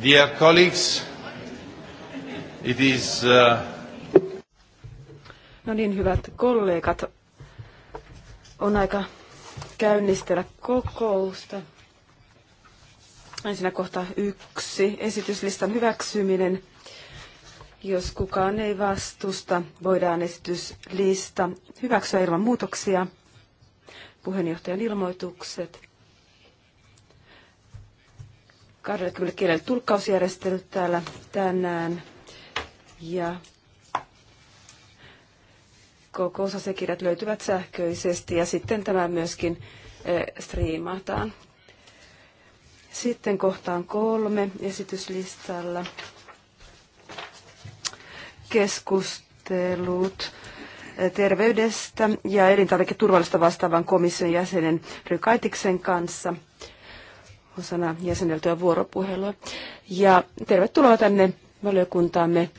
Dear colleagues, it is... Uh... No niin, hyvät kollegat, on aika käynnistellä kokousta. Ensinnä kohta yksi, esityslistan hyväksyminen. Jos kukaan ei vastusta, voidaan esityslista hyväksyä ilman muutoksia. Puheenjohtajan ilmoitukset. 20 kielellä tulkkausjärjestelyt täällä tänään. Ja kokousasiakirjat löytyvät sähköisesti ja sitten tämä myöskin e, striimataan. Sitten kohtaan kolme esityslistalla. Keskustelut e, terveydestä ja elintarviketurvallisuutta vastaavan komission jäsenen Rykaitiksen kanssa – osana jäseneltyä vuoropuhelua. Ja tervetuloa tänne valiokuntaamme.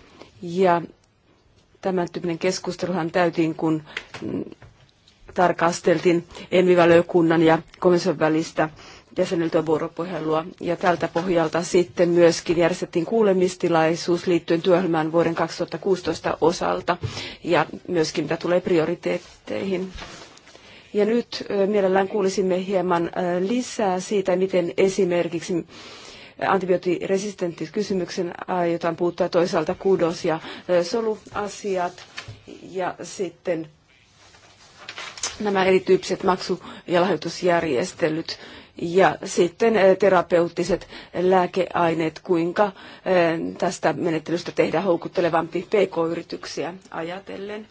Ja tämän tyyppinen keskusteluhan täytiin, kun mm, tarkasteltiin envivaliokunnan ja komission välistä jäseneltyä vuoropuhelua. Ja tältä pohjalta sitten myöskin järjestettiin kuulemistilaisuus liittyen työelämään vuoden 2016 osalta ja myöskin mitä tulee prioriteetteihin. Ja nyt mielellään kuulisimme hieman lisää siitä, miten esimerkiksi kysymyksen aiotaan puuttaa toisaalta kudos- ja soluasiat ja sitten nämä erityyppiset maksu- ja lahjoitusjärjestelyt ja sitten terapeuttiset lääkeaineet, kuinka tästä menettelystä tehdään houkuttelevampi pk-yrityksiä ajatellen.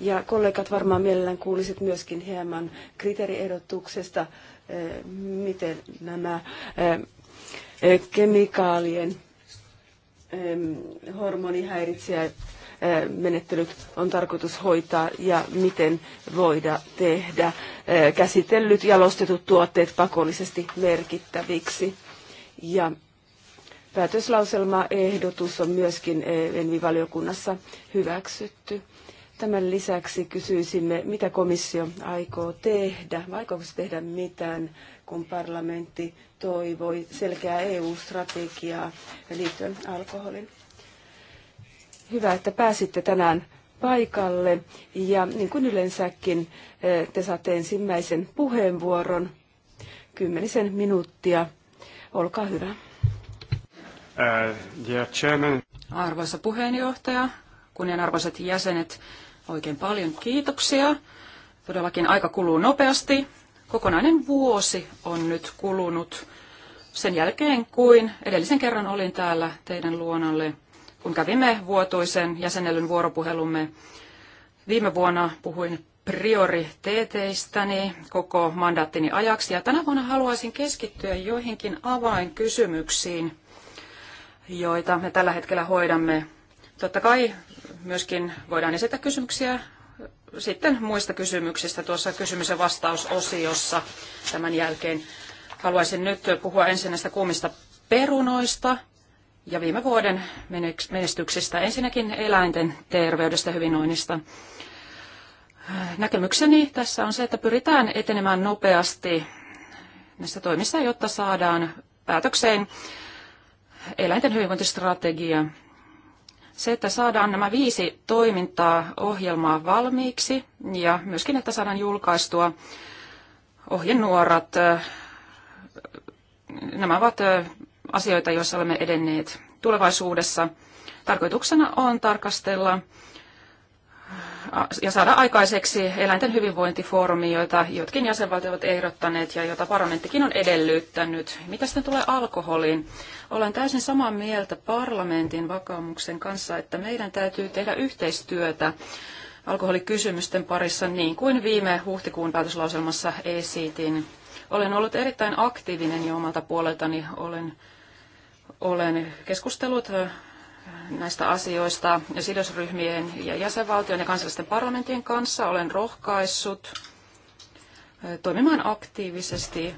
Ja kollegat varmaan mielellään kuulisit myöskin hieman kriteeriehdotuksesta, eh, miten nämä eh, eh, kemikaalien hormonihäiritsijät menettelyt on tarkoitus hoitaa ja miten voida tehdä käsitellyt jalostetut tuotteet pakollisesti merkittäviksi. Ja päätöslauselmaehdotus on myöskin Envi-valiokunnassa hyväksytty. Tämän lisäksi kysyisimme, mitä komissio aikoo tehdä, vai aikooko se tehdä mitään, kun parlamentti toivoi selkeää EU-strategiaa liittyen alkoholin. Hyvä, että pääsitte tänään paikalle ja niin kuin yleensäkin eh, te saatte ensimmäisen puheenvuoron, kymmenisen minuuttia. Olkaa hyvä. Eh, Arvoisa puheenjohtaja, kunnianarvoiset jäsenet, oikein paljon kiitoksia. Todellakin aika kuluu nopeasti. Kokonainen vuosi on nyt kulunut sen jälkeen, kuin edellisen kerran olin täällä teidän luonalle, kun kävimme vuotuisen jäsenellyn vuoropuhelumme. Viime vuonna puhuin prioriteeteistäni koko mandaattini ajaksi ja tänä vuonna haluaisin keskittyä joihinkin avainkysymyksiin, joita me tällä hetkellä hoidamme. Totta kai myöskin voidaan esittää kysymyksiä sitten muista kysymyksistä tuossa kysymys- ja vastausosiossa tämän jälkeen. Haluaisin nyt puhua ensin näistä kuumista perunoista ja viime vuoden menestyksistä. Ensinnäkin eläinten terveydestä ja hyvinvoinnista. Näkemykseni tässä on se, että pyritään etenemään nopeasti näissä toimissa, jotta saadaan päätökseen eläinten hyvinvointistrategia se, että saadaan nämä viisi toimintaa ohjelmaa valmiiksi ja myöskin, että saadaan julkaistua ohjenuorat. Nämä ovat asioita, joissa olemme edenneet tulevaisuudessa. Tarkoituksena on tarkastella ja saada aikaiseksi eläinten hyvinvointifoorumi, joita jotkin jäsenvaltiot ovat ehdottaneet ja jota parlamenttikin on edellyttänyt. Mitä sitten tulee alkoholiin? Olen täysin samaa mieltä parlamentin vakaumuksen kanssa, että meidän täytyy tehdä yhteistyötä alkoholikysymysten parissa niin kuin viime huhtikuun päätöslauselmassa esitin. Olen ollut erittäin aktiivinen jo omalta puoleltani. Olen, olen keskustellut näistä asioista ja sidosryhmien ja jäsenvaltion ja kansallisten parlamenttien kanssa. Olen rohkaissut toimimaan aktiivisesti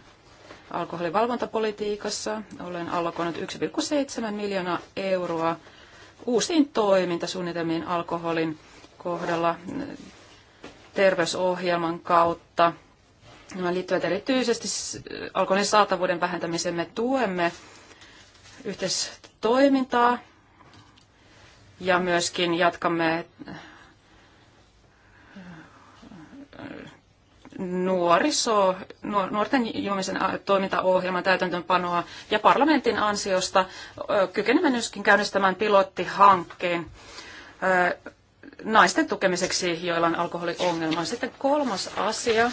alkoholivalvontapolitiikassa. Olen allokoinut 1,7 miljoonaa euroa uusiin toimintasuunnitelmiin alkoholin kohdalla terveysohjelman kautta. Nämä liittyvät erityisesti alkoholin saatavuuden vähentämiseen. Me tuemme yhteistoimintaa ja myöskin jatkamme nuoriso, nuorten juomisen toimintaohjelman täytäntöönpanoa ja parlamentin ansiosta kykenemme myöskin käynnistämään pilottihankkeen naisten tukemiseksi, joilla on alkoholiongelma. Sitten kolmas asia,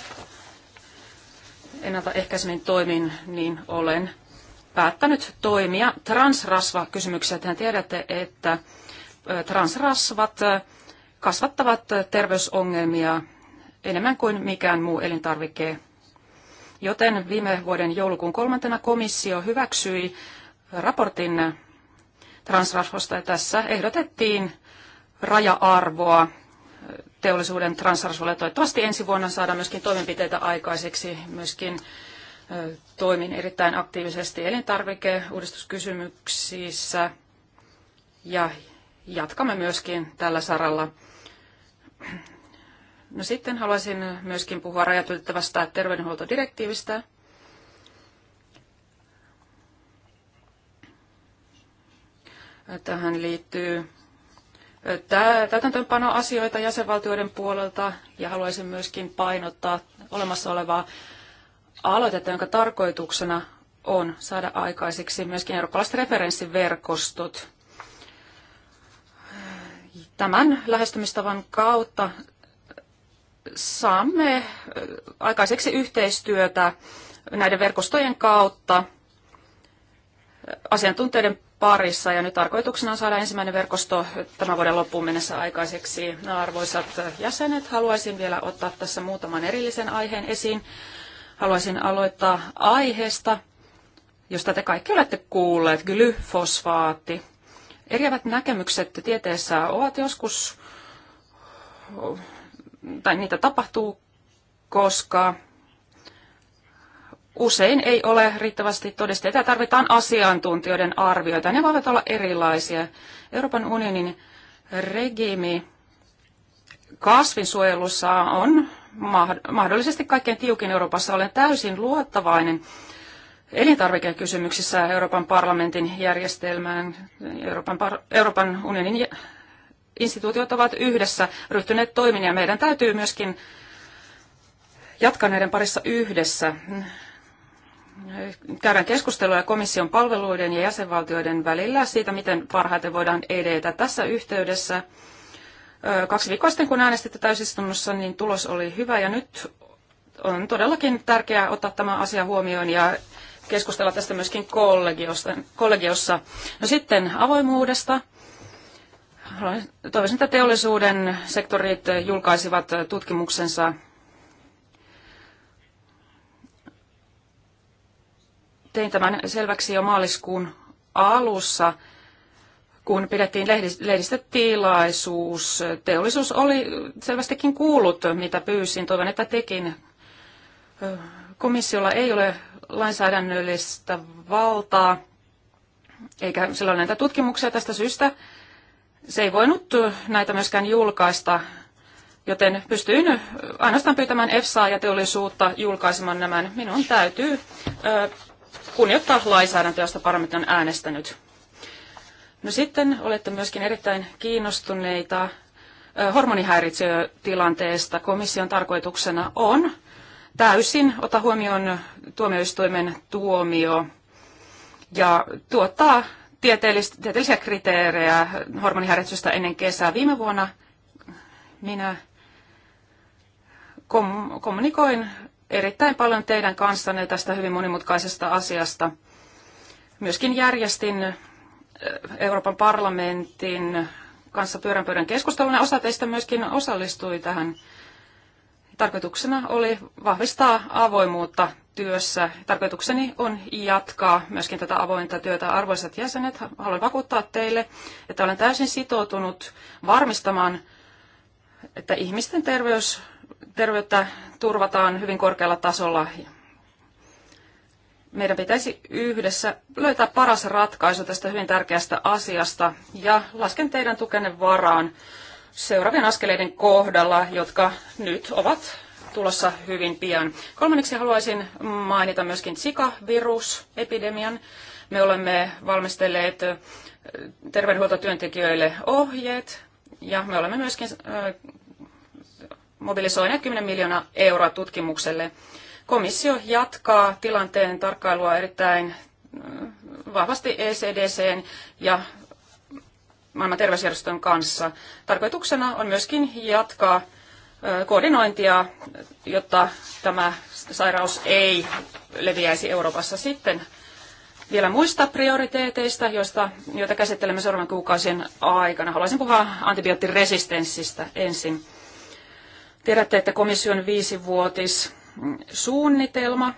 ennaltaehkäisemmin toimin, niin olen päättänyt toimia transrasva-kysymyksiä. Tehän tiedätte, että transrasvat eh, kasvattavat terveysongelmia enemmän kuin mikään muu elintarvike. Joten viime vuoden joulukuun kolmantena komissio hyväksyi raportin transrasvosta ja tässä ehdotettiin raja-arvoa teollisuuden transrasvalle. Toivottavasti ensi vuonna saadaan myöskin toimenpiteitä aikaiseksi. Myöskin eh, toimin erittäin aktiivisesti elintarvikeuudistuskysymyksissä ja jatkamme myöskin tällä saralla. No sitten haluaisin myöskin puhua rajatyttävästä terveydenhuoltodirektiivistä. Tähän liittyy täytäntöönpanoasioita jäsenvaltioiden puolelta ja haluaisin myöskin painottaa olemassa olevaa aloitetta, jonka tarkoituksena on saada aikaiseksi myöskin eurooppalaiset referenssiverkostot – Tämän lähestymistavan kautta saamme aikaiseksi yhteistyötä näiden verkostojen kautta asiantuntijoiden parissa ja nyt tarkoituksena on saada ensimmäinen verkosto tämän vuoden loppuun mennessä aikaiseksi. No, arvoisat jäsenet, haluaisin vielä ottaa tässä muutaman erillisen aiheen esiin. Haluaisin aloittaa aiheesta, josta te kaikki olette kuulleet, glyfosfaatti. Eriävät näkemykset tieteessä ovat joskus, tai niitä tapahtuu, koska usein ei ole riittävästi todisteita. Tarvitaan asiantuntijoiden arvioita. Ne voivat olla erilaisia. Euroopan unionin regiimi kasvinsuojelussa on mahdollisesti kaikkein tiukin Euroopassa. Olen täysin luottavainen elintarvikekysymyksissä Euroopan parlamentin järjestelmään. Euroopan, par- Euroopan unionin instituutiot ovat yhdessä ryhtyneet toimiin ja meidän täytyy myöskin jatkaa näiden parissa yhdessä. Käydään keskustelua komission palveluiden ja jäsenvaltioiden välillä siitä, miten parhaiten voidaan edetä tässä yhteydessä. Kaksi viikkoa sitten, kun äänestitte täysistunnossa, niin tulos oli hyvä ja nyt on todellakin tärkeää ottaa tämä asia huomioon ja keskustella tästä myöskin kollegiossa. No sitten avoimuudesta. Toivoisin, että teollisuuden sektorit julkaisivat tutkimuksensa tein tämän selväksi jo maaliskuun alussa, kun pidettiin lehdistötilaisuus. Teollisuus oli selvästikin kuullut, mitä pyysin. Toivon, että tekin. Komissiolla ei ole lainsäädännöllistä valtaa, eikä ole näitä tutkimuksia tästä syystä. Se ei voinut näitä myöskään julkaista, joten pystyin ainoastaan pyytämään EFSAa ja teollisuutta julkaisemaan nämä. Minun täytyy ö, kunnioittaa lainsäädäntöä, josta parlamentti on äänestänyt. No sitten olette myöskin erittäin kiinnostuneita hormonihäiritsiötilanteesta. Komission tarkoituksena on täysin ota huomioon tuomioistuimen tuomio ja tuottaa tieteellisiä kriteerejä hormonihäiritsystä ennen kesää. Viime vuonna minä kom- kommunikoin erittäin paljon teidän kanssanne tästä hyvin monimutkaisesta asiasta. Myöskin järjestin Euroopan parlamentin kanssa pyöränpöydän keskustelun ja osa teistä myöskin osallistui tähän Tarkoituksena oli vahvistaa avoimuutta työssä. Tarkoitukseni on jatkaa myöskin tätä avointa työtä. Arvoisat jäsenet, haluan vakuuttaa teille, että olen täysin sitoutunut varmistamaan, että ihmisten terveys, terveyttä turvataan hyvin korkealla tasolla. Meidän pitäisi yhdessä löytää paras ratkaisu tästä hyvin tärkeästä asiasta ja lasken teidän tukenne varaan seuraavien askeleiden kohdalla, jotka nyt ovat tulossa hyvin pian. Kolmanneksi haluaisin mainita myöskin Zika-virusepidemian. Me olemme valmistelleet terveydenhuoltotyöntekijöille ohjeet ja me olemme myöskin mobilisoineet 10 miljoonaa euroa tutkimukselle. Komissio jatkaa tilanteen tarkkailua erittäin vahvasti ECDCn ja maailman terveysjärjestön kanssa. Tarkoituksena on myöskin jatkaa koordinointia, jotta tämä sairaus ei leviäisi Euroopassa sitten. Vielä muista prioriteeteista, joista, joita käsittelemme seuraavan kuukausien aikana. Haluaisin puhua antibioottiresistenssistä ensin. Tiedätte, että komission viisivuotis suunnitelma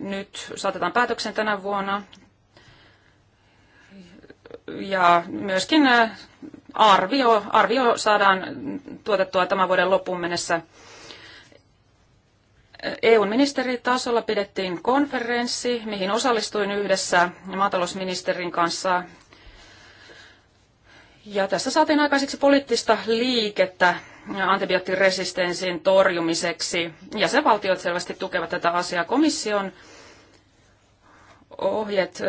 nyt saatetaan päätöksen tänä vuonna ja myöskin arvio, arvio saadaan tuotettua tämän vuoden loppuun mennessä. eu ministeritasolla pidettiin konferenssi, mihin osallistuin yhdessä maatalousministerin kanssa. Ja tässä saatiin aikaiseksi poliittista liikettä antibioottiresistenssin torjumiseksi. Ja se valtiot selvästi tukevat tätä asiaa. Komission ohjeet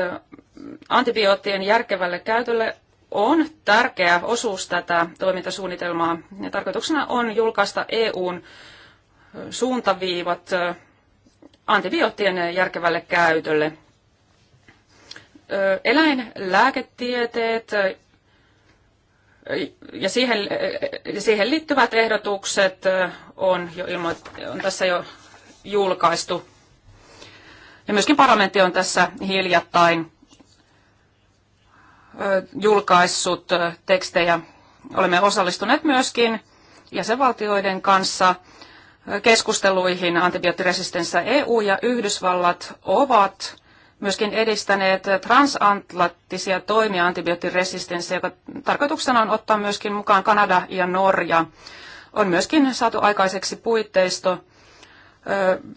antibioottien järkevälle käytölle on tärkeä osuus tätä toimintasuunnitelmaa. Ja tarkoituksena on julkaista EUn suuntaviivat antibioottien järkevälle käytölle. Eläinlääketieteet ja siihen, siihen liittyvät ehdotukset on, jo ilmo- on tässä jo julkaistu. Ja myöskin parlamentti on tässä hiljattain julkaissut tekstejä. Olemme osallistuneet myöskin jäsenvaltioiden kanssa keskusteluihin antibioottiresistenssä EU ja Yhdysvallat ovat myöskin edistäneet transatlanttisia toimia antibioottiresistenssiä, joka tarkoituksena on ottaa myöskin mukaan Kanada ja Norja. On myöskin saatu aikaiseksi puitteisto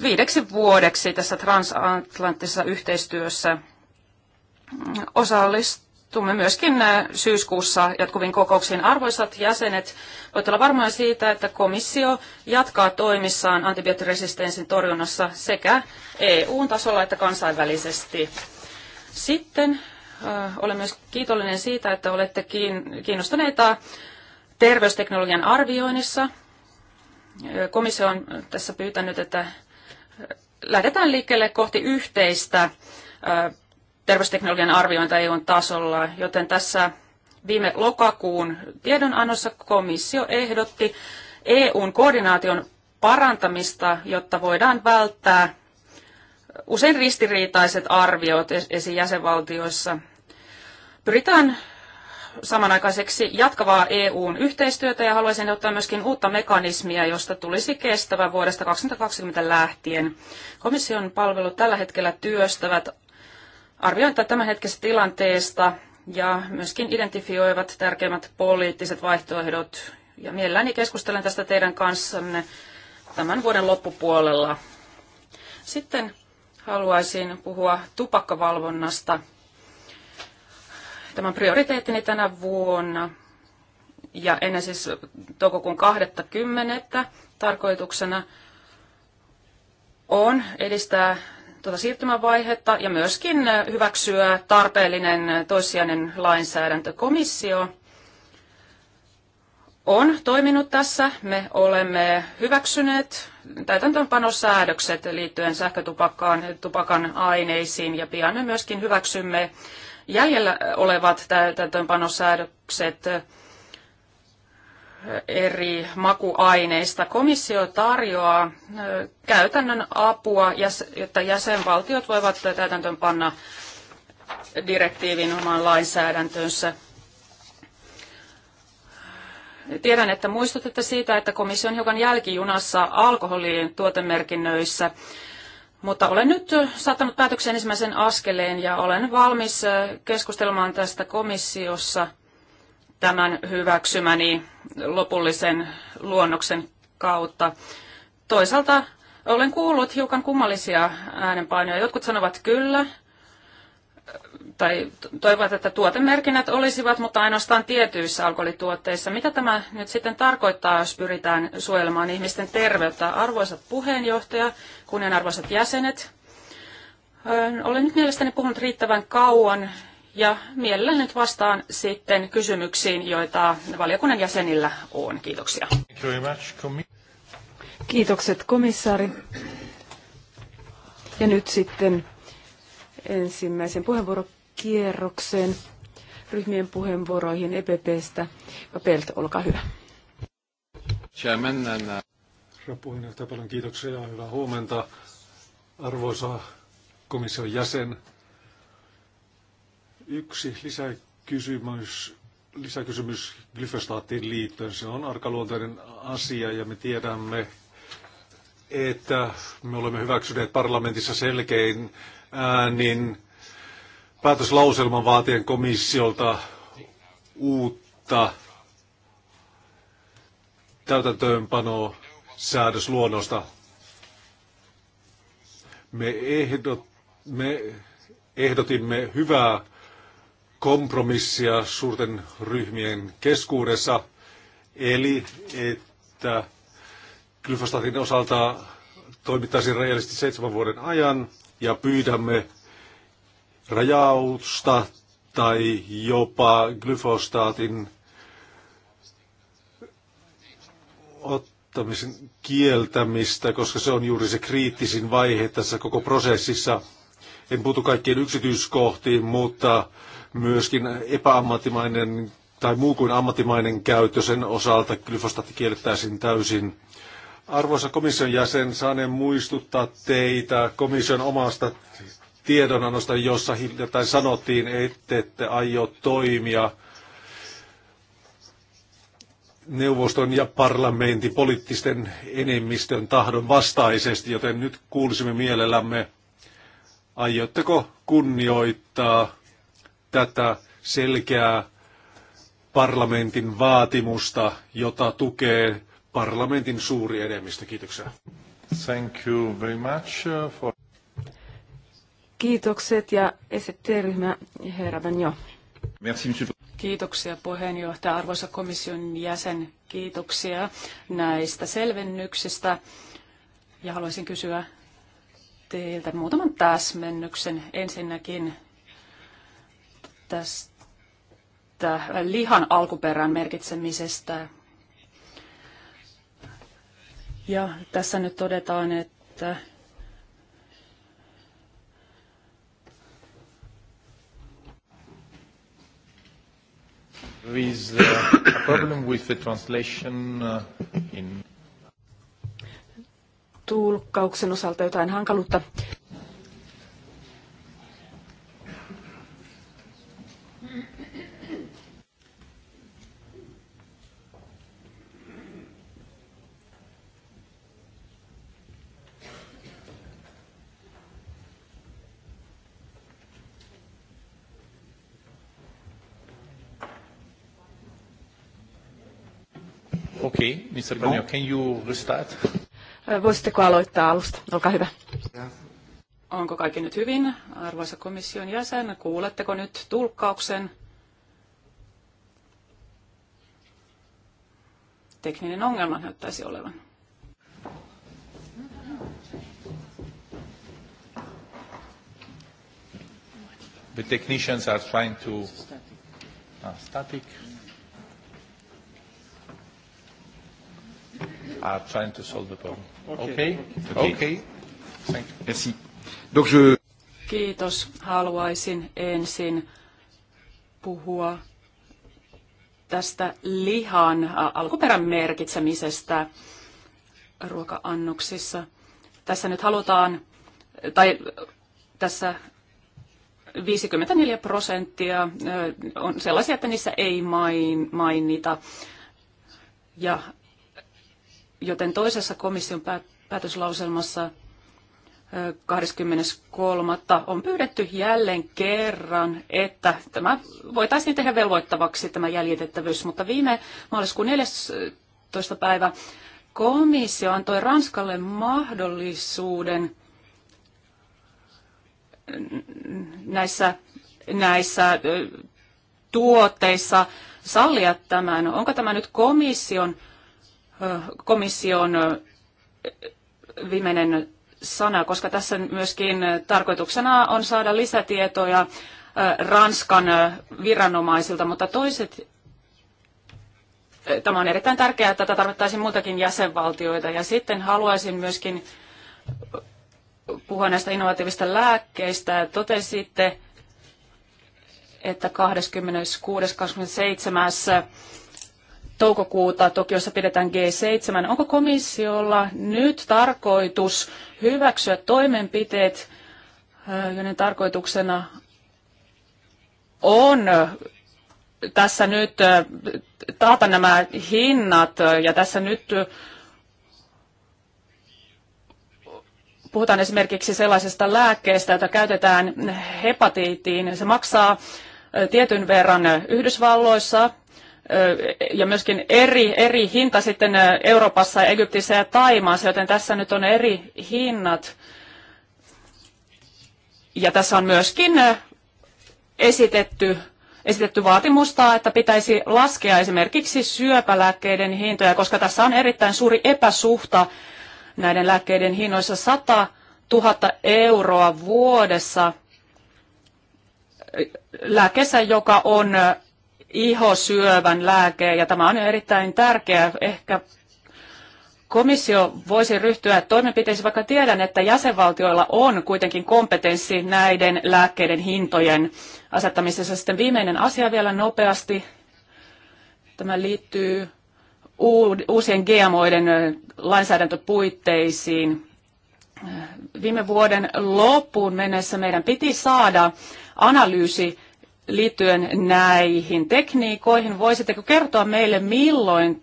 viideksi vuodeksi tässä transatlanttisessa yhteistyössä. Osallist- tumme myöskin äh, syyskuussa jatkuviin kokouksiin. Arvoisat jäsenet, voitte olla varmoja siitä, että komissio jatkaa toimissaan antibioottiresistenssin torjunnassa sekä EU-tasolla että kansainvälisesti. Sitten äh, olen myös kiitollinen siitä, että olette kiinnostuneita terveysteknologian arvioinnissa. Äh, komissio on tässä pyytänyt, että äh, lähdetään liikkeelle kohti yhteistä terveysteknologian arviointa EUn tasolla, joten tässä viime lokakuun tiedonannossa komissio ehdotti EUn koordinaation parantamista, jotta voidaan välttää usein ristiriitaiset arviot esi jäsenvaltioissa. Pyritään samanaikaiseksi jatkavaa EUn yhteistyötä ja haluaisin ottaa myöskin uutta mekanismia, josta tulisi kestävä vuodesta 2020 lähtien. Komission palvelut tällä hetkellä työstävät arviointia tämänhetkisestä tilanteesta ja myöskin identifioivat tärkeimmät poliittiset vaihtoehdot. Ja mielelläni keskustelen tästä teidän kanssanne tämän vuoden loppupuolella. Sitten haluaisin puhua tupakkavalvonnasta. Tämän prioriteettini tänä vuonna ja ennen siis toukokuun 20. tarkoituksena on edistää tuota siirtymävaihetta ja myöskin hyväksyä tarpeellinen toissijainen lainsäädäntökomissio on toiminut tässä. Me olemme hyväksyneet täytäntöönpanosäädökset liittyen sähkötupakkaan, tupakan aineisiin ja pian me myöskin hyväksymme jäljellä olevat täytäntöönpanosäädökset eri makuaineista. Komissio tarjoaa käytännön apua, jotta jäsenvaltiot voivat täytäntöön panna direktiivin omaan lainsäädäntönsä. Tiedän, että muistutatte siitä, että komissio on hiukan jälkijunassa alkoholien tuotemerkinnöissä, mutta olen nyt saattanut päätöksen ensimmäisen askeleen ja olen valmis keskustelemaan tästä komissiossa – tämän hyväksymäni lopullisen luonnoksen kautta. Toisaalta olen kuullut hiukan kummallisia äänenpainoja. Jotkut sanovat kyllä, tai toivovat, että tuotemerkinnät olisivat, mutta ainoastaan tietyissä alkoholituotteissa. Mitä tämä nyt sitten tarkoittaa, jos pyritään suojelemaan ihmisten terveyttä? Arvoisat puheenjohtaja, kunnianarvoisat jäsenet, olen nyt mielestäni puhunut riittävän kauan ja mielelläni nyt vastaan sitten kysymyksiin, joita valiokunnan jäsenillä on. Kiitoksia. Kiitokset komissaari. Ja nyt sitten ensimmäisen puheenvuorokierroksen ryhmien puheenvuoroihin EPPstä. Pelt, olkaa hyvä. Uh, Herra puheenjohtaja, paljon kiitoksia ja hyvää huomenta. Arvoisa komission jäsen, Yksi lisäkysymys, lisäkysymys glyfosaattiin liittyen. Se on arkaluontoinen asia ja me tiedämme, että me olemme hyväksyneet parlamentissa selkein äänin päätöslauselman vaatien komissiolta uutta täytäntöönpanoa säädösluonnosta. Me, ehdot, me ehdotimme hyvää kompromissia suurten ryhmien keskuudessa, eli että glyfosaatin osalta toimittaisiin rajallisesti seitsemän vuoden ajan ja pyydämme rajausta tai jopa glyfosaatin ottamisen kieltämistä, koska se on juuri se kriittisin vaihe tässä koko prosessissa. En puutu kaikkien yksityiskohtiin, mutta myöskin epäammattimainen tai muu kuin ammattimainen käyttö sen osalta glyfosaatti kiellettäisiin täysin. Arvoisa komission jäsen, saaneen muistuttaa teitä komission omasta tiedonannosta, jossa hiljattain sanottiin, että ette aio toimia neuvoston ja parlamentin poliittisten enemmistön tahdon vastaisesti, joten nyt kuulisimme mielellämme, aiotteko kunnioittaa tätä selkeää parlamentin vaatimusta, jota tukee parlamentin suuri enemmistö. Kiitoksia. Thank you very much uh, for... Kiitokset ja esittelyryhmä herra Vanjo. Merci, monsieur. Kiitoksia puheenjohtaja, arvoisa komission jäsen. Kiitoksia näistä selvennyksistä. Ja haluaisin kysyä teiltä muutaman täsmennyksen. Ensinnäkin tästä lihan alkuperän merkitsemisestä. Ja tässä nyt todetaan, että There is uh, a problem with the translation uh, in tulkkauksen osalta jotain hankaluutta. Okei, okay, Mr. Panio, can you restart? Voisitteko aloittaa alusta? Olkaa hyvä. Onko kaikki nyt hyvin, arvoisa komission jäsen? Kuuletteko nyt tulkkauksen? Tekninen ongelma näyttäisi olevan. The technicians are trying to... Ah, static. are trying to solve the problem. Okay? Okay. okay. Thank you. Merci. Donc je... Kiitos. Haluaisin ensin puhua tästä lihan alkuperän merkitsemisestä ruoka-annoksissa. Tässä nyt halutaan, tai tässä 54 prosenttia on sellaisia, että niissä ei mainita. Ja joten toisessa komission päätöslauselmassa 23. on pyydetty jälleen kerran, että tämä voitaisiin tehdä velvoittavaksi tämä jäljitettävyys, mutta viime maaliskuun 14. päivä komissio antoi Ranskalle mahdollisuuden näissä, näissä tuotteissa sallia tämän. Onko tämä nyt komission komission viimeinen sana, koska tässä myöskin tarkoituksena on saada lisätietoja Ranskan viranomaisilta, mutta toiset, tämä on erittäin tärkeää, että tätä tarvittaisiin muutakin jäsenvaltioita. Ja sitten haluaisin myöskin puhua näistä innovatiivista lääkkeistä. Totesitte, että 26.27 toukokuuta Tokiossa pidetään G7. Onko komissiolla nyt tarkoitus hyväksyä toimenpiteet, äh, joiden tarkoituksena on tässä nyt äh, taata nämä hinnat ja tässä nyt äh, puhutaan esimerkiksi sellaisesta lääkkeestä, jota käytetään hepatiittiin. Se maksaa tietyn verran Yhdysvalloissa, ja myöskin eri, eri hinta sitten Euroopassa, Egyptissä ja Taimaassa, joten tässä nyt on eri hinnat. Ja tässä on myöskin esitetty, esitetty vaatimusta, että pitäisi laskea esimerkiksi syöpälääkkeiden hintoja, koska tässä on erittäin suuri epäsuhta näiden lääkkeiden hinnoissa 100 000 euroa vuodessa lääkessä, joka on ihosyövän lääke, ja tämä on erittäin tärkeä. Ehkä komissio voisi ryhtyä toimenpiteisiin, vaikka tiedän, että jäsenvaltioilla on kuitenkin kompetenssi näiden lääkkeiden hintojen asettamisessa. Sitten viimeinen asia vielä nopeasti. Tämä liittyy uusien GMOiden lainsäädäntöpuitteisiin. Viime vuoden loppuun mennessä meidän piti saada analyysi liittyen näihin tekniikoihin. Voisitteko kertoa meille, milloin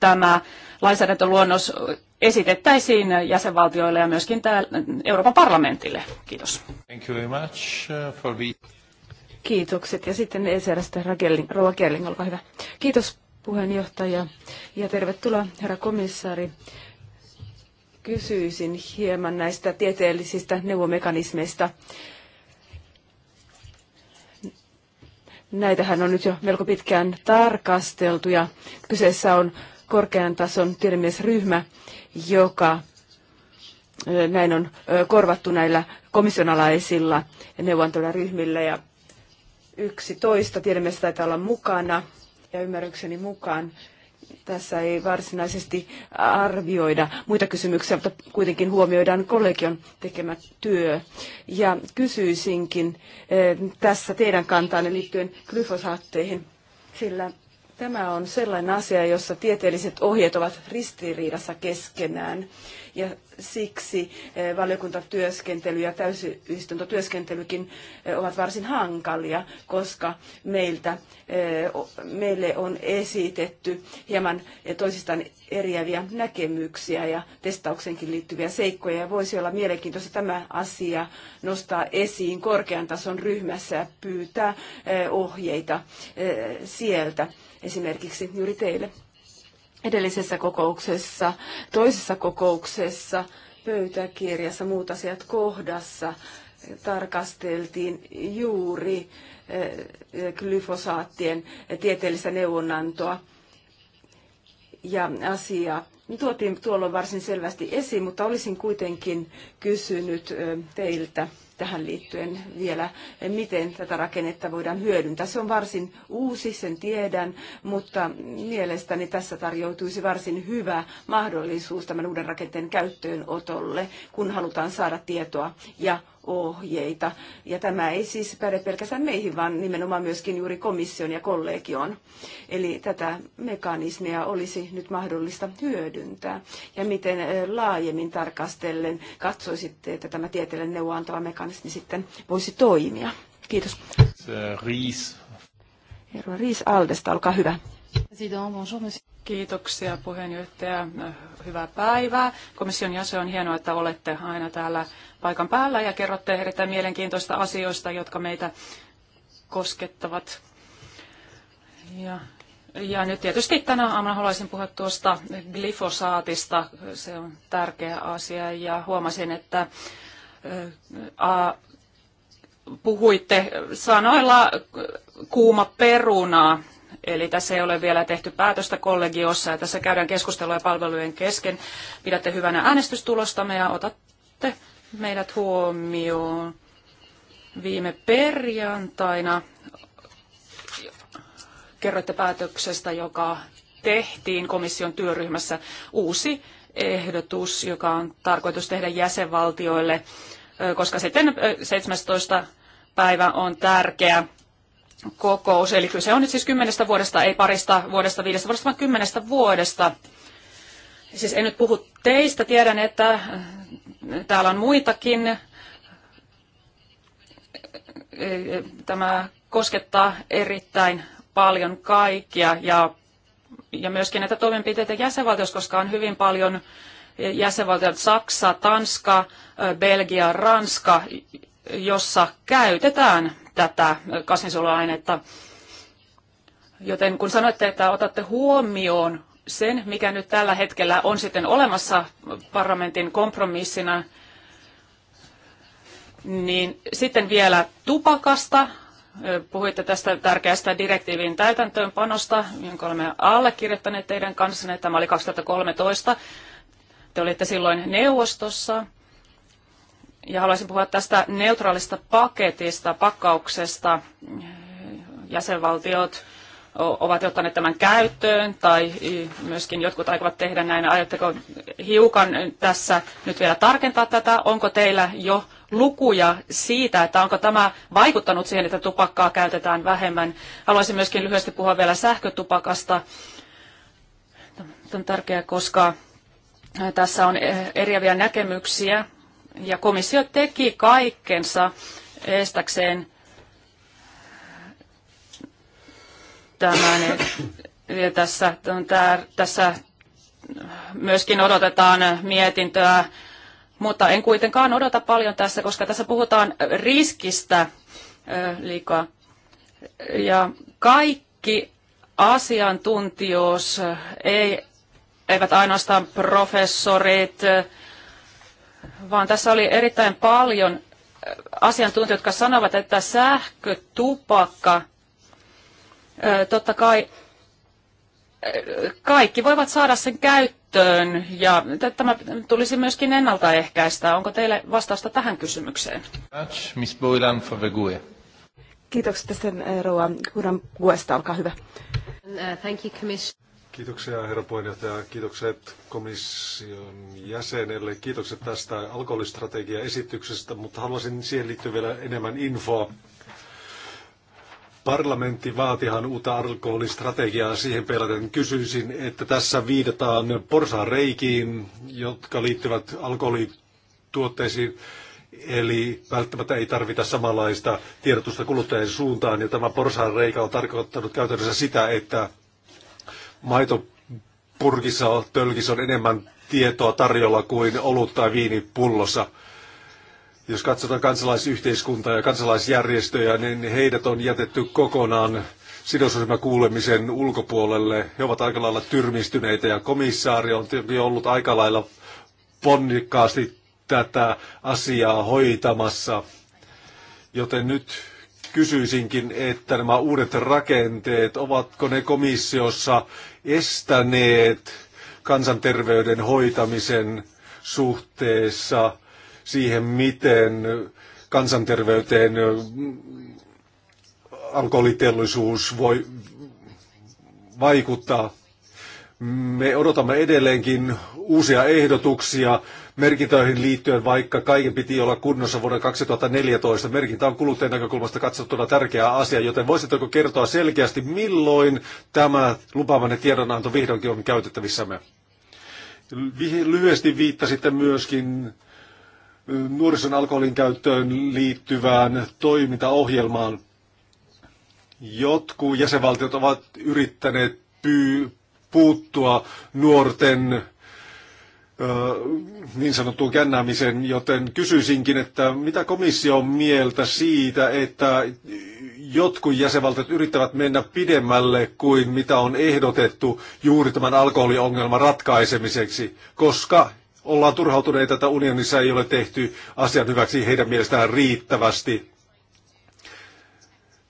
tämä lainsäädäntöluonnos esitettäisiin jäsenvaltioille ja myöskin Euroopan parlamentille? Kiitos. Thank you very much uh, for the... Kiitokset. Ja sitten ECRstä Rova Kerling, olkaa hyvä. Kiitos puheenjohtaja ja tervetuloa herra komissaari kysyisin hieman näistä tieteellisistä neuvomekanismeista. Näitähän on nyt jo melko pitkään tarkasteltu ja kyseessä on korkean tason tiedemiesryhmä, joka näin on korvattu näillä komissionalaisilla neuvontoilla ryhmillä ja toista tiedemies taitaa olla mukana ja ymmärrykseni mukaan tässä ei varsinaisesti arvioida muita kysymyksiä, mutta kuitenkin huomioidaan kollegion tekemä työ. Ja kysyisinkin eh, tässä teidän kantaanne liittyen glyfosaatteihin, sillä Tämä on sellainen asia, jossa tieteelliset ohjeet ovat ristiriidassa keskenään. Ja siksi eh, valiokuntatyöskentely ja täysistuntotyöskentelykin eh, ovat varsin hankalia, koska meiltä, eh, meille on esitetty hieman toisistaan eriäviä näkemyksiä ja testauksenkin liittyviä seikkoja. Ja voisi olla mielenkiintoista tämä asia nostaa esiin korkean tason ryhmässä ja pyytää ohjeita sieltä esimerkiksi juuri teille. Edellisessä kokouksessa, toisessa kokouksessa, pöytäkirjassa, muut asiat kohdassa tarkasteltiin juuri eh, glyfosaattien tieteellistä neuvonantoa ja asia tuotiin tuolloin varsin selvästi esiin, mutta olisin kuitenkin kysynyt teiltä tähän liittyen vielä, miten tätä rakennetta voidaan hyödyntää. Se on varsin uusi, sen tiedän, mutta mielestäni tässä tarjoutuisi varsin hyvä mahdollisuus tämän uuden rakenteen käyttöönotolle, kun halutaan saada tietoa ja ohjeita. Ja tämä ei siis päde pelkästään meihin, vaan nimenomaan myöskin juuri komission ja kollegioon. Eli tätä mekanismia olisi nyt mahdollista hyödyntää. Ja miten eh, laajemmin tarkastellen katsoisitte, että tämä tieteellinen neuvoantava mekanismi sitten voisi toimia? Kiitos. Riis. Herra Riis Aldesta, olkaa hyvä. Kiitoksia puheenjohtaja. Hyvää päivää. Komission jäsen on hienoa, että olette aina täällä paikan päällä ja kerrotte erittäin mielenkiintoista asioista, jotka meitä koskettavat. Ja, ja nyt tietysti tänä aamuna haluaisin puhua tuosta glyfosaatista. Se on tärkeä asia ja huomasin, että a, puhuitte sanoilla kuuma perunaa. Eli tässä ei ole vielä tehty päätöstä kollegiossa ja tässä käydään keskustelua palvelujen kesken. Pidätte hyvänä äänestystulostamme ja otatte meidät huomioon viime perjantaina. Kerroitte päätöksestä, joka tehtiin komission työryhmässä uusi ehdotus, joka on tarkoitus tehdä jäsenvaltioille, koska sitten 17. päivä on tärkeä kokous. Eli kyse on nyt siis kymmenestä vuodesta, ei parista vuodesta, viidestä vuodesta, vaan kymmenestä vuodesta. Siis en nyt puhu teistä, tiedän, että täällä on muitakin. Tämä koskettaa erittäin paljon kaikkia ja, ja myöskin näitä toimenpiteitä jäsenvaltioissa, koska on hyvin paljon jäsenvaltioita Saksa, Tanska, Belgia, Ranska, jossa käytetään tätä kasvinsuojeluainetta. Joten kun sanoitte, että otatte huomioon sen, mikä nyt tällä hetkellä on sitten olemassa parlamentin kompromissina, niin sitten vielä tupakasta. Puhuitte tästä tärkeästä direktiivin täytäntöönpanosta, jonka olemme allekirjoittaneet teidän kanssanne. Tämä oli 2013. Te olitte silloin neuvostossa. Ja haluaisin puhua tästä neutraalista paketista, pakkauksesta. Jäsenvaltiot ovat ottaneet tämän käyttöön tai myöskin jotkut aikovat tehdä näin. Aiotteko hiukan tässä nyt vielä tarkentaa tätä? Onko teillä jo lukuja siitä, että onko tämä vaikuttanut siihen, että tupakkaa käytetään vähemmän? Haluaisin myöskin lyhyesti puhua vielä sähkötupakasta. Tämä on tärkeää, koska tässä on e, eriäviä näkemyksiä ja komissio teki kaikkensa estäkseen tämän. Ja niin tässä, tämä tässä myöskin odotetaan mietintöä, mutta en kuitenkaan odota paljon tässä, koska tässä puhutaan riskistä liikaa. Ja kaikki asiantuntijuus, ei, eivät ainoastaan professorit, vaan tässä oli erittäin paljon asiantuntijoita, jotka sanovat, että sähkötupakka – totta kai kaikki voivat saada sen käyttöön ja tämä tulisi myöskin ennaltaehkäistä. Onko teille vastausta tähän kysymykseen? E. Kiitokset tästä eh, Roa Kuran puolesta, olkaa hyvä. Uh, thank you, Kiitoksia herra puheenjohtaja, kiitokset komission jäsenelle, kiitokset tästä alkoholistrategiaesityksestä, mutta haluaisin siihen liittyä vielä enemmän infoa. Parlamentti vaatihan uutta alkoholistrategiaa siihen peilaten. Kysyisin, että tässä viidataan porsaan reikiin, jotka liittyvät alkoholituotteisiin. Eli välttämättä ei tarvita samanlaista tiedotusta kuluttajien suuntaan. Ja tämä porsaan reikä on tarkoittanut käytännössä sitä, että maitopurkissa, tölkissä on enemmän tietoa tarjolla kuin olut tai viinipullossa. pullossa jos katsotaan kansalaisyhteiskuntaa ja kansalaisjärjestöjä, niin heidät on jätetty kokonaan sidosryhmäkuulemisen ulkopuolelle. He ovat aika lailla tyrmistyneitä ja komissaari on ollut aika lailla ponnikkaasti tätä asiaa hoitamassa. Joten nyt kysyisinkin, että nämä uudet rakenteet, ovatko ne komissiossa estäneet kansanterveyden hoitamisen suhteessa siihen, miten kansanterveyteen alkoholiteollisuus voi vaikuttaa. Me odotamme edelleenkin uusia ehdotuksia merkintöihin liittyen, vaikka kaiken piti olla kunnossa vuonna 2014. Merkintä on kuluttajan näkökulmasta katsottuna tärkeä asia, joten voisitteko kertoa selkeästi, milloin tämä lupaavainen tiedonanto vihdoinkin on käytettävissämme? Lyhyesti viittasitte myöskin nuorison alkoholin käyttöön liittyvään toimintaohjelmaan. Jotkut jäsenvaltiot ovat yrittäneet pyy- puuttua nuorten niin sanottuun kännäämiseen, joten kysyisinkin, että mitä komissio on mieltä siitä, että jotkut jäsenvaltiot yrittävät mennä pidemmälle kuin mitä on ehdotettu juuri tämän alkoholiongelman ratkaisemiseksi, koska ollaan turhautuneita, että unionissa ei ole tehty asian hyväksi heidän mielestään riittävästi.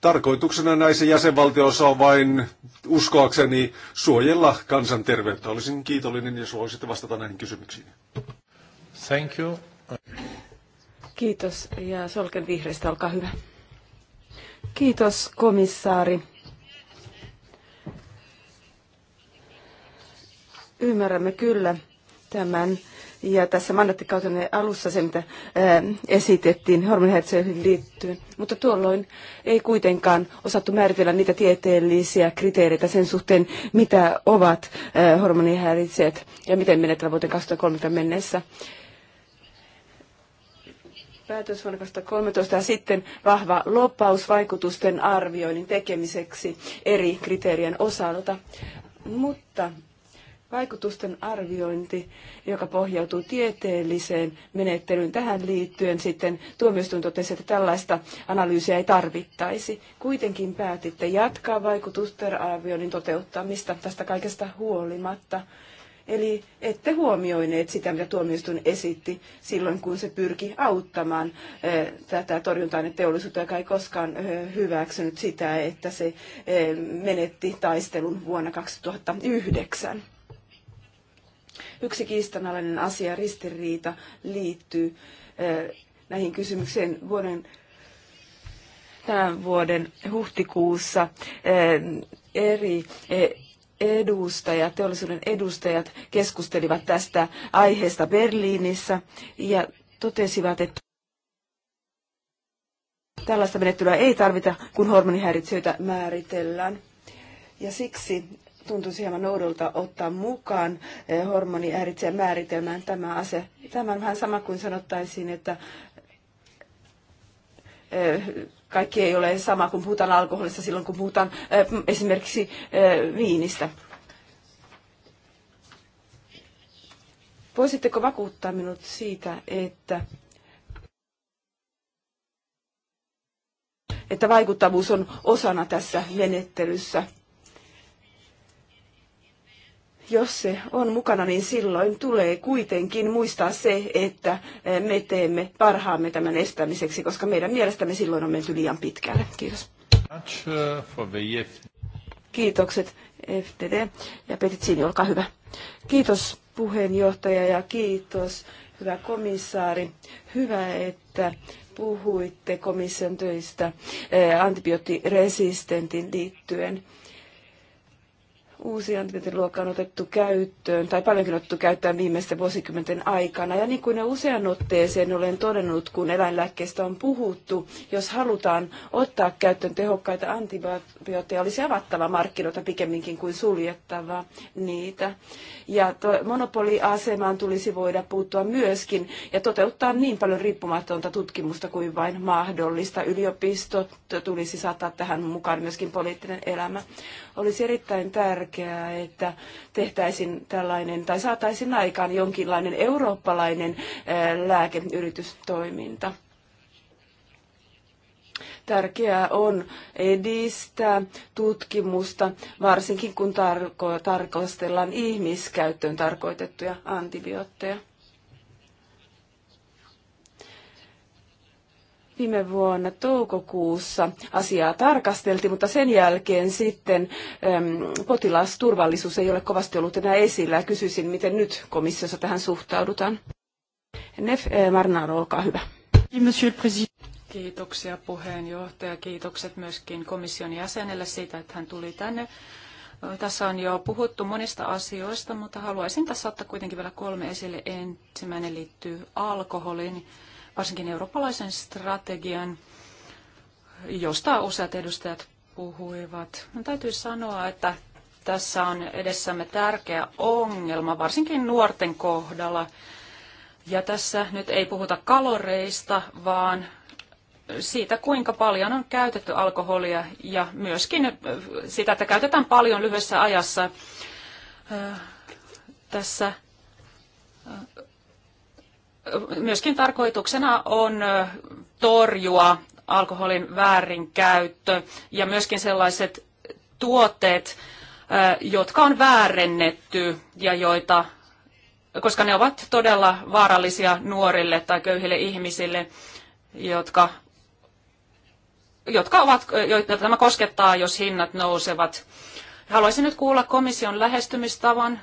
Tarkoituksena näissä jäsenvaltioissa on vain, uskoakseni, suojella kansanterveyttä. Olisin kiitollinen, jos voisitte vastata näihin kysymyksiin. Thank you. Kiitos ja Solken vihreistä, olkaa hyvä. Kiitos komissaari. Ymmärrämme kyllä tämän ja tässä mandattikautenne alussa se, mitä ää, esitettiin hormonihäiriöihin liittyen. Mutta tuolloin ei kuitenkaan osattu määritellä niitä tieteellisiä kriteereitä sen suhteen, mitä ovat hormonihäiriöt ja miten menetellä vuoteen 2030 mennessä päätös vuonna 2013 ja sitten vahva loppaus vaikutusten arvioinnin tekemiseksi eri kriteerien osalta. Mutta vaikutusten arviointi, joka pohjautuu tieteelliseen menettelyyn tähän liittyen, sitten tuomioistuin totesi, että tällaista analyysiä ei tarvittaisi. Kuitenkin päätitte jatkaa vaikutusten arvioinnin toteuttamista tästä kaikesta huolimatta. Eli ette huomioineet sitä, mitä tuomioistuin esitti silloin, kun se pyrki auttamaan eh, tätä torjunta-aineteollisuutta, joka ei koskaan eh, hyväksynyt sitä, että se eh, menetti taistelun vuonna 2009. Yksi kiistanalainen asia, ristiriita, liittyy eh, näihin kysymyksiin vuoden tämän vuoden huhtikuussa eh, eri eh, edustajat, teollisuuden edustajat keskustelivat tästä aiheesta Berliinissä ja totesivat, että tällaista menettelyä ei tarvita, kun hormonihäiritsijöitä määritellään. Ja siksi tuntuisi hieman oudolta ottaa mukaan eh, hormonihäiritsijän määritelmään tämä ase Tämä on vähän sama kuin sanottaisiin, että eh, kaikki ei ole sama, kun puhutaan alkoholista silloin, kun puhutaan eh, esimerkiksi viinistä. Voisitteko vakuuttaa minut siitä, että, että vaikuttavuus on osana tässä menettelyssä? jos se on mukana, niin silloin tulee kuitenkin muistaa se, että eh, me teemme parhaamme tämän estämiseksi, koska meidän mielestämme silloin on menty liian pitkälle. Kiitos. Kiitokset FTD ja Petitsini, olkaa hyvä. Kiitos puheenjohtaja ja kiitos hyvä komissaari. Hyvä, että puhuitte komission töistä eh, antibioottiresistentin liittyen uusi antibiootiluokka on otettu käyttöön, tai paljonkin otettu käyttöön viimeisten vuosikymmenten aikana. Ja niin kuin ne usean otteeseen olen todennut, kun eläinlääkkeistä on puhuttu, jos halutaan ottaa käyttöön tehokkaita antibiootteja, olisi avattava markkinoita pikemminkin kuin suljettava niitä. Ja monopoliasemaan tulisi voida puuttua myöskin ja toteuttaa niin paljon riippumatonta tutkimusta kuin vain mahdollista. Yliopistot tulisi saattaa tähän mukaan myöskin poliittinen elämä. Olisi erittäin tärkeää tärkeää, että tehtäisiin tällainen tai saataisiin aikaan jonkinlainen eurooppalainen eh, lääkeyritystoiminta tärkeää on edistää tutkimusta, varsinkin kun tarko- tarkastellaan ihmiskäyttöön tarkoitettuja antibiootteja. Viime vuonna toukokuussa asiaa tarkasteltiin, mutta sen jälkeen sitten äm, potilasturvallisuus ei ole kovasti ollut enää esillä. Kysyisin, miten nyt komissiossa tähän suhtaudutaan. Nef äh, Marnaro, olkaa hyvä. Kiitoksia puheenjohtaja. Kiitokset myöskin komission jäsenelle siitä, että hän tuli tänne. Tässä on jo puhuttu monista asioista, mutta haluaisin tässä ottaa kuitenkin vielä kolme esille. Ensimmäinen liittyy alkoholiin varsinkin eurooppalaisen strategian, josta useat edustajat puhuivat. No, täytyy sanoa, että tässä on edessämme tärkeä ongelma, varsinkin nuorten kohdalla. Ja tässä nyt ei puhuta kaloreista, vaan siitä, kuinka paljon on käytetty alkoholia ja myöskin sitä, että käytetään paljon lyhyessä ajassa. Tässä myöskin tarkoituksena on torjua alkoholin väärinkäyttö ja myöskin sellaiset tuotteet, jotka on väärennetty ja joita, koska ne ovat todella vaarallisia nuorille tai köyhille ihmisille, jotka, jotka ovat, joita tämä koskettaa, jos hinnat nousevat. Haluaisin nyt kuulla komission lähestymistavan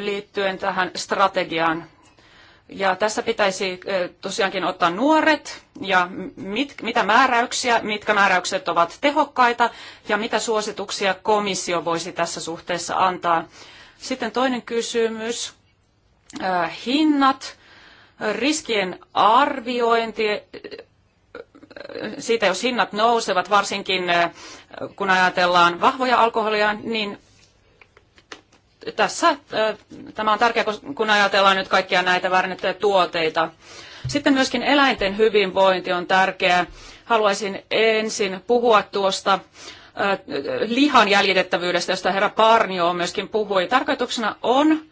liittyen tähän strategiaan ja tässä pitäisi tosiaankin ottaa nuoret ja mit, mitä määräyksiä, mitkä määräykset ovat tehokkaita ja mitä suosituksia komissio voisi tässä suhteessa antaa. Sitten toinen kysymys, hinnat, riskien arviointi, siitä jos hinnat nousevat, varsinkin kun ajatellaan vahvoja alkoholia, niin tässä äh, tämä on tärkeää, kun ajatellaan nyt kaikkia näitä väärennettyjä tuoteita. Sitten myöskin eläinten hyvinvointi on tärkeää. Haluaisin ensin puhua tuosta äh, lihan jäljitettävyydestä, josta herra Parnio myöskin puhui. Tarkoituksena on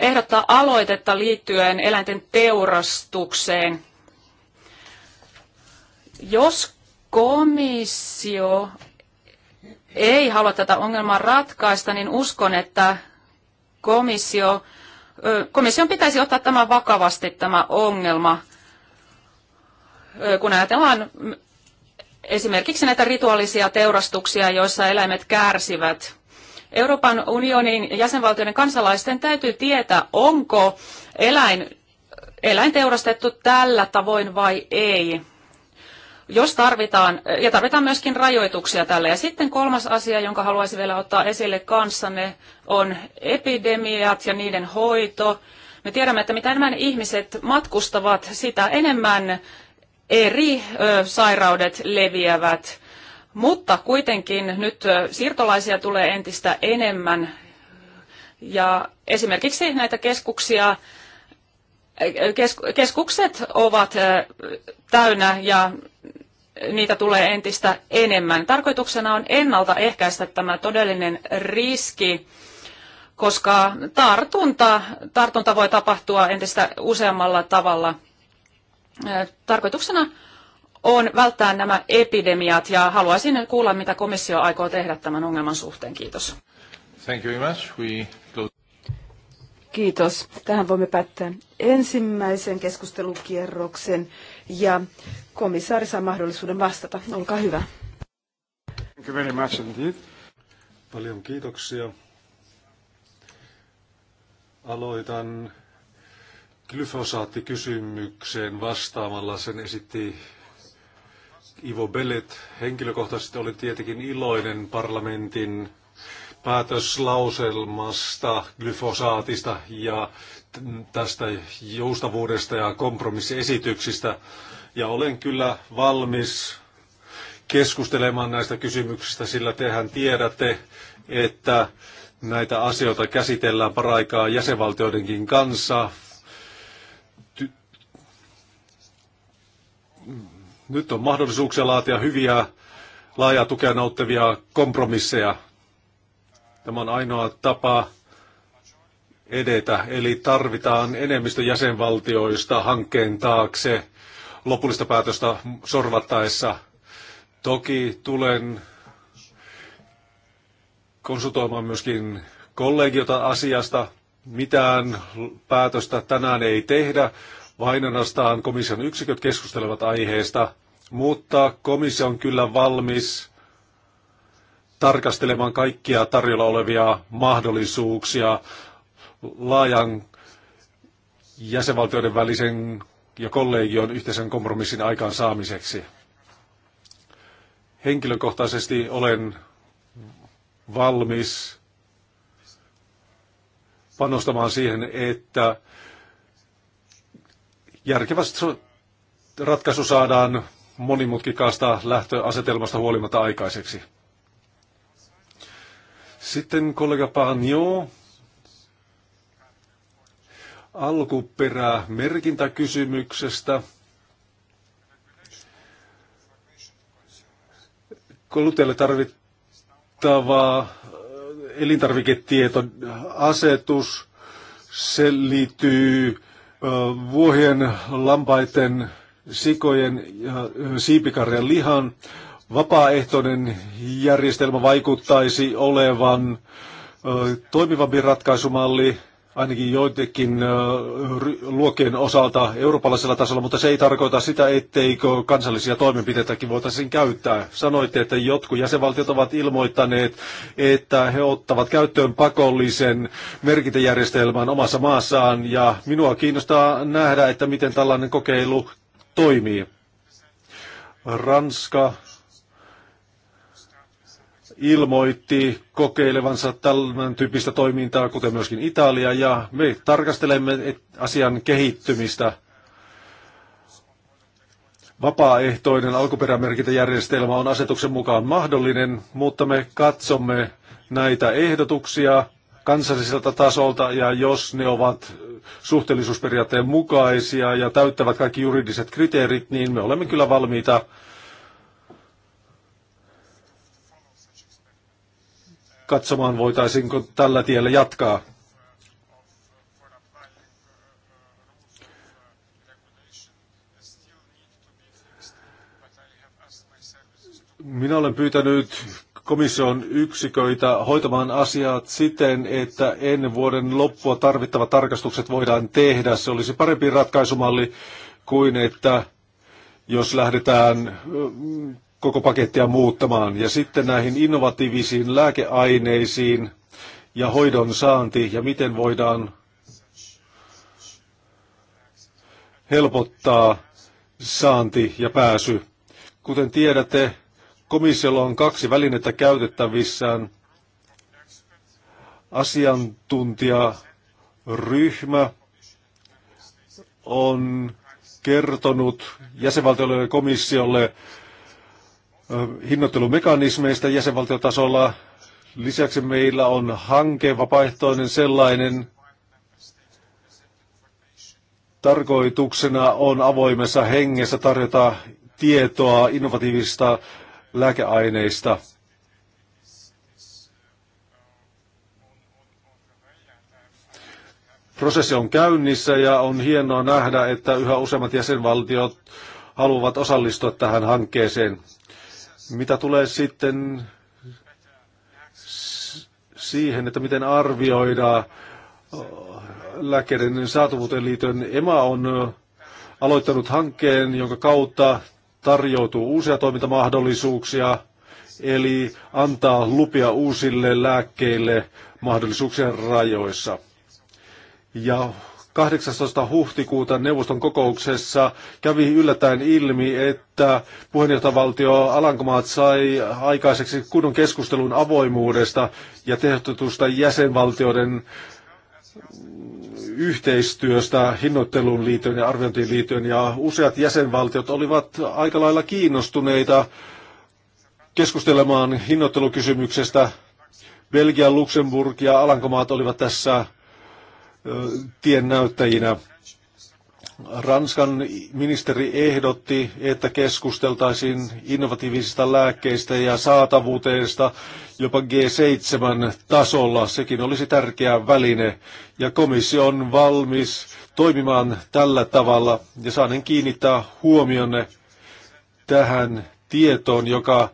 ehdottaa aloitetta liittyen eläinten teurastukseen. Jos komissio ei halua tätä ongelmaa ratkaista, niin uskon, että komissio, komission pitäisi ottaa tämä vakavasti tämä ongelma, kun ajatellaan esimerkiksi näitä rituaalisia teurastuksia, joissa eläimet kärsivät. Euroopan unionin jäsenvaltioiden kansalaisten täytyy tietää, onko eläin, eläin teurastettu tällä tavoin vai ei jos tarvitaan, ja tarvitaan myöskin rajoituksia tälle. Ja sitten kolmas asia, jonka haluaisin vielä ottaa esille kanssanne, on epidemiat ja niiden hoito. Me tiedämme, että mitä enemmän ihmiset matkustavat, sitä enemmän eri ö, sairaudet leviävät. Mutta kuitenkin nyt siirtolaisia tulee entistä enemmän. Ja esimerkiksi näitä keskuksia, keskukset ovat täynnä ja niitä tulee entistä enemmän. Tarkoituksena on ennaltaehkäistä tämä todellinen riski, koska tartunta, tartunta voi tapahtua entistä useammalla tavalla. Tarkoituksena on välttää nämä epidemiat ja haluaisin kuulla, mitä komissio aikoo tehdä tämän ongelman suhteen. Kiitos. Thank you very much. We close. Kiitos. Tähän voimme päättää ensimmäisen keskustelukierroksen ja komissaari saa mahdollisuuden vastata. Olkaa hyvä. Thank you very much indeed. Paljon kiitoksia. Aloitan glyfosaattikysymykseen vastaamalla. Sen esitti Ivo Bellet. Henkilökohtaisesti olin tietenkin iloinen parlamentin päätöslauselmasta, glyfosaatista ja tästä joustavuudesta ja kompromissiesityksistä. Ja olen kyllä valmis keskustelemaan näistä kysymyksistä, sillä tehän tiedätte, että näitä asioita käsitellään paraikaa jäsenvaltioidenkin kanssa. Ty- Nyt on mahdollisuuksia laatia hyviä, laajaa tukea nauttavia kompromisseja. Tämä on ainoa tapa edetä, eli tarvitaan enemmistö jäsenvaltioista hankkeen taakse lopullista päätöstä sorvattaessa. Toki tulen konsultoimaan myöskin kollegiota asiasta. Mitään päätöstä tänään ei tehdä, vain ainoastaan komission yksiköt keskustelevat aiheesta, mutta komissio on kyllä valmis tarkastelemaan kaikkia tarjolla olevia mahdollisuuksia laajan jäsenvaltioiden välisen ja kollegion yhteisen kompromissin aikaan saamiseksi. Henkilökohtaisesti olen valmis panostamaan siihen, että järkevästi ratkaisu saadaan monimutkikaasta lähtöasetelmasta huolimatta aikaiseksi. Sitten kollega Pagnon alkuperää merkintäkysymyksestä. Kuluttajalle tarvittava äh, elintarviketietoasetus, se liittyy äh, vuohien, lampaiden, sikojen ja äh, siipikarjan lihan. Vapaaehtoinen järjestelmä vaikuttaisi olevan toimivampi ratkaisumalli ainakin joidenkin luokkien osalta eurooppalaisella tasolla, mutta se ei tarkoita sitä, etteikö kansallisia toimenpiteitäkin voitaisiin käyttää. Sanoitte, että jotkut jäsenvaltiot ovat ilmoittaneet, että he ottavat käyttöön pakollisen merkintäjärjestelmän omassa maassaan, ja minua kiinnostaa nähdä, että miten tällainen kokeilu toimii. Ranska, ilmoitti kokeilevansa tämän tyyppistä toimintaa, kuten myöskin Italia, ja me tarkastelemme asian kehittymistä. Vapaaehtoinen alkuperämerkintäjärjestelmä on asetuksen mukaan mahdollinen, mutta me katsomme näitä ehdotuksia kansalliselta tasolta, ja jos ne ovat suhteellisuusperiaatteen mukaisia ja täyttävät kaikki juridiset kriteerit, niin me olemme kyllä valmiita katsomaan, voitaisiinko tällä tiellä jatkaa. Minä olen pyytänyt komission yksiköitä hoitamaan asiat siten, että ennen vuoden loppua tarvittavat tarkastukset voidaan tehdä. Se olisi parempi ratkaisumalli kuin että jos lähdetään koko pakettia muuttamaan. Ja sitten näihin innovatiivisiin lääkeaineisiin ja hoidon saanti ja miten voidaan helpottaa saanti ja pääsy. Kuten tiedätte, komissiolla on kaksi välinettä käytettävissään. Asiantuntijaryhmä on kertonut jäsenvaltioille komissiolle hinnoittelumekanismeista jäsenvaltiotasolla. Lisäksi meillä on hanke, vapaaehtoinen sellainen. Tarkoituksena on avoimessa hengessä tarjota tietoa innovatiivista lääkeaineista. Prosessi on käynnissä ja on hienoa nähdä, että yhä useammat jäsenvaltiot haluavat osallistua tähän hankkeeseen. Mitä tulee sitten siihen, että miten arvioidaan lääkkeiden saatavuuteen liittyen, EMA on aloittanut hankkeen, jonka kautta tarjoutuu uusia toimintamahdollisuuksia, eli antaa lupia uusille lääkkeille mahdollisuuksien rajoissa. Ja 18. huhtikuuta neuvoston kokouksessa kävi yllättäen ilmi, että puheenjohtavaltio Alankomaat sai aikaiseksi kunnon keskustelun avoimuudesta ja tehdotetusta jäsenvaltioiden yhteistyöstä hinnoitteluun liittyen ja arviointiin liittyen, ja useat jäsenvaltiot olivat aika lailla kiinnostuneita keskustelemaan hinnoittelukysymyksestä. Belgia, Luxemburg ja Alankomaat olivat tässä tiennäyttäjinä. Ranskan ministeri ehdotti, että keskusteltaisiin innovatiivisista lääkkeistä ja saatavuuteesta jopa G7-tasolla. Sekin olisi tärkeä väline ja komissio on valmis toimimaan tällä tavalla ja saanen kiinnittää huomionne tähän tietoon, joka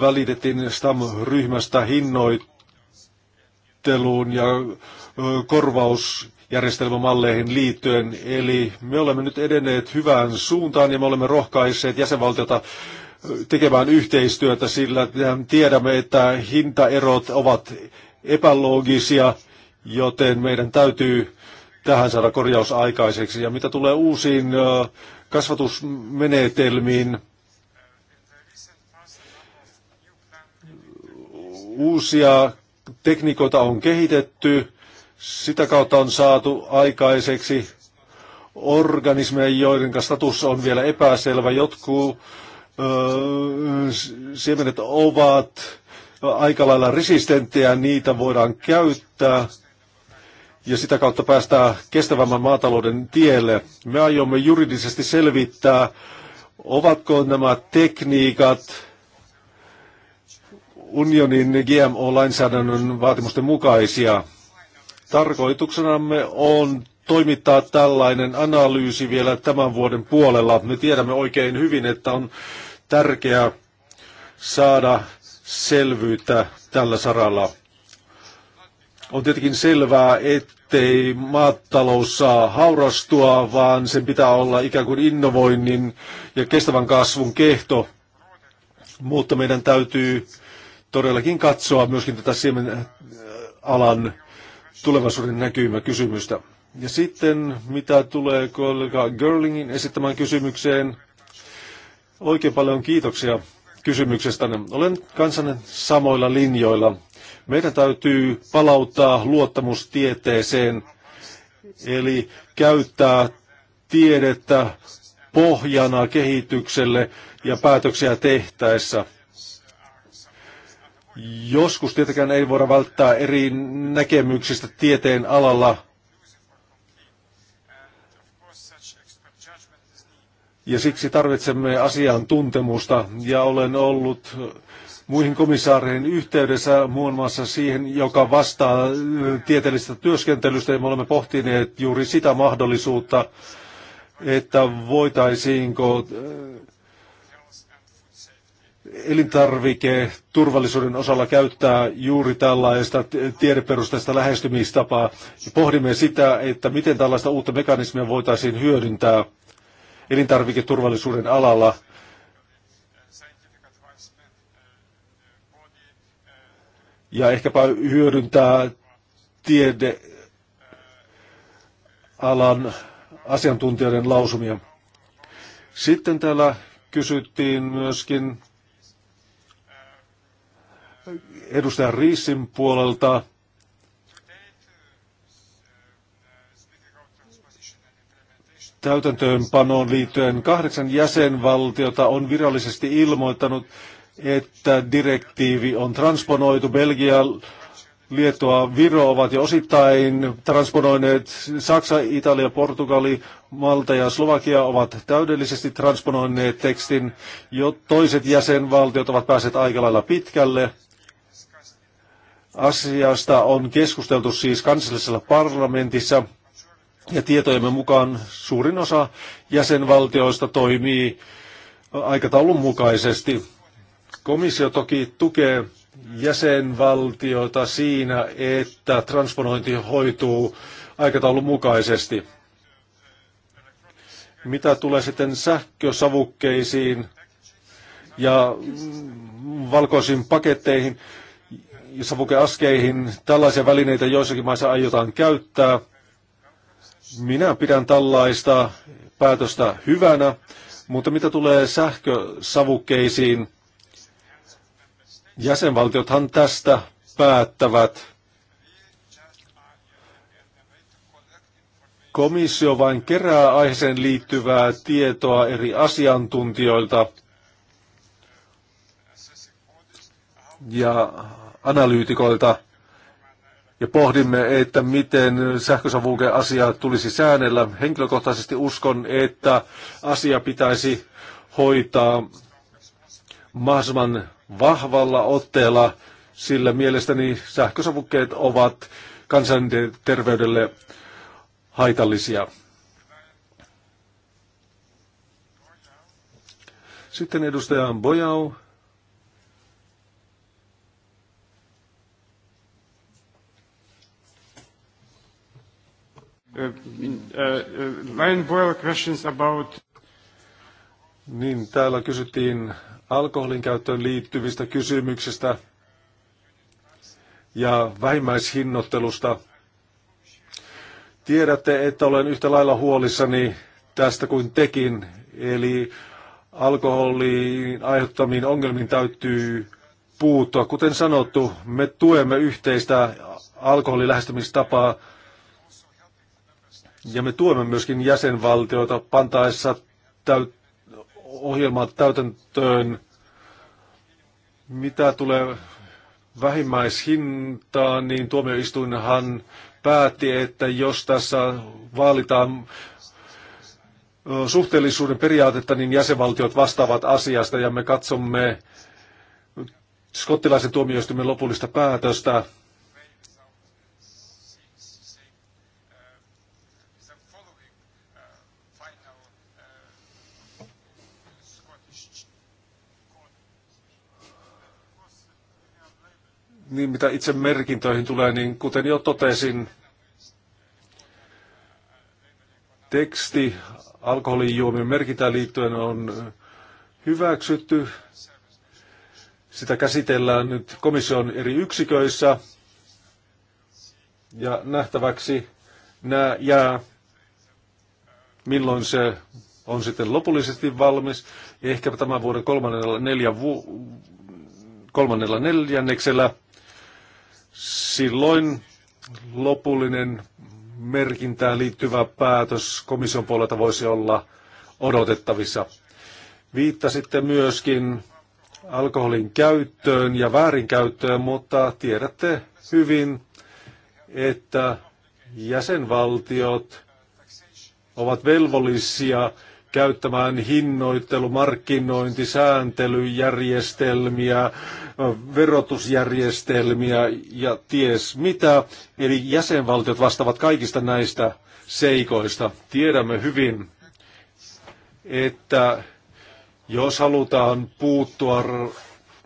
välitettiin STAM-ryhmästä hinnoit hinnoitteluun ja korvausjärjestelmämalleihin liittyen. Eli me olemme nyt edenneet hyvään suuntaan ja me olemme rohkaisseet jäsenvaltiota tekemään yhteistyötä, sillä tiedämme, että hintaerot ovat epäloogisia, joten meidän täytyy tähän saada korjaus aikaiseksi. Ja mitä tulee uusiin kasvatusmenetelmiin, uusia tekniikoita on kehitetty, sitä kautta on saatu aikaiseksi organismeja, joiden status on vielä epäselvä. Jotkut öö, siemenet ovat aika lailla resistenttejä, niitä voidaan käyttää ja sitä kautta päästään kestävämmän maatalouden tielle. Me aiomme juridisesti selvittää, ovatko nämä tekniikat unionin GMO-lainsäädännön vaatimusten mukaisia. Tarkoituksenamme on toimittaa tällainen analyysi vielä tämän vuoden puolella. Me tiedämme oikein hyvin, että on tärkeää saada selvyyttä tällä saralla. On tietenkin selvää, ettei maatalous saa haurastua, vaan sen pitää olla ikään kuin innovoinnin ja kestävän kasvun kehto. Mutta meidän täytyy todellakin katsoa myöskin tätä äh, alan tulevaisuuden näkymä kysymystä. Ja sitten mitä tulee kollega Görlingin esittämään kysymykseen, oikein paljon kiitoksia kysymyksestä. Olen kansanne samoilla linjoilla. Meidän täytyy palauttaa luottamus tieteeseen, eli käyttää tiedettä pohjana kehitykselle ja päätöksiä tehtäessä – Joskus tietenkään ei voida välttää eri näkemyksistä tieteen alalla. Ja siksi tarvitsemme asiantuntemusta. Ja olen ollut muihin komissaareihin yhteydessä muun muassa siihen, joka vastaa tieteellisestä työskentelystä. Ja me olemme pohtineet juuri sitä mahdollisuutta, että voitaisiinko elintarvike turvallisuuden osalla käyttää juuri tällaista tiedeperustaista lähestymistapaa. Pohdimme sitä, että miten tällaista uutta mekanismia voitaisiin hyödyntää elintarviketurvallisuuden alalla. Ja ehkäpä hyödyntää tiedealan asiantuntijoiden lausumia. Sitten täällä kysyttiin myöskin edustaja Riisin puolelta. Täytäntöönpanoon liittyen kahdeksan jäsenvaltiota on virallisesti ilmoittanut, että direktiivi on transponoitu. Belgia, Liettua, Viro ovat jo osittain transponoineet. Saksa, Italia, Portugali, Malta ja Slovakia ovat täydellisesti transponoineet tekstin. Jo toiset jäsenvaltiot ovat päässeet aika lailla pitkälle. Asiasta on keskusteltu siis kansallisella parlamentissa ja tietojemme mukaan suurin osa jäsenvaltioista toimii aikataulun mukaisesti. Komissio toki tukee jäsenvaltioita siinä, että transponointi hoituu aikataulun mukaisesti. Mitä tulee sitten sähkösavukkeisiin ja valkoisiin paketteihin, savukeaskeihin. Tällaisia välineitä joissakin maissa aiotaan käyttää. Minä pidän tällaista päätöstä hyvänä, mutta mitä tulee sähkösavukkeisiin, jäsenvaltiothan tästä päättävät. Komissio vain kerää aiheeseen liittyvää tietoa eri asiantuntijoilta ja analyytikoilta ja pohdimme, että miten sähkösavukeasia asia tulisi säännellä. Henkilökohtaisesti uskon, että asia pitäisi hoitaa mahdollisimman vahvalla otteella, sillä mielestäni sähkösavukkeet ovat kansanterveydelle haitallisia. Sitten edustaja Bojau. Lain voi questions about... Niin, täällä kysyttiin alkoholin käyttöön liittyvistä kysymyksistä ja vähimmäishinnoittelusta. Tiedätte, että olen yhtä lailla huolissani tästä kuin tekin, eli alkoholin aiheuttamiin ongelmiin täytyy puuttua. Kuten sanottu, me tuemme yhteistä alkoholilähestymistapaa ja me tuemme myöskin jäsenvaltioita pantaessa täyt- ohjelmaa täytäntöön, mitä tulee vähimmäishintaan, niin tuomioistuinhan päätti, että jos tässä vaalitaan suhteellisuuden periaatetta, niin jäsenvaltiot vastaavat asiasta ja me katsomme skottilaisen tuomioistuimen lopullista päätöstä niin mitä itse merkintöihin tulee, niin kuten jo totesin, teksti juomien merkintään liittyen on hyväksytty. Sitä käsitellään nyt komission eri yksiköissä ja nähtäväksi nämä jää, milloin se on sitten lopullisesti valmis. Ehkäpä tämän vuoden kolmannella, neljä vu- kolmannella neljänneksellä silloin lopullinen merkintään liittyvä päätös komission puolelta voisi olla odotettavissa. Viittasitte myöskin alkoholin käyttöön ja väärinkäyttöön, mutta tiedätte hyvin, että jäsenvaltiot ovat velvollisia käyttämään hinnoittelu, markkinointi, sääntelyjärjestelmiä, verotusjärjestelmiä ja ties mitä. Eli jäsenvaltiot vastaavat kaikista näistä seikoista. Tiedämme hyvin, että jos halutaan puuttua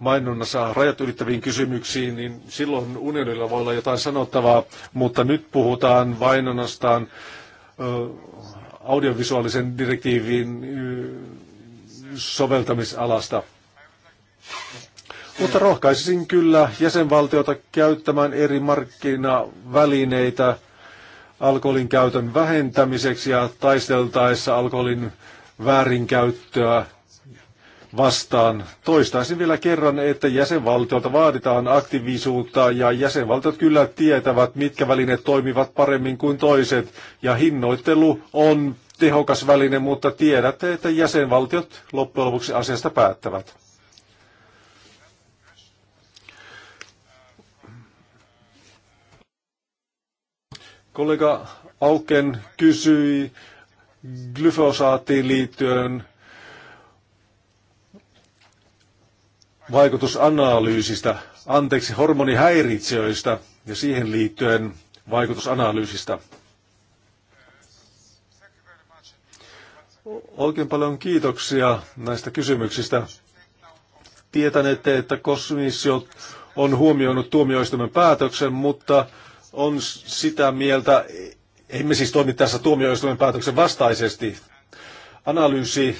mainonnassa rajat ylittäviin kysymyksiin, niin silloin unionilla voi olla jotain sanottavaa, mutta nyt puhutaan mainonnastaan audiovisuaalisen direktiivin soveltamisalasta. Mutta rohkaisisin kyllä jäsenvaltiota käyttämään eri markkinavälineitä alkoholin käytön vähentämiseksi ja taisteltaessa alkoholin väärinkäyttöä vastaan. Toistaisin vielä kerran, että jäsenvaltiolta vaaditaan aktiivisuutta ja jäsenvaltiot kyllä tietävät, mitkä välineet toimivat paremmin kuin toiset. Ja hinnoittelu on tehokas väline, mutta tiedätte, että jäsenvaltiot loppujen lopuksi asiasta päättävät. Kollega Auken kysyi glyfosaattiin liittyen vaikutusanalyysistä, anteeksi, hormonihäiritsijöistä ja siihen liittyen vaikutusanalyysistä. Oikein paljon kiitoksia näistä kysymyksistä. Tietänette, että komissio on huomioinut tuomioistuimen päätöksen, mutta on sitä mieltä, emme siis toimi tässä tuomioistuimen päätöksen vastaisesti. Analyysi,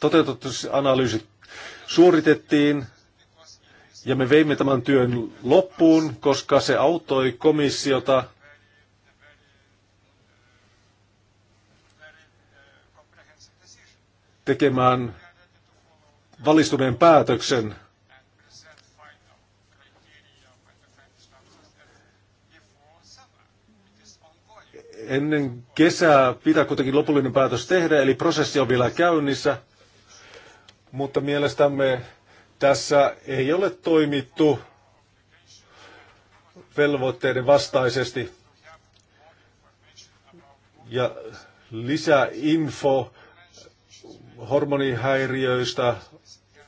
toteutettu analyysi suoritettiin ja me veimme tämän työn loppuun, koska se auttoi komissiota tekemään valistuneen päätöksen ennen kesää pitää kuitenkin lopullinen päätös tehdä, eli prosessi on vielä käynnissä mutta mielestämme tässä ei ole toimittu velvoitteiden vastaisesti. Ja lisää info hormonihäiriöistä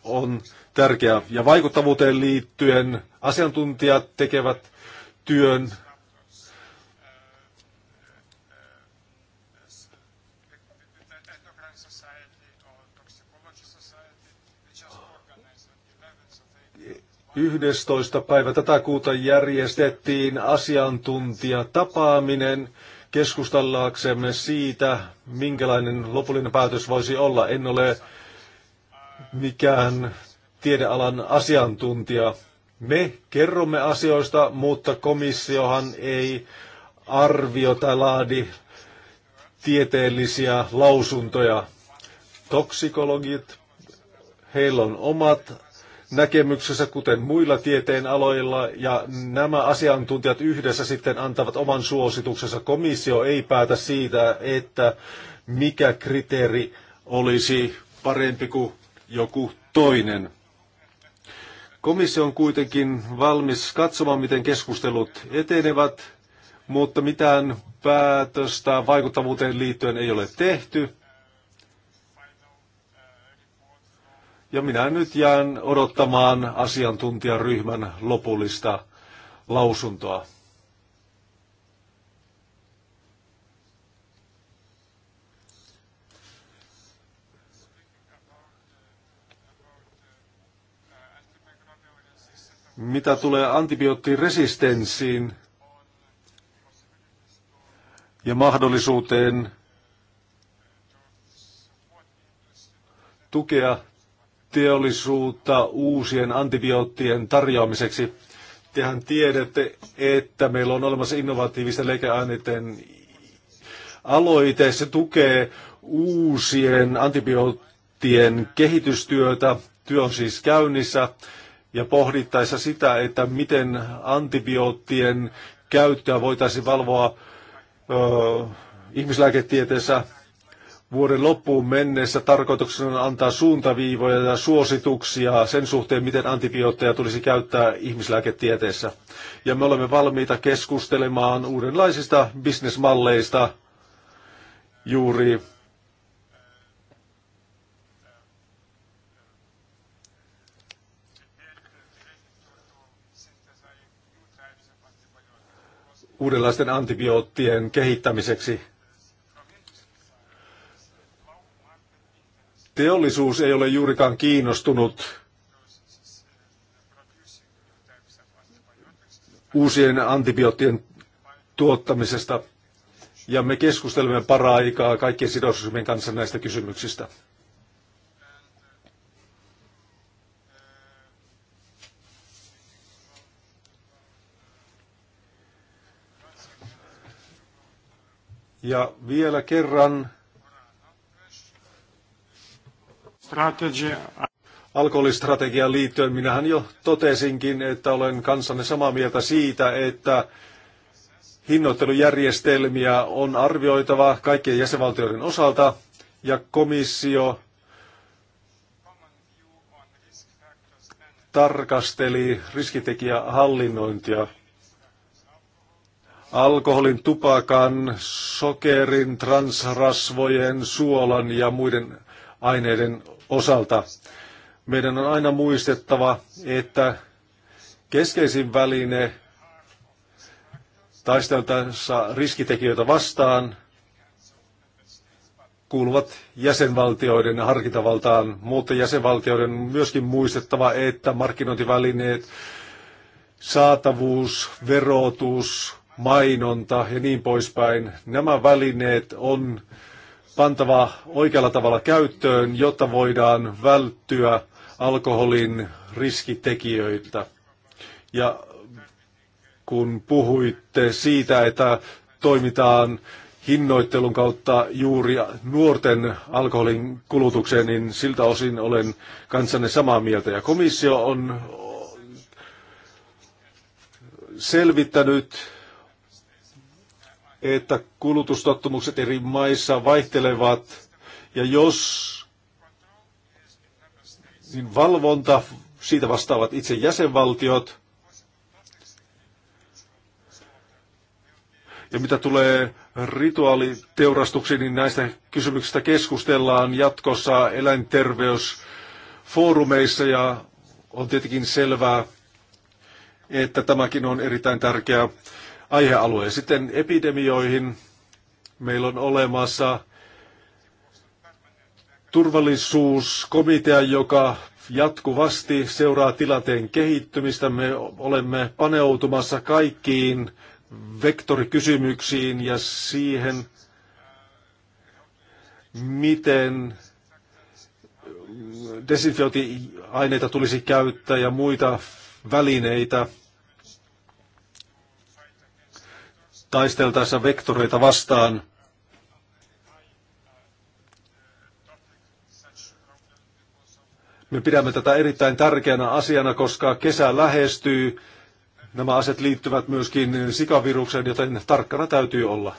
on tärkeää. Ja vaikuttavuuteen liittyen asiantuntijat tekevät työn 11. päivä tätä kuuta järjestettiin asiantuntijatapaaminen keskustellaaksemme siitä, minkälainen lopullinen päätös voisi olla. En ole mikään tiedealan asiantuntija. Me kerromme asioista, mutta komissiohan ei arvio tai laadi tieteellisiä lausuntoja. Toksikologit, heillä on omat näkemyksensä, kuten muilla tieteen aloilla, ja nämä asiantuntijat yhdessä sitten antavat oman suosituksensa. Komissio ei päätä siitä, että mikä kriteeri olisi parempi kuin joku toinen. Komissio on kuitenkin valmis katsomaan, miten keskustelut etenevät, mutta mitään päätöstä vaikuttavuuteen liittyen ei ole tehty. Ja minä nyt jään odottamaan asiantuntijaryhmän lopullista lausuntoa. Mitä tulee antibioottiresistenssiin ja mahdollisuuteen tukea teollisuutta uusien antibioottien tarjoamiseksi. Tehän tiedätte, että meillä on olemassa innovatiivisten lääkeaineiden aloite. Se tukee uusien antibioottien kehitystyötä. Työ on siis käynnissä ja pohdittaessa sitä, että miten antibioottien käyttöä voitaisiin valvoa ö, ihmislääketieteessä vuoden loppuun mennessä tarkoituksena on antaa suuntaviivoja ja suosituksia sen suhteen, miten antibiootteja tulisi käyttää ihmislääketieteessä. Ja me olemme valmiita keskustelemaan uudenlaisista bisnesmalleista juuri uudenlaisten antibioottien kehittämiseksi teollisuus ei ole juurikaan kiinnostunut uusien antibioottien tuottamisesta. Ja me keskustelemme para-aikaa kaikkien sidosryhmien kanssa näistä kysymyksistä. Ja vielä kerran Strategia. Alkoholistrategiaan liittyen minähän jo totesinkin, että olen kanssanne samaa mieltä siitä, että hinnoittelujärjestelmiä on arvioitava kaikkien jäsenvaltioiden osalta ja komissio tarkasteli riskitekijähallinnointia. Alkoholin, tupakan, sokerin, transrasvojen, suolan ja muiden aineiden osalta. Meidän on aina muistettava, että keskeisin väline taisteltaessa riskitekijöitä vastaan kuuluvat jäsenvaltioiden harkintavaltaan, mutta jäsenvaltioiden on myöskin muistettava, että markkinointivälineet, saatavuus, verotus, mainonta ja niin poispäin, nämä välineet on pantava oikealla tavalla käyttöön, jotta voidaan välttyä alkoholin riskitekijöiltä. Ja kun puhuitte siitä, että toimitaan hinnoittelun kautta juuri nuorten alkoholin kulutukseen, niin siltä osin olen kanssanne samaa mieltä. Ja komissio on selvittänyt että kulutustottumukset eri maissa vaihtelevat ja jos niin valvonta, siitä vastaavat itse jäsenvaltiot. Ja mitä tulee rituaaliteurastuksiin, niin näistä kysymyksistä keskustellaan jatkossa eläinterveysfoorumeissa ja on tietenkin selvää, että tämäkin on erittäin tärkeä aihealueen. Sitten epidemioihin meillä on olemassa turvallisuuskomitea, joka jatkuvasti seuraa tilanteen kehittymistä. Me olemme paneutumassa kaikkiin vektorikysymyksiin ja siihen, miten desinfiointiaineita tulisi käyttää ja muita välineitä taisteltaessa vektoreita vastaan. Me pidämme tätä erittäin tärkeänä asiana, koska kesä lähestyy. Nämä aset liittyvät myöskin sikavirukseen, joten tarkkana täytyy olla.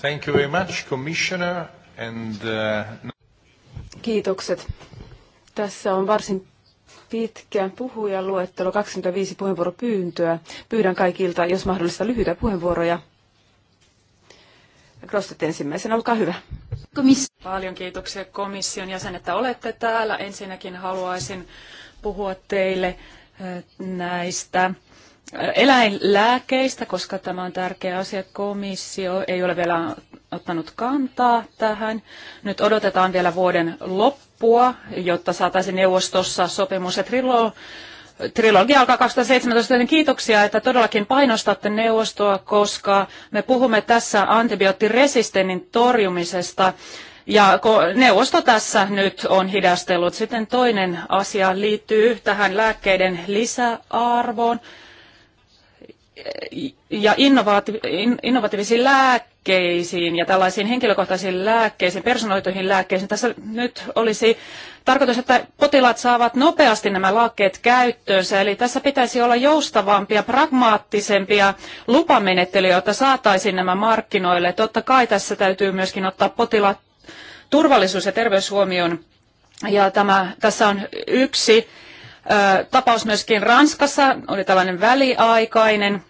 Thank you very much, Commissioner. And, uh... Kiitokset. Tässä on varsin pitkä puhujaluettelo, 25 puheenvuoropyyntöä. Pyydän kaikilta, jos mahdollista, lyhyitä puheenvuoroja. Krostet ensimmäisenä, olkaa hyvä. Paljon kiitoksia komission jäsen, että olette täällä. Ensinnäkin haluaisin puhua teille eh, näistä eh, eläinlääkeistä, koska tämä on tärkeä asia. Komissio ei ole vielä ottanut kantaa tähän. Nyt odotetaan vielä vuoden loppuun loppua, jotta saataisiin neuvostossa sopimus. Ja trilo, trilogia alkaa 2017, niin kiitoksia, että todellakin painostatte neuvostoa, koska me puhumme tässä antibioottiresistennin torjumisesta. Ja neuvosto tässä nyt on hidastellut. Sitten toinen asia liittyy tähän lääkkeiden lisäarvoon ja innovatiivisiin lääkkeisiin lääkkeisiin ja tällaisiin henkilökohtaisiin lääkkeisiin, personoituihin lääkkeisiin. Tässä nyt olisi tarkoitus, että potilaat saavat nopeasti nämä lääkkeet käyttöönsä, eli tässä pitäisi olla joustavampia, pragmaattisempia lupamenettelyjä, jotta saataisiin nämä markkinoille. Totta kai tässä täytyy myöskin ottaa potilaat turvallisuus ja terveys huomioon. Ja tämä, tässä on yksi ö, tapaus myöskin Ranskassa, oli tällainen väliaikainen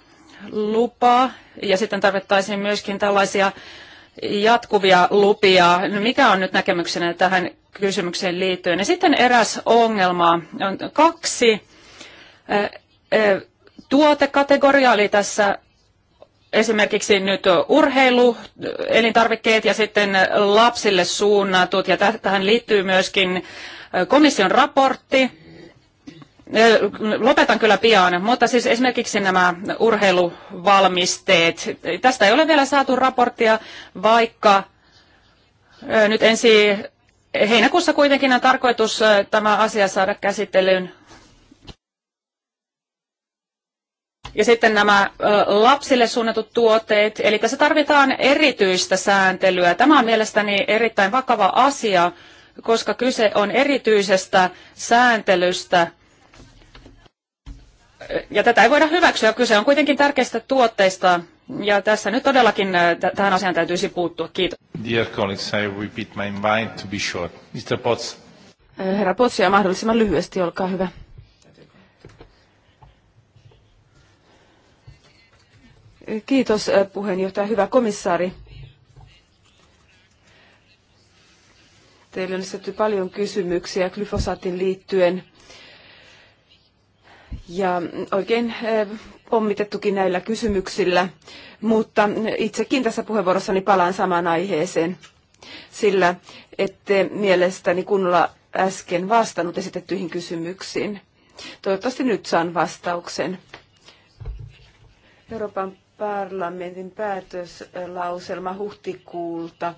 Lupa ja sitten tarvittaisiin myöskin tällaisia jatkuvia lupia. Mikä on nyt näkemyksenä tähän kysymykseen liittyen? Ja sitten eräs ongelma on kaksi tuotekategoriaa, eli tässä esimerkiksi nyt urheilu, elintarvikkeet ja sitten lapsille suunnatut, ja tähän liittyy myöskin komission raportti, Lopetan kyllä pian, mutta siis esimerkiksi nämä urheiluvalmisteet. Tästä ei ole vielä saatu raporttia, vaikka nyt ensi heinäkuussa kuitenkin on tarkoitus tämä asia saada käsittelyyn. Ja sitten nämä lapsille suunnatut tuotteet, eli tässä tarvitaan erityistä sääntelyä. Tämä on mielestäni erittäin vakava asia, koska kyse on erityisestä sääntelystä – ja tätä ei voida hyväksyä. Kyse on kuitenkin tärkeistä tuotteista, ja tässä nyt todellakin äh, tähän asiaan täytyisi puuttua. Kiitos. Dear colleagues, I repeat my mind to be short. Mr. Potts. Äh, herra Potts, ja mahdollisimman lyhyesti, olkaa hyvä. Äh, kiitos puheenjohtaja. Hyvä komissaari. Teille on esitetty paljon kysymyksiä glyfosaatin liittyen ja oikein pommitettukin näillä kysymyksillä, mutta itsekin tässä puheenvuorossani palaan samaan aiheeseen, sillä ette mielestäni kunnolla äsken vastannut esitettyihin kysymyksiin. Toivottavasti nyt saan vastauksen. Euroopan parlamentin päätöslauselma huhtikuulta.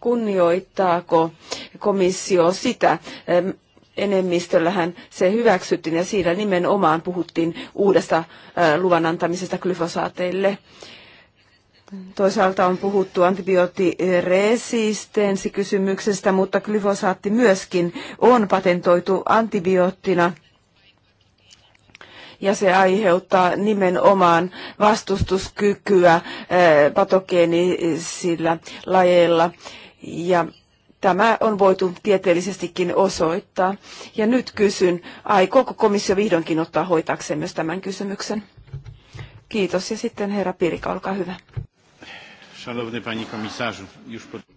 Kunnioittaako komissio sitä enemmistöllähän se hyväksyttiin ja siinä nimenomaan puhuttiin uudesta luvan antamisesta glyfosaateille. Toisaalta on puhuttu antibioottiresistenssikysymyksestä, mutta glyfosaatti myöskin on patentoitu antibioottina ja se aiheuttaa nimenomaan vastustuskykyä patogeenisillä lajeilla. Ja Tämä on voitu tieteellisestikin osoittaa. Ja nyt kysyn, aikooko komissio vihdoinkin ottaa hoitakseen myös tämän kysymyksen? Kiitos. Ja sitten herra Pirika, olkaa hyvä.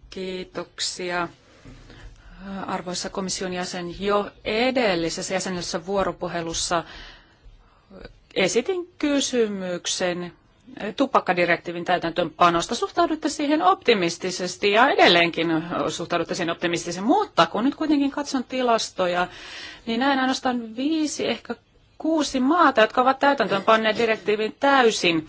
Kiitoksia. Arvoisa komission jäsen, jo edellisessä jäsenessä vuoropuhelussa esitin kysymyksen tupakkadirektiivin täytäntöönpanosta. Suhtaudutte siihen optimistisesti ja edelleenkin suhtaudutte siihen optimistisesti, mutta kun nyt kuitenkin katson tilastoja, niin näen ainoastaan viisi, ehkä kuusi maata, jotka ovat täytäntöönpanneet direktiivin täysin.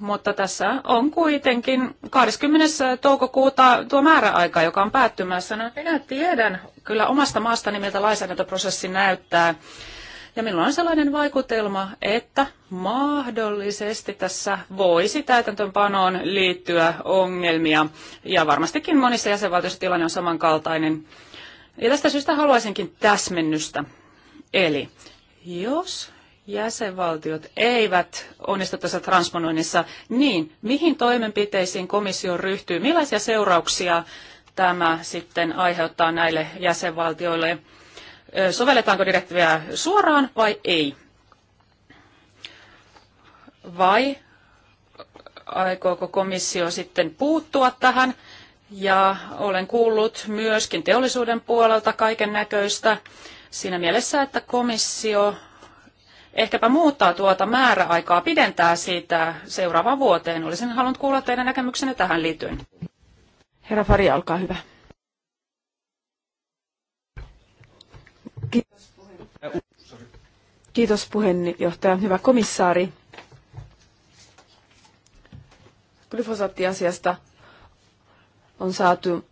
Mutta tässä on kuitenkin 20. toukokuuta tuo määräaika, joka on päättymässä. No, minä tiedän kyllä omasta maasta nimeltä lainsäädäntöprosessi näyttää. Ja minulla on sellainen vaikutelma, että mahdollisesti tässä voisi täytäntöönpanoon liittyä ongelmia. Ja varmastikin monissa jäsenvaltioissa tilanne on samankaltainen. Ja tästä syystä haluaisinkin täsmennystä. Eli jos jäsenvaltiot eivät onnistu tässä transponoinnissa, niin mihin toimenpiteisiin komissio ryhtyy? Millaisia seurauksia tämä sitten aiheuttaa näille jäsenvaltioille? sovelletaanko direktiiviä suoraan vai ei. Vai aikooko komissio sitten puuttua tähän? Ja olen kuullut myöskin teollisuuden puolelta kaiken näköistä siinä mielessä, että komissio ehkäpä muuttaa tuota määräaikaa, pidentää siitä seuraavaan vuoteen. Olisin halunnut kuulla teidän näkemyksenne tähän liittyen. Herra Fari, olkaa hyvä. Kiitos puheenjohtaja. Hyvä komissaari. Glyfosaattiasiasta on saatu eh,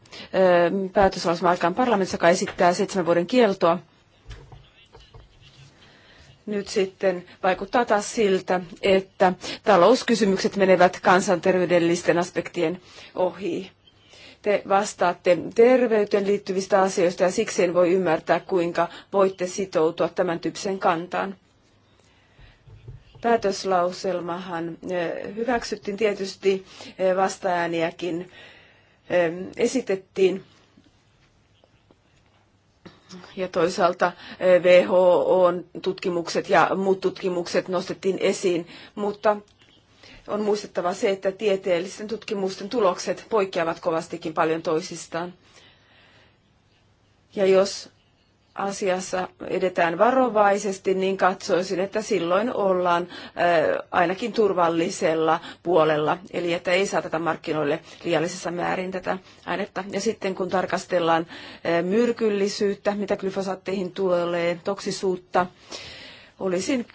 päätöslausuma aikaan parlamentissa, joka esittää seitsemän vuoden kieltoa. Nyt sitten vaikuttaa taas siltä, että talouskysymykset menevät kansanterveydellisten aspektien ohi te vastaatte terveyteen liittyvistä asioista ja siksi en voi ymmärtää, kuinka voitte sitoutua tämän tyyppisen kantaan. Päätöslauselmahan eh, hyväksyttiin tietysti eh, vastaääniäkin eh, esitettiin. Ja toisaalta who tutkimukset ja muut tutkimukset nostettiin esiin, mutta on muistettava se, että tieteellisten tutkimusten tulokset poikkeavat kovastikin paljon toisistaan. Ja jos asiassa edetään varovaisesti, niin katsoisin, että silloin ollaan äh, ainakin turvallisella puolella. Eli että ei saateta markkinoille liiallisessa määrin tätä ainetta. Ja sitten kun tarkastellaan äh, myrkyllisyyttä, mitä glyfosaatteihin tulee, toksisuutta, olisin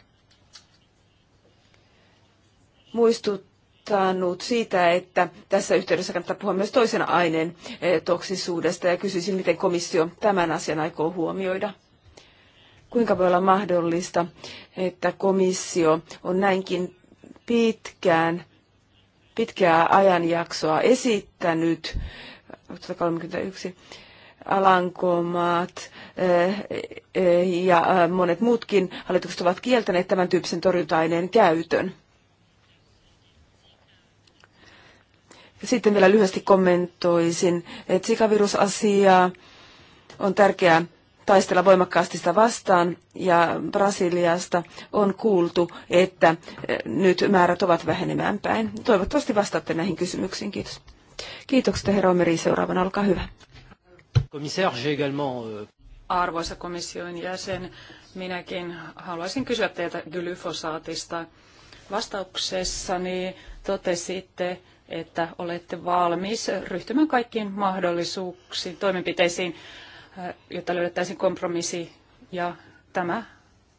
muistuttanut siitä, että tässä yhteydessä kannattaa puhua myös toisen aineen eh, toksisuudesta ja kysyisin, miten komissio tämän asian aikoo huomioida. Kuinka voi olla mahdollista, että komissio on näinkin pitkään, pitkää ajanjaksoa esittänyt 31 Alankomaat eh, eh, ja monet muutkin hallitukset ovat kieltäneet tämän tyyppisen torjunta-aineen käytön. Sitten vielä lyhyesti kommentoisin että sikavirusasia On tärkeää taistella voimakkaasti sitä vastaan ja Brasiliasta on kuultu, että eh, nyt määrät ovat vähenemään päin. Toivottavasti vastaatte näihin kysymyksiin. Kiitos. Kiitokset herra Omeri. Seuraavana olkaa hyvä. Euh, Arvoisa komission jäsen, minäkin haluaisin kysyä teiltä glyfosaatista. Vastauksessani totesitte, että olette valmis ryhtymään kaikkiin mahdollisuuksiin toimenpiteisiin, eh, jotta löydettäisiin kompromissi. Ja tämä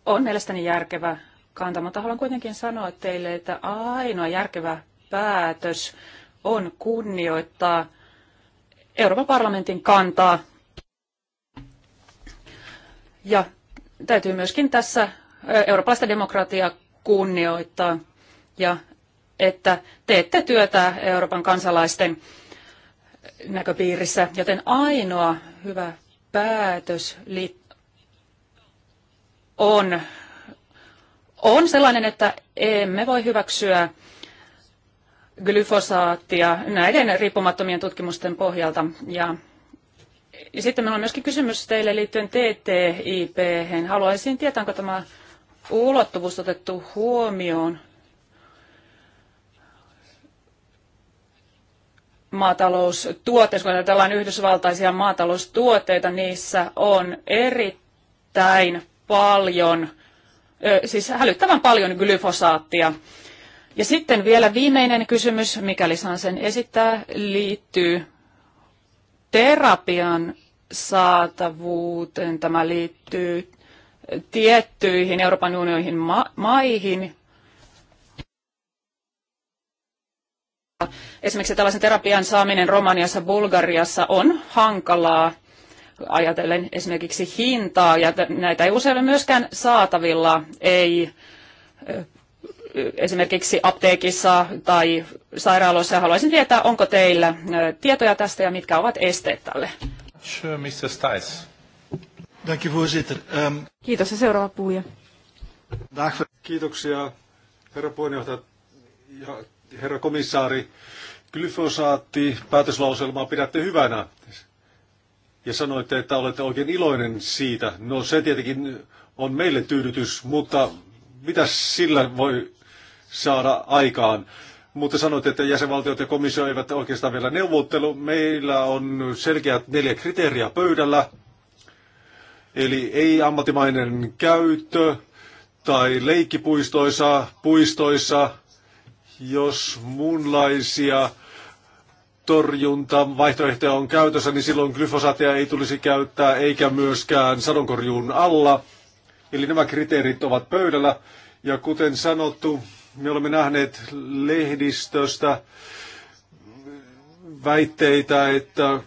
on mielestäni järkevä kanta, mutta haluan kuitenkin sanoa teille, että ainoa järkevä päätös on kunnioittaa Euroopan parlamentin kantaa. Ja täytyy myöskin tässä eh, eurooppalaista demokratiaa kunnioittaa. Ja että teette työtä Euroopan kansalaisten näköpiirissä, joten ainoa hyvä päätös on, on sellainen, että emme voi hyväksyä glyfosaattia näiden riippumattomien tutkimusten pohjalta. Ja sitten minulla on myöskin kysymys teille liittyen TTIP. Haluaisin tietää, onko tämä ulottuvuus otettu huomioon maataloustuotteissa, kun ajatellaan yhdysvaltaisia maataloustuotteita, niissä on erittäin paljon, siis hälyttävän paljon glyfosaattia. Ja sitten vielä viimeinen kysymys, mikäli saan sen esittää, liittyy terapian saatavuuteen. Tämä liittyy tiettyihin Euroopan unionin ma- maihin, Esimerkiksi tällaisen terapian saaminen Romaniassa, Bulgariassa on hankalaa ajatellen esimerkiksi hintaa, ja näitä ei usein ole myöskään saatavilla, ei esimerkiksi apteekissa tai sairaaloissa. Haluaisin tietää, onko teillä tietoja tästä ja mitkä ovat esteet tälle? Sure, Mr. Ehm, Kiitos ja seuraava puhuja. Kiitoksia herra puheenjohtaja herra komissaari, glyfosaatti päätöslauselmaa pidätte hyvänä ja sanoitte, että olette oikein iloinen siitä. No se tietenkin on meille tyydytys, mutta mitä sillä voi saada aikaan? Mutta sanoitte, että jäsenvaltiot ja komissio eivät oikeastaan vielä neuvottelu. Meillä on selkeät neljä kriteeriä pöydällä. Eli ei ammattimainen käyttö tai leikkipuistoissa, puistoissa, jos muunlaisia torjuntavaihtoehtoja on käytössä, niin silloin glyfosaatia ei tulisi käyttää eikä myöskään sadonkorjuun alla. Eli nämä kriteerit ovat pöydällä. Ja kuten sanottu, me olemme nähneet lehdistöstä väitteitä, että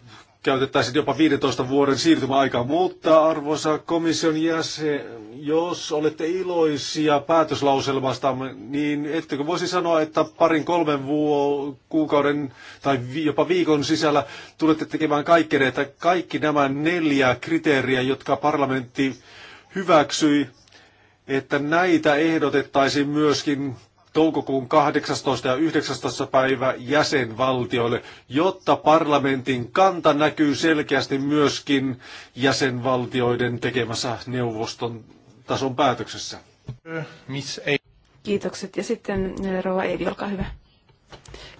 käytettäisiin jopa 15 vuoden siirtymäaikaa. Mutta arvoisa komission jäsen, jos olette iloisia päätöslauselmasta, niin ettekö voisi sanoa, että parin kolmen vuo, kuukauden tai jopa viikon sisällä tulette tekemään kaikkeen, että kaikki nämä neljä kriteeriä, jotka parlamentti hyväksyi, että näitä ehdotettaisiin myöskin toukokuun 18. ja 19. päivä jäsenvaltioille, jotta parlamentin kanta näkyy selkeästi myöskin jäsenvaltioiden tekemässä neuvoston tason päätöksessä. Kiitokset. Ja sitten eh, Rova Eili, olkaa hyvä.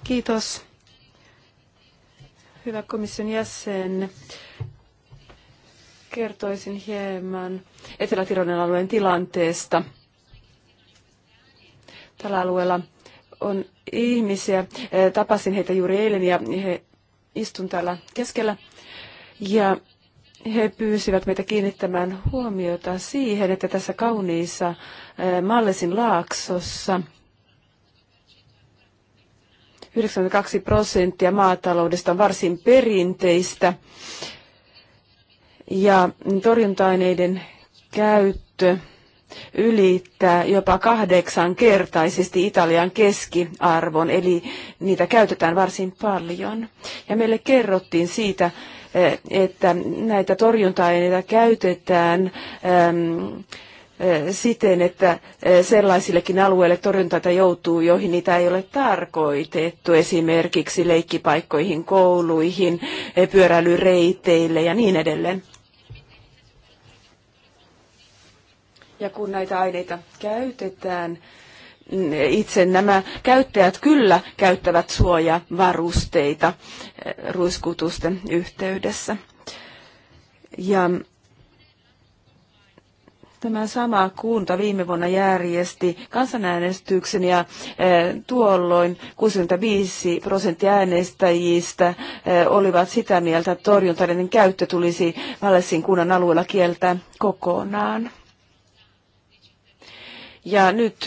Kiitos. Hyvä komission jäsen kertoisin hieman Etelä-Tironen alueen tilanteesta tällä alueella on ihmisiä. Äh, tapasin heitä juuri eilen ja he istun täällä keskellä. Ja he pyysivät meitä kiinnittämään huomiota siihen, että tässä kauniissa äh, Mallesin laaksossa 92 prosenttia maataloudesta on varsin perinteistä ja torjunta-aineiden käyttö ylittää jopa kahdeksankertaisesti Italian keskiarvon, eli niitä käytetään varsin paljon. Ja meille kerrottiin siitä, eh, että näitä torjunta-aineita käytetään ehm, eh, siten, että eh, sellaisillekin alueille torjuntaita joutuu, joihin niitä ei ole tarkoitettu, esimerkiksi leikkipaikkoihin, kouluihin, pyöräilyreiteille ja niin edelleen. Ja kun näitä aineita käytetään, itse nämä käyttäjät kyllä käyttävät suojavarusteita eh, ruiskutusten yhteydessä. Ja tämä sama kunta viime vuonna järjesti kansanäänestyksen ja eh, tuolloin 65 prosenttia äänestäjistä eh, olivat sitä mieltä, että torjuntainen käyttö tulisi Valessin kunnan alueella kieltää kokonaan. Ja nyt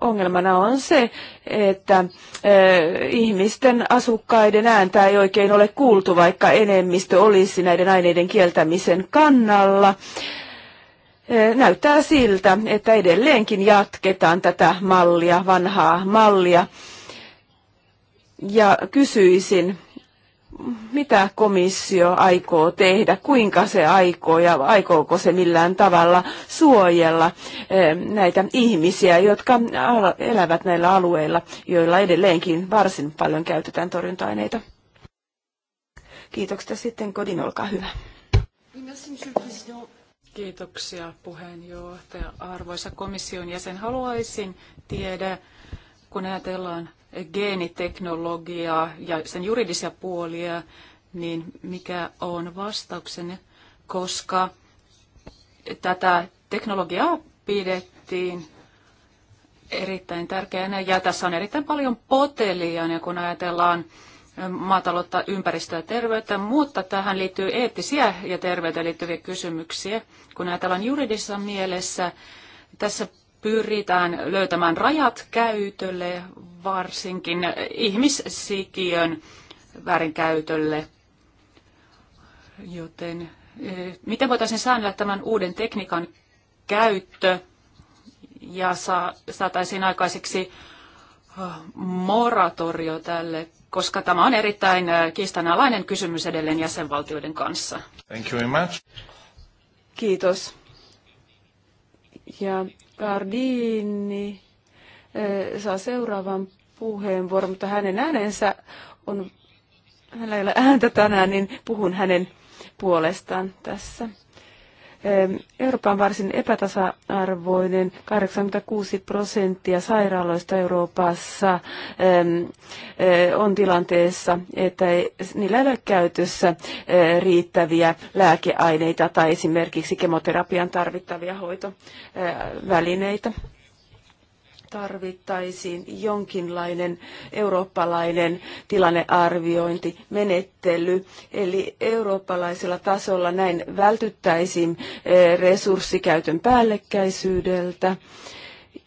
ongelmana on se, että ihmisten asukkaiden ääntä ei oikein ole kuultu, vaikka enemmistö olisi näiden aineiden kieltämisen kannalla. Näyttää siltä, että edelleenkin jatketaan tätä mallia, vanhaa mallia. Ja kysyisin, mitä komissio aikoo tehdä, kuinka se aikoo ja aikooko se millään tavalla suojella eh, näitä ihmisiä, jotka elävät näillä alueilla, joilla edelleenkin varsin paljon käytetään torjunta-aineita. Kiitoksia sitten Kodin, olkaa hyvä. Kiitoksia puheenjohtaja. Arvoisa komission jäsen, haluaisin tiedä, kun ajatellaan geeniteknologiaa ja sen juridisia puolia, niin mikä on vastauksenne, koska tätä teknologiaa pidettiin erittäin tärkeänä ja tässä on erittäin paljon ja kun ajatellaan maataloutta, ympäristöä ja terveyttä, mutta tähän liittyy eettisiä ja terveyteen liittyviä kysymyksiä. Kun ajatellaan juridisessa mielessä, tässä pyritään löytämään rajat käytölle, varsinkin ihmissikiön väärinkäytölle. Joten eh, miten voitaisiin säännellä tämän uuden tekniikan käyttö ja saataisiin aikaiseksi eh, moratorio tälle, koska tämä on erittäin eh, kiistanalainen kysymys edelleen jäsenvaltioiden kanssa. Thank you very much. Kiitos. Ja Gardini eh, saa seuraavan puheenvuoron, mutta hänen äänensä on, hänellä ei ole ääntä tänään, niin puhun hänen puolestaan tässä. Eurooppa on varsin epätasa-arvoinen. 86 prosenttia sairaaloista Euroopassa eh, on tilanteessa, että niillä ei ole käytössä eh, riittäviä lääkeaineita tai esimerkiksi kemoterapian tarvittavia hoitovälineitä tarvittaisiin jonkinlainen eurooppalainen tilannearviointimenettely. Eli eurooppalaisella tasolla näin vältyttäisiin eh, resurssikäytön päällekkäisyydeltä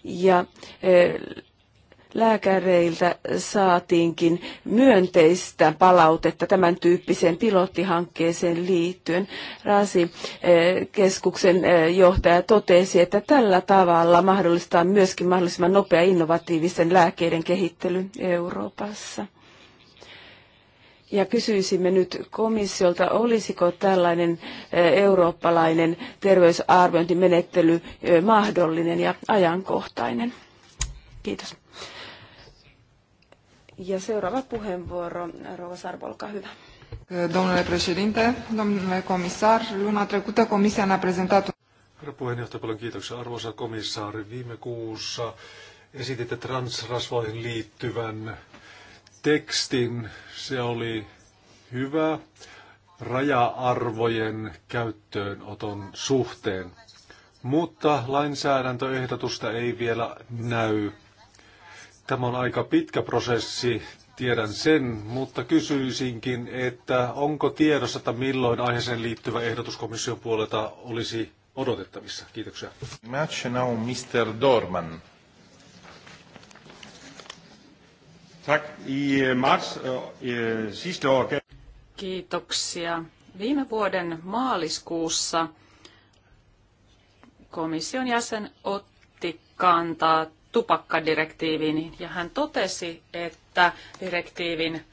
ja eh, lääkäreiltä saatiinkin myönteistä palautetta tämän tyyppiseen pilottihankkeeseen liittyen. RASI-keskuksen eh, eh, johtaja totesi, että tällä tavalla mahdollistaa myöskin mahdollisimman nopea innovatiivisen lääkkeiden kehittely Euroopassa. Ja kysyisimme nyt komissiolta, olisiko tällainen eh, eurooppalainen terveysarviointimenettely mahdollinen ja ajankohtainen. Kiitos. Ja seuraava puheenvuoro, Rova olkaa hyvä. Domnule președinte, domnule comisar, luna trecută Comisia ne-a prezentat... Herra puheenjohtaja, paljon kiitoksia. Arvoisa komissaari, viime kuussa esititte transrasvoihin liittyvän tekstin. Se oli hyvä raja-arvojen käyttöönoton suhteen, mutta lainsäädäntöehdotusta ei vielä näy. Tämä on aika pitkä prosessi, tiedän sen, mutta kysyisinkin, että onko tiedossa, että milloin aiheeseen liittyvä ehdotus komission puolelta olisi odotettavissa? Kiitoksia. Match now Mr. Dorman. Tack. I eh, mars eh, eh, sista Kiitoksia. Viime vuoden maaliskuussa komission jäsen otti kantaa tupakkadirektiiviin, ja hän totesi, että direktiivin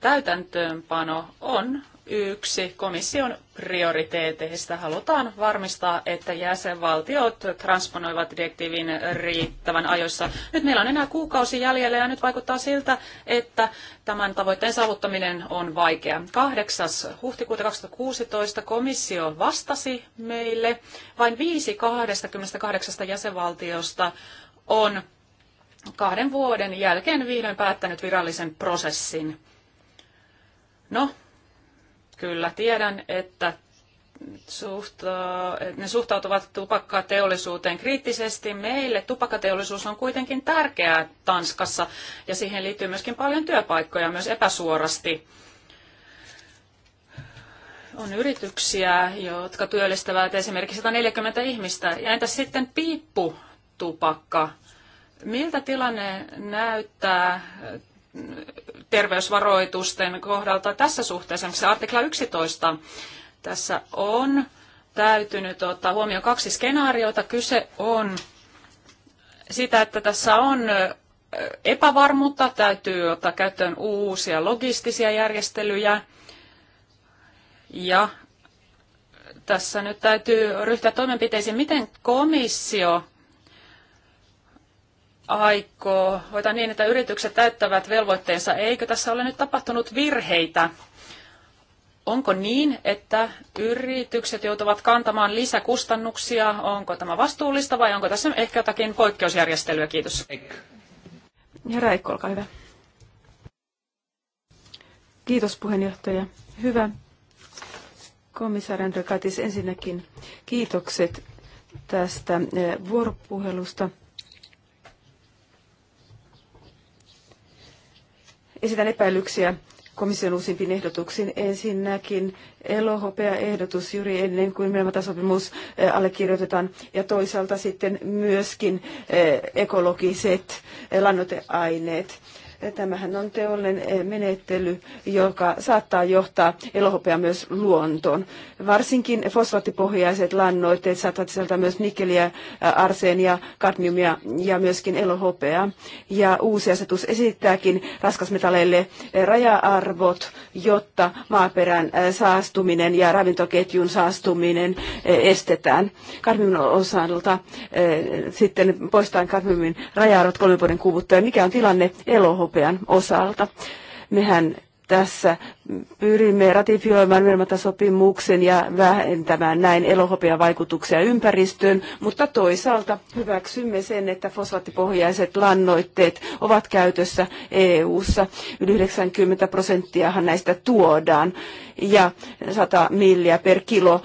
täytäntöönpano on yksi komission prioriteeteista. Halutaan varmistaa, että jäsenvaltiot transponoivat direktiivin riittävän ajoissa. Nyt meillä on enää kuukausi jäljellä ja nyt vaikuttaa siltä, että tämän tavoitteen saavuttaminen on vaikea. 8. huhtikuuta 2016 komissio vastasi meille. Vain 5 28 jäsenvaltiosta on kahden vuoden jälkeen vihdoin päättänyt virallisen prosessin. No, kyllä tiedän, että suhta, ne suhtautuvat tupakkateollisuuteen kriittisesti. Meille tupakkateollisuus on kuitenkin tärkeää Tanskassa ja siihen liittyy myöskin paljon työpaikkoja myös epäsuorasti. On yrityksiä, jotka työllistävät esimerkiksi 140 ihmistä. Ja entäs sitten piippu tupakka. Miltä tilanne näyttää äh, terveysvaroitusten kohdalta tässä suhteessa? Se artikla 11 tässä on täytynyt ottaa huomioon kaksi skenaariota. Kyse on sitä, että tässä on äh, epävarmuutta, täytyy ottaa käyttöön uusia logistisia järjestelyjä ja tässä nyt täytyy ryhtyä toimenpiteisiin. Miten komissio aikoo hoitaa niin, että yritykset täyttävät velvoitteensa? Eikö tässä ole nyt tapahtunut virheitä? Onko niin, että yritykset joutuvat kantamaan lisäkustannuksia? Onko tämä vastuullista vai onko tässä ehkä jotakin poikkeusjärjestelyä? Kiitos. Herra Eikko, olkaa hyvä. Kiitos puheenjohtaja. Hyvä. Komissaari Andrekatis, ensinnäkin kiitokset tästä eh, vuoropuhelusta. esitän epäilyksiä komission uusimpiin ehdotuksiin. Ensinnäkin elohopea ehdotus juuri ennen kuin Melmatasopimus eh, allekirjoitetaan ja toisaalta sitten myöskin eh, ekologiset eh, lannoiteaineet Tämähän on teollinen eh, menettely, joka saattaa johtaa elohopea myös luontoon. Varsinkin fosfaattipohjaiset lannoitteet saattavat sieltä myös nikkeliä, eh, arseenia, kadmiumia ja myöskin elohopeaa. Ja uusi asetus esittääkin raskasmetalleille eh, raja-arvot, jotta maaperän saastuminen ja ravintoketjun saastuminen estetään. Kadmiumin osalta sitten poistetaan kadmiumin raja-arvot kolmen vuoden kuvuttua. Mikä on tilanne elohopea? hopean osalta. Mehän tässä pyrimme ratifioimaan sopimuksen ja vähentämään näin elohopia vaikutuksia ympäristöön, mutta toisaalta hyväksymme sen, että fosfaattipohjaiset lannoitteet ovat käytössä EU-ssa. Yli 90 prosenttiahan näistä tuodaan ja 100 milliä per kilo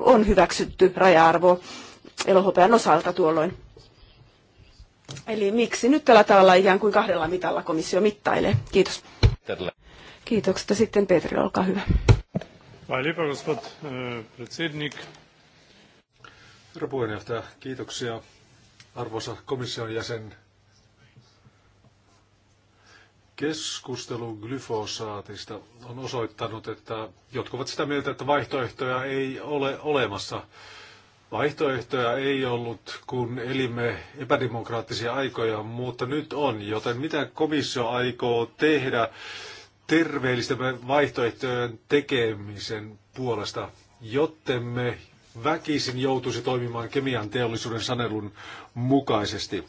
on hyväksytty raja-arvo elohopean osalta tuolloin. Eli miksi nyt tällä tavalla ikään kuin kahdella mitalla komissio mittailee? Kiitos. Tällä. Kiitokset. Sitten Petri, olkaa hyvä. Vai lepa, gospod eh, Herra puheenjohtaja, kiitoksia. Arvoisa komission jäsen, keskustelu glyfosaatista on osoittanut, että jotkut ovat sitä mieltä, että vaihtoehtoja ei ole olemassa. Vaihtoehtoja ei ollut, kun elimme epädemokraattisia aikoja, mutta nyt on. Joten mitä komissio aikoo tehdä terveellisten vaihtoehtojen tekemisen puolesta, jottemme väkisin joutuisi toimimaan kemian teollisuuden sanelun mukaisesti?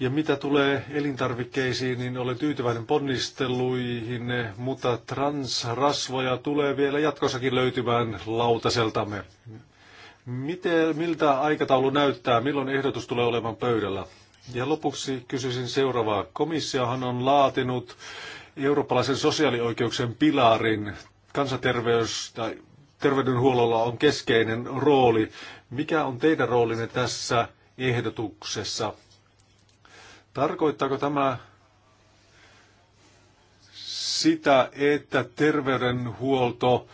Ja mitä tulee elintarvikkeisiin, niin olen tyytyväinen ponnisteluihin, mutta transrasvoja tulee vielä jatkossakin löytymään lautaseltamme. Miten, miltä aikataulu näyttää, milloin ehdotus tulee olemaan pöydällä? Ja lopuksi kysyisin seuraavaa. Komissiohan on laatinut eurooppalaisen sosiaalioikeuksien pilarin. Kansanterveys tai terveydenhuollolla on keskeinen rooli. Mikä on teidän roolinne tässä ehdotuksessa? Tarkoittaako tämä sitä, että terveydenhuolto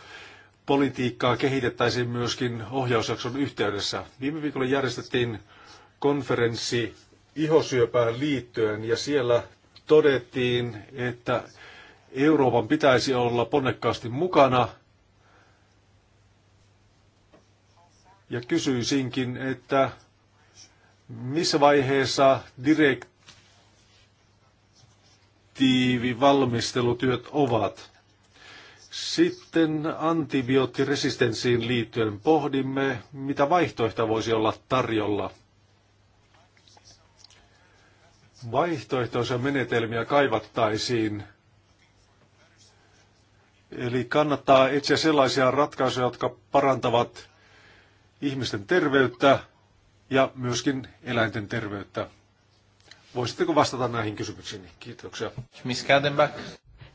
politiikkaa kehitettäisiin myöskin ohjausjakson yhteydessä. Viime viikolla järjestettiin konferenssi ihosyöpään liittyen ja siellä todettiin, että Euroopan pitäisi olla ponnekkaasti mukana. Ja kysyisinkin, että missä vaiheessa direktiivivalmistelutyöt ovat? Sitten antibioottiresistenssiin liittyen pohdimme, mitä vaihtoehtoja voisi olla tarjolla. Vaihtoehtoisia menetelmiä kaivattaisiin. Eli kannattaa etsiä sellaisia ratkaisuja, jotka parantavat ihmisten terveyttä ja myöskin eläinten terveyttä. Voisitteko vastata näihin kysymyksiin? Kiitoksia. Miss Kadenbach.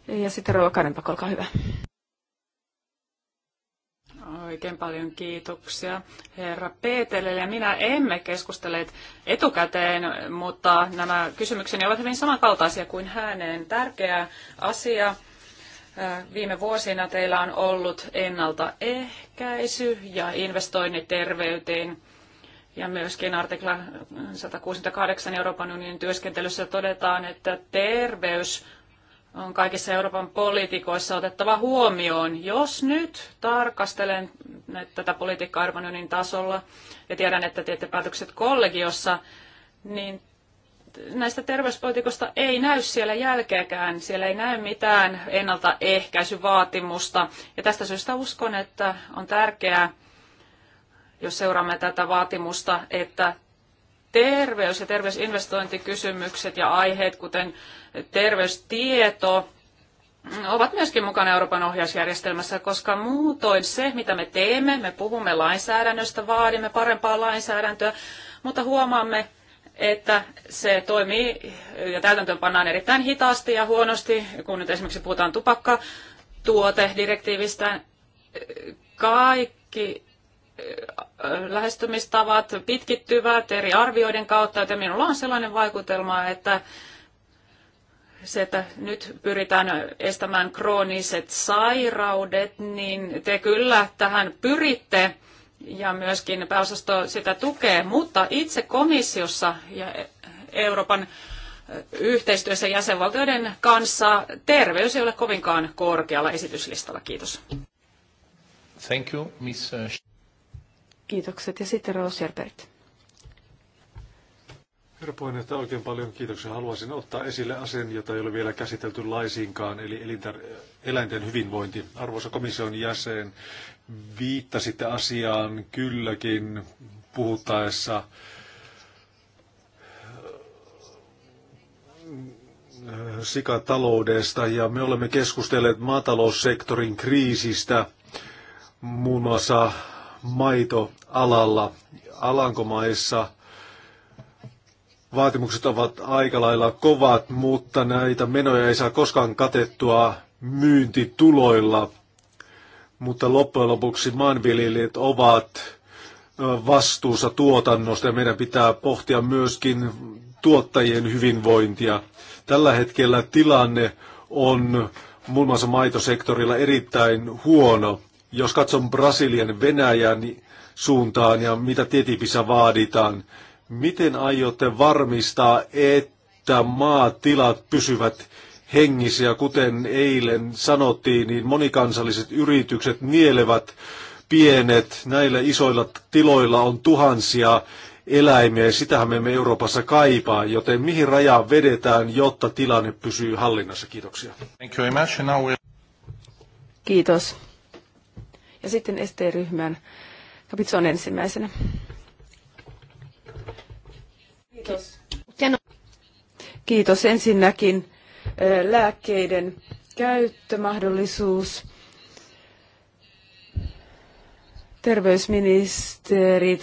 Ja sitten Rova Kadenbach, olkaa hyvä. Oikein paljon kiitoksia herra Peetelille ja minä emme keskustelleet etukäteen, mutta nämä kysymykseni ovat hyvin samankaltaisia kuin hänen. Tärkeä asia äh, viime vuosina teillä on ollut ennaltaehkäisy ja investoinnit terveyteen. Ja myöskin artikla 168 Euroopan unionin työskentelyssä todetaan, että terveys on kaikissa Euroopan poliitikoissa otettava huomioon. Jos nyt tarkastelen tätä politiikka Euroopan tasolla ja tiedän, että teette päätökset kollegiossa, niin näistä terveyspolitiikoista ei näy siellä jälkeäkään. Siellä ei näy mitään ennaltaehkäisyvaatimusta. Ja tästä syystä uskon, että on tärkeää, jos seuraamme tätä vaatimusta, että terveys ja terveysinvestointikysymykset ja aiheet, kuten terveystieto, ovat myöskin mukana Euroopan ohjausjärjestelmässä, koska muutoin se, mitä me teemme, me puhumme lainsäädännöstä, vaadimme parempaa lainsäädäntöä, mutta huomaamme, että se toimii ja täytäntöön pannaan erittäin hitaasti ja huonosti, kun nyt esimerkiksi puhutaan tupakkatuotedirektiivistä, kaikki lähestymistavat pitkittyvät eri arvioiden kautta, joten minulla on sellainen vaikutelma, että se, että nyt pyritään estämään krooniset sairaudet, niin te kyllä tähän pyritte ja myöskin pääosasto sitä tukee, mutta itse komissiossa ja Euroopan yhteistyössä jäsenvaltioiden kanssa terveys ei ole kovinkaan korkealla esityslistalla. Kiitos. Thank you, Miss uh, Kiitokset ja sitten Roos Jerpert. Herra puheenjohtaja, oikein paljon kiitoksia. Haluaisin ottaa esille asian, jota ei ole vielä käsitelty laisinkaan, eli elintar- eläinten hyvinvointi. Arvoisa komission jäsen, viittasitte asiaan kylläkin puhuttaessa äh, sikataloudesta ja me olemme keskustelleet maataloussektorin kriisistä muun muassa maitoalalla. Alankomaissa vaatimukset ovat aika lailla kovat, mutta näitä menoja ei saa koskaan katettua myyntituloilla. Mutta loppujen lopuksi maanviljelijät ovat vastuussa tuotannosta ja meidän pitää pohtia myöskin tuottajien hyvinvointia. Tällä hetkellä tilanne on muun muassa maitosektorilla erittäin huono. Jos katson Brasilian Venäjän suuntaan ja mitä TTIPissä vaaditaan, miten aiotte varmistaa, että maatilat pysyvät hengisiä, kuten eilen sanottiin, niin monikansalliset yritykset nielevät pienet, näillä isoilla tiloilla on tuhansia eläimiä, ja sitähän me emme Euroopassa kaipaa, joten mihin rajaa vedetään, jotta tilanne pysyy hallinnassa? Kiitoksia. Kiitos. Ja sitten ST-ryhmän Kapitso on ensimmäisenä. Kiitos. Kiitos ensinnäkin lääkkeiden käyttömahdollisuus terveysministerit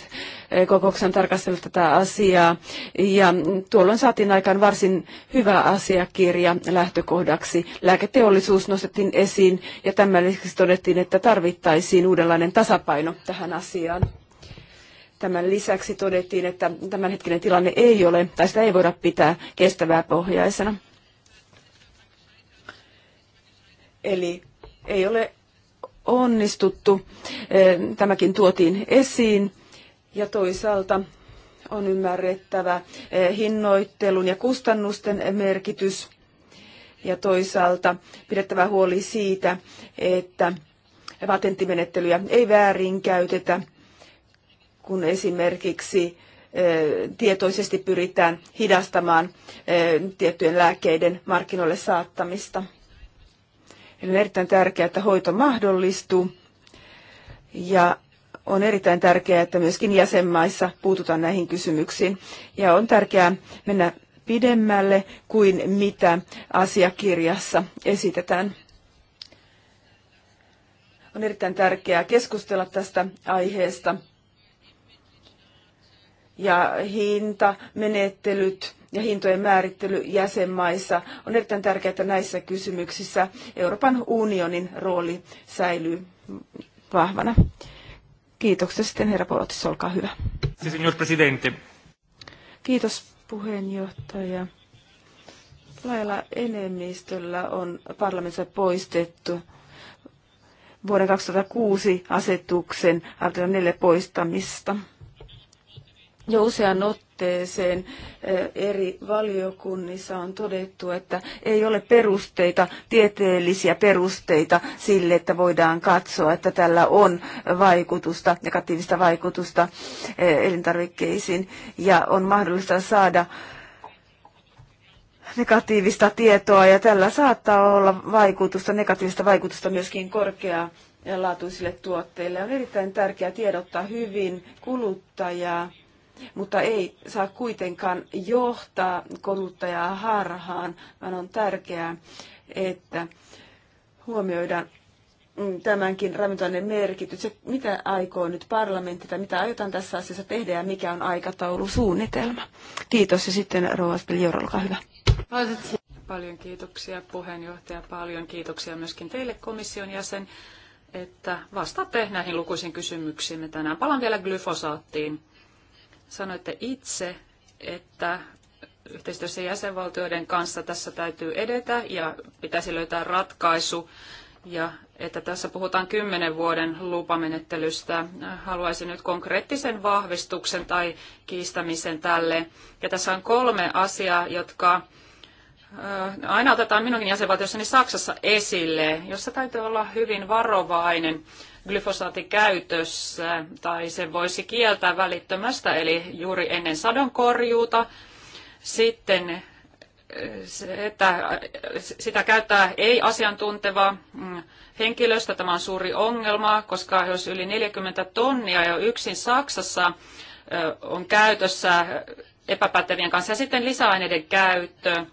eh, kokouksen tarkastelivat tätä asiaa ja tuolloin saatiin aikaan varsin hyvä asiakirja lähtökohdaksi. Lääketeollisuus nostettiin esiin ja tämän lisäksi todettiin, että tarvittaisiin uudenlainen tasapaino tähän asiaan. Tämän lisäksi todettiin, että tämänhetkinen tilanne ei ole, tai sitä ei voida pitää kestävää pohjaisena. Eli ei ole onnistuttu. Eh, tämäkin tuotiin esiin ja toisaalta on ymmärrettävä eh, hinnoittelun ja kustannusten merkitys ja toisaalta pidettävä huoli siitä, että patenttimenettelyjä ei väärinkäytetä, kun esimerkiksi eh, tietoisesti pyritään hidastamaan tiettyjen lääkkeiden markkinoille saattamista. Eli on erittäin tärkeää, että hoito mahdollistuu ja on erittäin tärkeää, että myöskin jäsenmaissa puututaan näihin kysymyksiin. Ja on tärkeää mennä pidemmälle kuin mitä asiakirjassa esitetään. On erittäin tärkeää keskustella tästä aiheesta. Ja hinta, menettelyt, ja hintojen määrittely jäsenmaissa. On erittäin tärkeää, että näissä kysymyksissä Euroopan unionin rooli säilyy vahvana. Kiitoksia sitten herra Polotis, olkaa hyvä. Signor Presidente. Kiitos puheenjohtaja. Lailla enemmistöllä on parlamentissa poistettu vuoden 2006 asetuksen artikla 4 poistamista jo usean otteeseen eh, eri valiokunnissa on todettu, että ei ole perusteita, tieteellisiä perusteita sille, että voidaan katsoa, että tällä on vaikutusta, negatiivista vaikutusta eh, elintarvikkeisiin ja on mahdollista saada negatiivista tietoa ja tällä saattaa olla vaikutusta, negatiivista vaikutusta myöskin korkeaa laatuisille tuotteille. On erittäin tärkeää tiedottaa hyvin kuluttajaa mutta ei saa kuitenkaan johtaa kuluttajaa harhaan, vaan on tärkeää, että huomioidaan mm, tämänkin ravintoaineen merkitys. mitä aikoo nyt parlamentti tai mitä aiotaan tässä asiassa tehdä ja mikä on aikataulusuunnitelma? Kiitos ja sitten Rouva Spiljor, olkaa hyvä. Paljon kiitoksia puheenjohtaja, paljon kiitoksia myöskin teille komission jäsen, että vastaatte näihin lukuisiin kysymyksiin. Me tänään. Palaan vielä glyfosaattiin. Sanoitte itse, että yhteistyössä jäsenvaltioiden kanssa tässä täytyy edetä ja pitäisi löytää ratkaisu. Ja että tässä puhutaan kymmenen vuoden lupamenettelystä. Haluaisin nyt konkreettisen vahvistuksen tai kiistämisen tälle. Ja tässä on kolme asiaa, jotka aina otetaan minunkin jäsenvaltiossani Saksassa esille, jossa täytyy olla hyvin varovainen glyfosaatin käytössä tai sen voisi kieltää välittömästä, eli juuri ennen sadonkorjuuta. Sitten eh, se, että eh, sitä käyttää ei-asiantunteva mm, henkilöstö. Tämä on suuri ongelma, koska jos yli 40 tonnia jo yksin Saksassa eh, on käytössä epäpätevien kanssa ja sitten lisäaineiden käyttö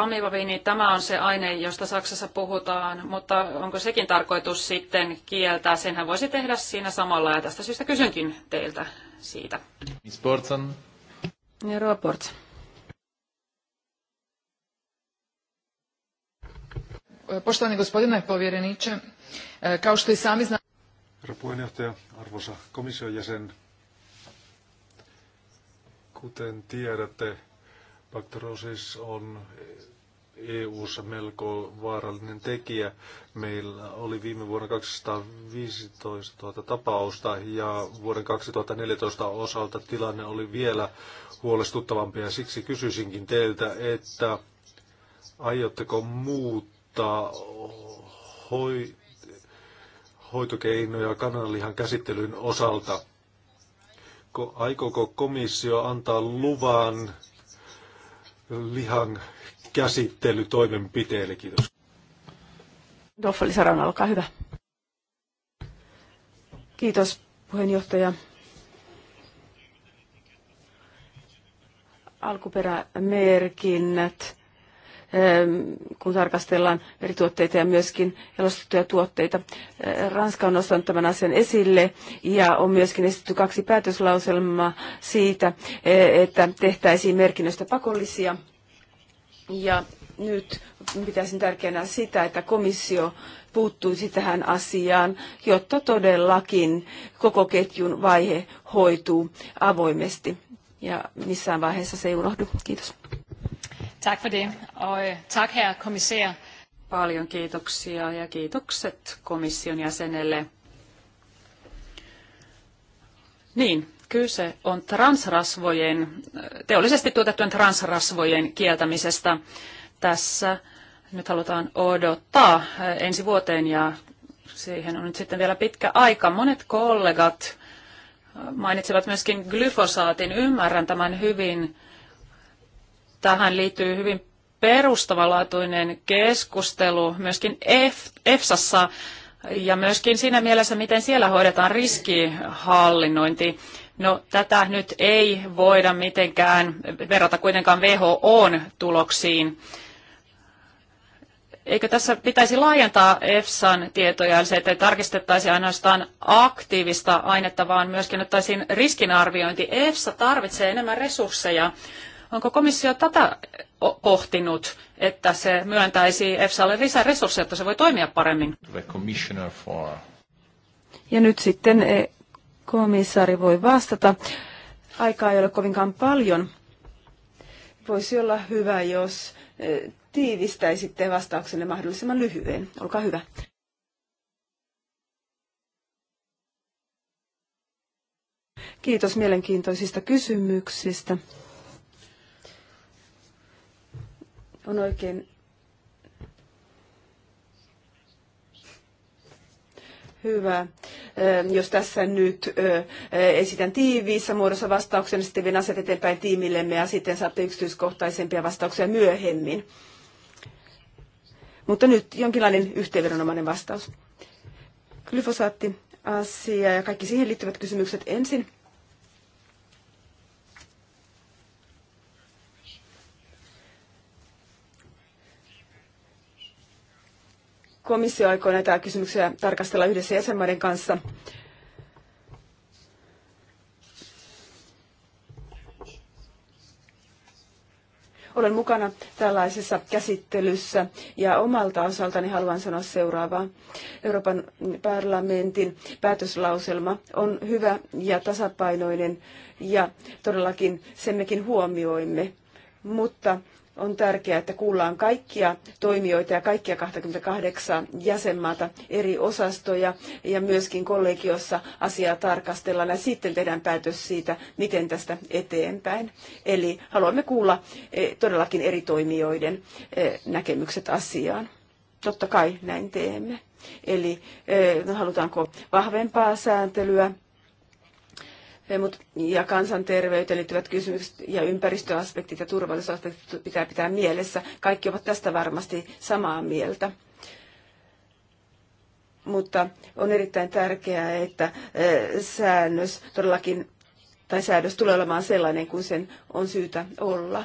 tamivaviini, tämä on se aine, josta Saksassa puhutaan, mutta onko sekin tarkoitus sitten kieltää? Senhän voisi tehdä siinä samalla ja tästä syystä kysynkin teiltä siitä. Miss Portson. Robert. Poštovani gospodine povjereniče, kao što i sami znate... Herra puheenjohtaja, arvoisa komission jäsen, kuten tiedätte, Bakterosis on EU-ssa melko vaarallinen tekijä. Meillä oli viime vuonna 215 000 tuota tapausta ja vuoden 2014 osalta tilanne oli vielä huolestuttavampi ja siksi kysyisinkin teiltä, että aiotteko muuttaa hoi, hoitokeinoja kananlihan käsittelyn osalta? Aikooko komissio antaa luvan lihan käsittelytoimenpiteille. Kiitos. Doffeli Saran, olkaa hyvä. Kiitos puheenjohtaja. Alkuperämerkinnät, ähm, kun tarkastellaan merituotteita ja myöskin jalostettuja tuotteita. Äh, Ranska on nostanut tämän asian esille ja on myöskin esitetty kaksi päätöslauselmaa siitä, äh, että tehtäisiin merkinnöistä pakollisia ja nyt pitäisin tärkeänä sitä, että komissio puuttuisi tähän asiaan, jotta todellakin koko ketjun vaihe hoituu avoimesti. Ja missään vaiheessa se ei unohdu. Kiitos. Tack för det. Och øh, tack herr kommissär. Paljon kiitoksia ja kiitokset komission jäsenelle. Niin, Kyse on transrasvojen, teollisesti tuotettujen transrasvojen kieltämisestä. Tässä nyt halutaan odottaa eh, ensi vuoteen ja siihen on nyt sitten vielä pitkä aika. Monet kollegat eh, mainitsivat myöskin glyfosaatin. Ymmärrän tämän hyvin. Tähän liittyy hyvin perustavanlaatuinen keskustelu myöskin EFSassa ja myöskin siinä mielessä, miten siellä hoidetaan riskihallinnointi. No tätä nyt ei voida mitenkään verrata kuitenkaan WHOn tuloksiin. Eikö tässä pitäisi laajentaa EFSAn tietoja, eli se, että tarkistettaisi ainoastaan aktiivista ainetta, vaan myöskin ottaisiin riskinarviointi. EFSA tarvitsee enemmän resursseja. Onko komissio tätä pohtinut, että se myöntäisi EFSAlle lisää resursseja, että se voi toimia paremmin? Ja nyt sitten eh, komissaari voi vastata. Aikaa ei ole kovinkaan paljon. Voisi olla hyvä, jos eh, tiivistäisitte vastauksenne mahdollisimman lyhyen. Olkaa hyvä. Kiitos mielenkiintoisista kysymyksistä. On oikein hyvä, jos tässä nyt esitän tiiviissä muodossa vastauksen, niin sitten vien asiat eteenpäin tiimillemme ja sitten saatte yksityiskohtaisempia vastauksia myöhemmin. Mutta nyt jonkinlainen yhteenvedonomainen vastaus. Glyfosaatti asia ja kaikki siihen liittyvät kysymykset ensin. komissio aikoo näitä kysymyksiä tarkastella yhdessä jäsenmaiden kanssa. Olen mukana tällaisessa käsittelyssä ja omalta osaltani haluan sanoa seuraavaa. Euroopan parlamentin päätöslauselma on hyvä ja tasapainoinen ja todellakin sen mekin huomioimme. Mutta on tärkeää, että kuullaan kaikkia toimijoita ja kaikkia 28 jäsenmaata eri osastoja ja myöskin kollegiossa asiaa tarkastellaan ja sitten tehdään päätös siitä, miten tästä eteenpäin. Eli haluamme kuulla e, todellakin eri toimijoiden e, näkemykset asiaan. Totta kai näin teemme. Eli e, no, halutaanko vahvempaa sääntelyä Eh, ja kansanterveyteen liittyvät kysymykset ja ympäristöaspektit ja turvallisuusaspektit pitää pitää mielessä. Kaikki ovat tästä varmasti samaa mieltä. Mutta on erittäin tärkeää, että eh, säännös todellakin, tai säädös tulee olemaan sellainen kuin sen on syytä olla.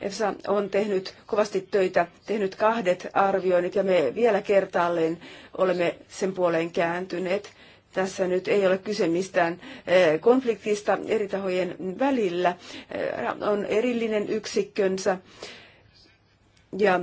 EFSA on tehnyt kovasti töitä, tehnyt kahdet arvioinnit ja me vielä kertaalleen olemme sen puoleen kääntyneet. Tässä nyt ei ole kyse mistään eh, konfliktista eri tahojen välillä. Eh, on erillinen yksikkönsä ja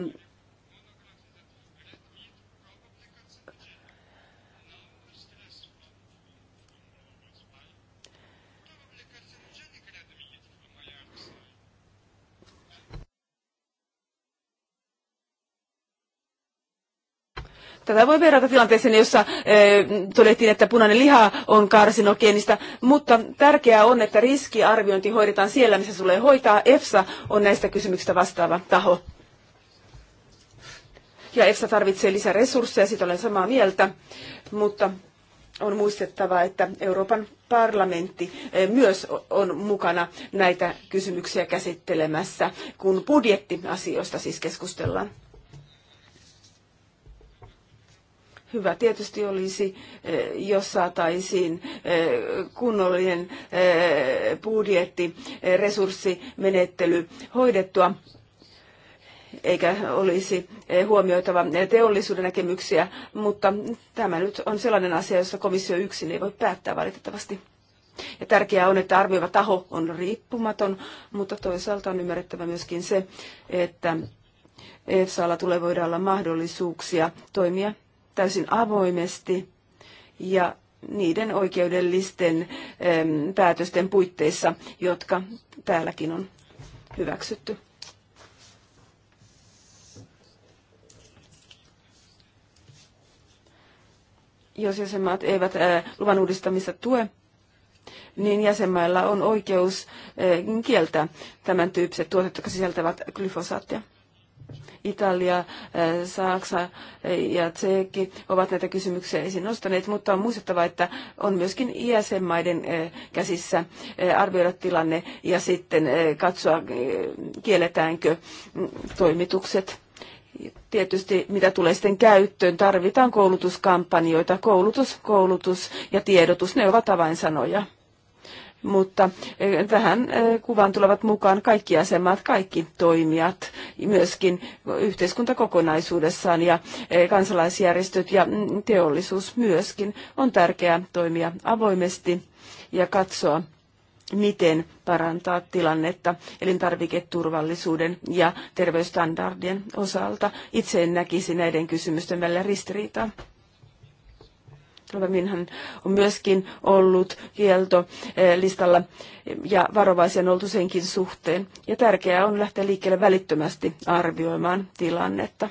Tätä voi verrata tilanteeseen, jossa eh, todettiin, että punainen liha on karsinogeenista, mutta tärkeää on, että riskiarviointi hoidetaan siellä, missä tulee hoitaa. EFSA on näistä kysymyksistä vastaava taho. Ja EFSA tarvitsee lisää resursseja, siitä olen samaa mieltä, mutta on muistettava, että Euroopan parlamentti eh, myös on mukana näitä kysymyksiä käsittelemässä, kun budjettiasioista siis keskustellaan. Hyvä tietysti olisi, eh, jos saataisiin eh, kunnollinen eh, budjetti, resurssimenettely hoidettua eikä olisi huomioitava teollisuuden näkemyksiä, mutta tämä nyt on sellainen asia, jossa komissio yksin ei voi päättää valitettavasti. Ja tärkeää on, että arvioiva taho on riippumaton, mutta toisaalta on ymmärrettävä myöskin se, että EFSAlla tulee voida olla mahdollisuuksia toimia täysin avoimesti ja niiden oikeudellisten päätösten puitteissa, jotka täälläkin on hyväksytty. Jos jäsenmaat eivät luvan uudistamista tue, niin jäsenmailla on oikeus kieltää tämän tyyppiset tuotteet, jotka sisältävät glyfosaattia. Italia, eh, Saksa eh, ja Tsekki ovat näitä kysymyksiä esiin nostaneet, mutta on muistettava, että on myöskin jäsenmaiden eh, käsissä arvioida tilanne ja sitten katsoa, kielletäänkö mm, toimitukset tietysti mitä tulee sitten käyttöön, tarvitaan koulutuskampanjoita, koulutus, koulutus ja tiedotus, ne ovat avainsanoja mutta eh, tähän eh, kuvaan tulevat mukaan kaikki asemat, kaikki toimijat, myöskin yhteiskunta kokonaisuudessaan ja eh, kansalaisjärjestöt ja mm, teollisuus myöskin. On tärkeää toimia avoimesti ja katsoa, miten parantaa tilannetta elintarviketurvallisuuden ja terveysstandardien osalta. Itse en näkisi näiden kysymysten välillä ristiriitaa. Tulvaminhan on myöskin ollut kielto eh, listalla ja varovaisia on oltu senkin suhteen. Ja tärkeää on lähteä liikkeelle välittömästi arvioimaan tilannetta.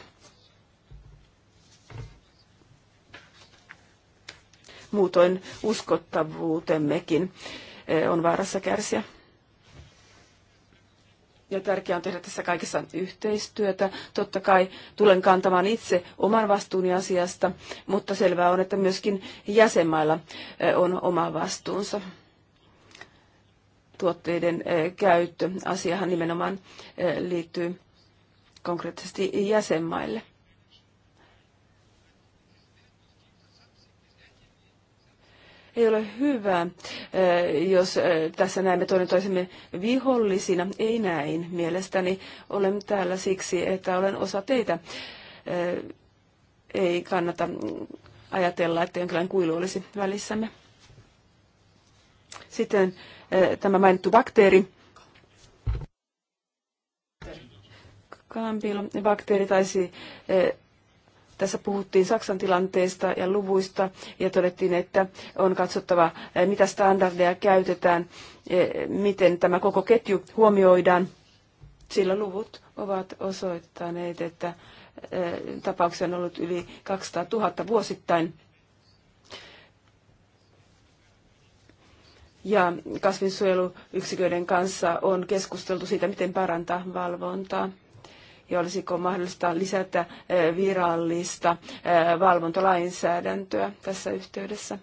Muutoin uskottavuutemmekin eh, on vaarassa kärsiä ja tärkeää on tehdä tässä kaikessa yhteistyötä. Totta kai tulen kantamaan itse oman vastuuni asiasta, mutta selvää on, että myöskin jäsenmailla eh, on oma vastuunsa. Tuotteiden eh, käyttö, asiahan nimenomaan eh, liittyy konkreettisesti jäsenmaille. Ei ole hyvä, eh, jos eh, tässä näemme toinen toisemme vihollisina. Ei näin. Mielestäni olen täällä siksi, että olen osa teitä. Eh, ei kannata ajatella, että jonkinlainen kuilu olisi välissämme. Sitten tämä mainittu bakteeri. bakteeri taisi tässä puhuttiin Saksan tilanteesta ja luvuista ja todettiin, että on katsottava, eh, mitä standardeja käytetään, eh, miten tämä koko ketju huomioidaan, sillä luvut ovat osoittaneet, että eh, tapauksia on ollut yli 200 000 vuosittain. Ja kasvinsuojeluyksiköiden kanssa on keskusteltu siitä, miten parantaa valvontaa ja olisiko mahdollista lisätä virallista valvontalainsäädäntöä tässä yhteydessä.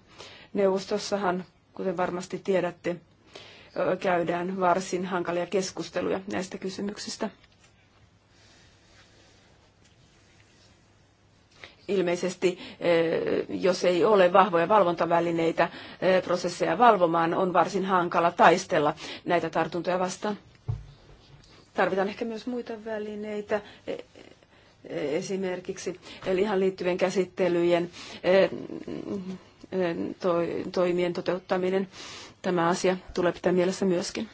Neuvostossahan, kuten varmasti tiedätte, käydään varsin hankalia keskusteluja näistä kysymyksistä. ilmeisesti, jos ei ole vahvoja valvontavälineitä prosesseja valvomaan, on varsin hankala taistella näitä tartuntoja vastaan. Tarvitaan ehkä myös muita välineitä, e, e, esimerkiksi lihan liittyvien käsittelyjen e, toimien toteuttaminen. Tämä asia tulee pitää mielessä myöskin.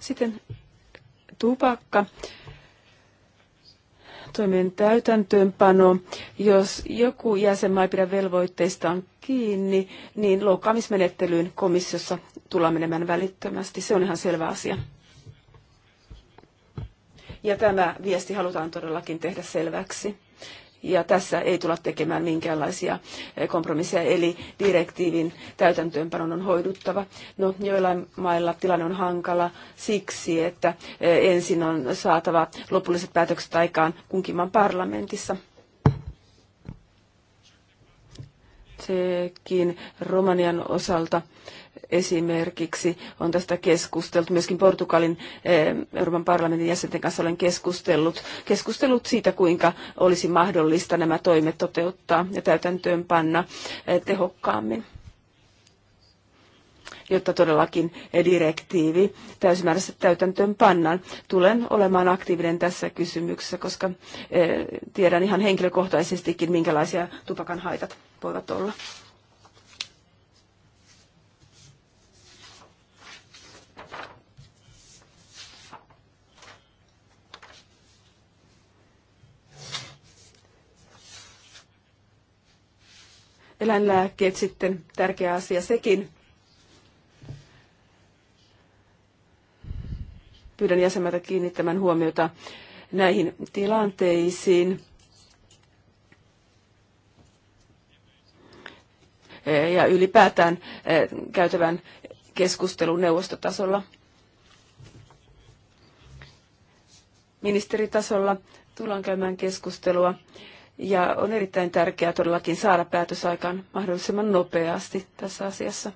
Sitten tupakka toimen täytäntöönpano. Jos joku jäsenmaa ei pidä velvoitteistaan kiinni, niin loukkaamismenettelyyn komissiossa tullaan menemään välittömästi. Se on ihan selvä asia. Ja tämä viesti halutaan todellakin tehdä selväksi ja tässä ei tulla tekemään minkäänlaisia eh, kompromisseja, eli direktiivin täytäntöönpanon on hoiduttava. No, joillain mailla tilanne on hankala siksi, että eh, ensin on saatava lopulliset päätökset aikaan kunkin maan parlamentissa. Tsekin Romanian osalta esimerkiksi on tästä keskusteltu. Myöskin Portugalin eh, Euroopan parlamentin jäsenten kanssa olen keskustellut, keskustellut siitä, kuinka olisi mahdollista nämä toimet toteuttaa ja täytäntöön panna eh, tehokkaammin jotta todellakin eh, direktiivi täysimääräisesti täytäntöön pannaan. Tulen olemaan aktiivinen tässä kysymyksessä, koska tiedän ihan henkilökohtaisestikin, minkälaisia tupakan haitat voivat olla. eläinlääkkeet sitten tärkeä asia sekin. Pyydän jäsenmätä kiinnittämään huomiota näihin tilanteisiin. Ja ylipäätään eh, käytävän keskustelun neuvostotasolla, ministeritasolla tullaan käymään keskustelua ja on erittäin tärkeää todellakin saada päätös aikaan mahdollisimman nopeasti tässä asiassa.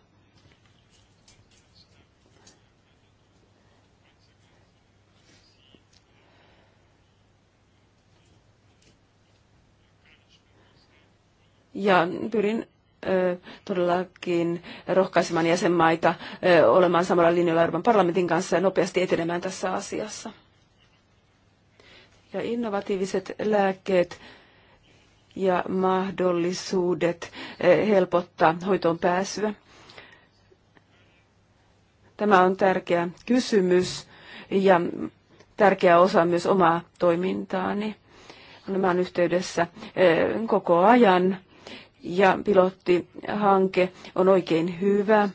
Ja pyrin todellakin rohkaisemaan jäsenmaita olemaan samalla linjalla Euroopan parlamentin kanssa ja nopeasti etenemään tässä asiassa. Ja innovatiiviset lääkkeet ja mahdollisuudet eh, helpottaa hoitoon pääsyä? Tämä on tärkeä kysymys ja tärkeä osa myös omaa toimintaani. Nämä on yhteydessä eh, koko ajan ja pilottihanke on oikein hyvä.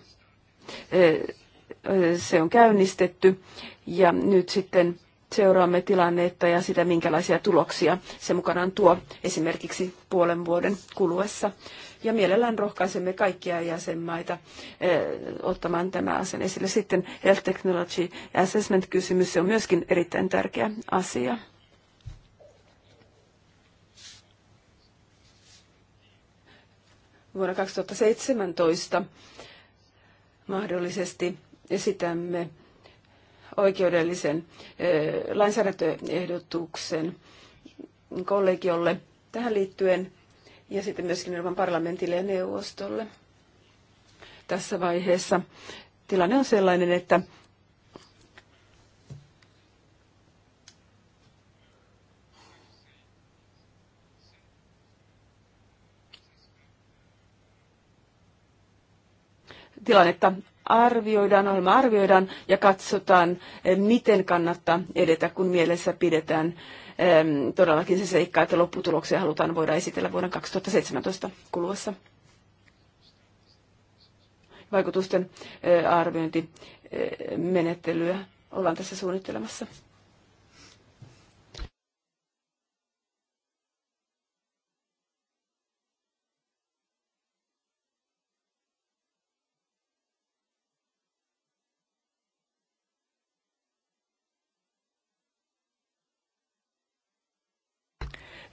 Eh, se on käynnistetty ja nyt sitten seuraamme tilannetta ja sitä, minkälaisia tuloksia se mukanaan tuo esimerkiksi puolen vuoden kuluessa. Ja mielellään rohkaisemme kaikkia jäsenmaita eh, ottamaan tämä asian esille. Sitten Health Technology Assessment-kysymys, se on myöskin erittäin tärkeä asia. Vuonna 2017 mahdollisesti esitämme oikeudellisen lainsäädäntöehdotuksen kollegiolle tähän liittyen ja sitten myöskin Euroopan parlamentille ja neuvostolle. Tässä vaiheessa tilanne on sellainen, että tilannetta arvioidaan, ohjelma arvioidaan ja katsotaan, eh, miten kannattaa edetä, kun mielessä pidetään todellakin se seikka, että lopputuloksia halutaan voida esitellä vuoden 2017 kuluessa. Vaikutusten eh, arviointimenettelyä ollaan tässä suunnittelemassa.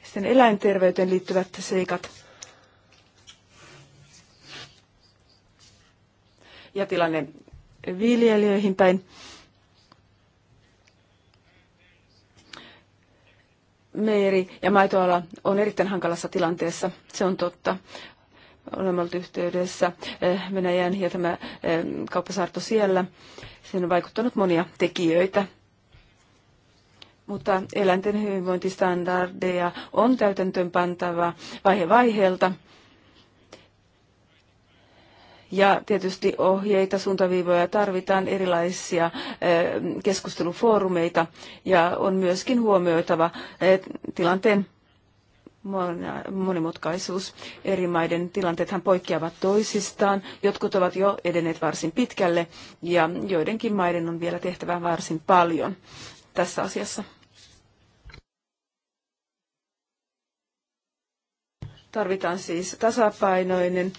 Sitten eläinterveyteen liittyvät seikat. Ja tilanne viljelijöihin päin. meeri- ja maitoala on erittäin hankalassa tilanteessa, se on totta. Olemme olleet yhteydessä eh, Venäjän ja tämä eh, kauppasaarto siellä. Siinä on vaikuttanut monia tekijöitä mutta eläinten hyvinvointistandardeja on täytäntöönpantava vaihe vaiheelta. Ja tietysti ohjeita, suuntaviivoja tarvitaan, erilaisia eh, keskustelufoorumeita ja on myöskin huomioitava eh, tilanteen monimutkaisuus. Eri maiden tilanteethan poikkeavat toisistaan. Jotkut ovat jo edenneet varsin pitkälle ja joidenkin maiden on vielä tehtävä varsin paljon tässä asiassa. Tarvitaan siis tasapainoinen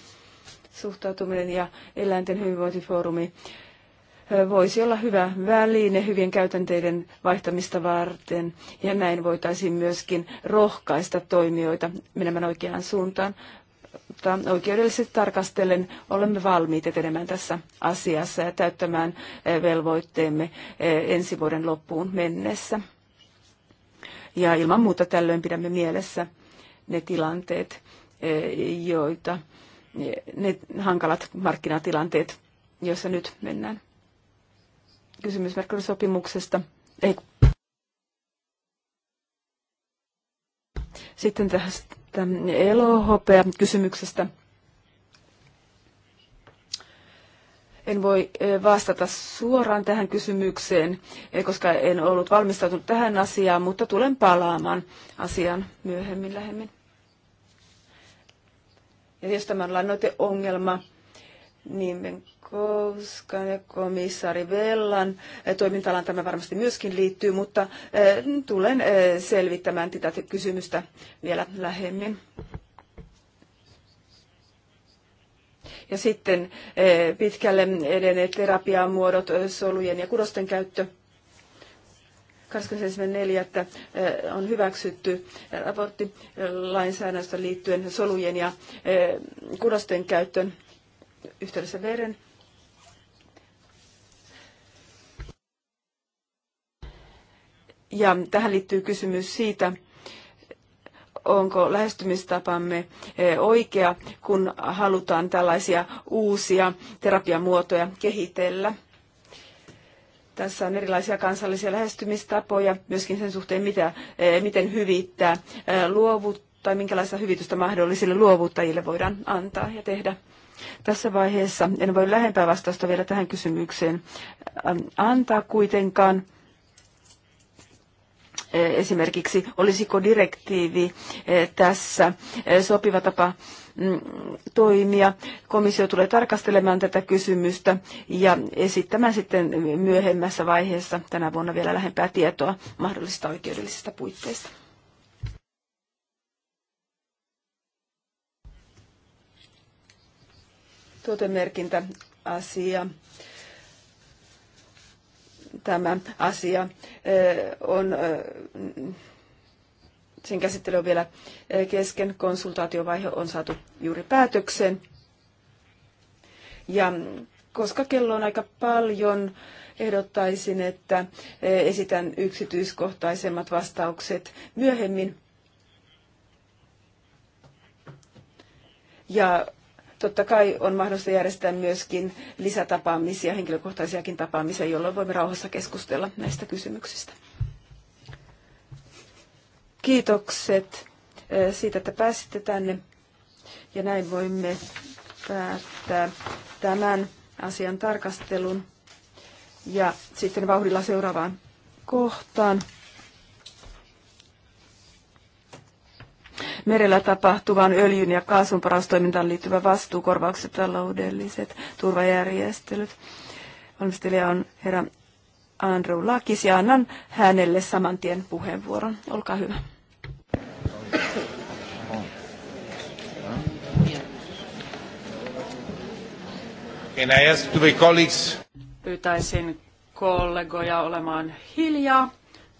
suhtautuminen ja eläinten hyvinvointifoorumi voisi olla hyvä väline hyvien käytänteiden vaihtamista varten, ja näin voitaisiin myöskin rohkaista toimijoita menemään oikeaan suuntaan. Mutta oikeudellisesti tarkastellen olemme valmiit etenemään tässä asiassa ja täyttämään velvoitteemme ensi vuoden loppuun mennessä. Ja ilman muuta tällöin pidämme mielessä ne tilanteet, e, joita e, ne hankalat markkinatilanteet, joissa nyt mennään. Kysymys sopimuksesta Ei. Sitten tästä elohopea kysymyksestä. En voi vastata suoraan tähän kysymykseen, koska en ollut valmistautunut tähän asiaan, mutta tulen palaamaan asiaan myöhemmin lähemmin. Ja jos tämä on lannoiteongelma, niin koska ja komissaari Vellan toimintalaan tämä varmasti myöskin liittyy, mutta tulen selvittämään tätä kysymystä vielä lähemmin. Ja sitten eh, pitkälle edenneet terapiamuodot, eh, solujen ja kudosten käyttö. 21.4. Eh, on hyväksytty raportti lainsäädännöstä liittyen solujen ja kudosten käyttöön yhteydessä veren Ja tähän liittyy kysymys siitä, onko lähestymistapamme eh, oikea, kun halutaan tällaisia uusia terapiamuotoja kehitellä. Tässä on erilaisia kansallisia lähestymistapoja myöskin sen suhteen, mitä, eh, miten hyvittää eh, luovuttaa, tai minkälaista hyvitystä mahdollisille luovuttajille voidaan antaa ja tehdä. Tässä vaiheessa en voi lähempää vastausta vielä tähän kysymykseen antaa kuitenkaan. Eh, esimerkiksi, olisiko direktiivi eh, tässä eh, sopiva tapa mm, toimia. Komissio tulee tarkastelemaan tätä kysymystä ja esittämään sitten myöhemmässä vaiheessa tänä vuonna vielä lähempää tietoa mahdollisista oikeudellisista puitteista. asia tämä asia on sen käsittely on vielä kesken. Konsultaatiovaihe on saatu juuri päätökseen. Ja koska kello on aika paljon, ehdottaisin, että esitän yksityiskohtaisemmat vastaukset myöhemmin. Ja Totta kai on mahdollista järjestää myöskin lisätapaamisia, henkilökohtaisiakin tapaamisia, jolloin voimme rauhassa keskustella näistä kysymyksistä. Kiitokset eh, siitä, että pääsitte tänne. Ja näin voimme päättää tämän asian tarkastelun. Ja sitten vauhdilla seuraavaan kohtaan. merellä tapahtuvan öljyn ja kaasun paraustoimintaan liittyvä vastuukorvaukset taloudelliset turvajärjestelyt. Valmistelija on herra Andrew Lakis ja annan hänelle saman tien puheenvuoron. Olkaa hyvä. Can I ask to colleagues? Pyytäisin kollegoja olemaan hiljaa,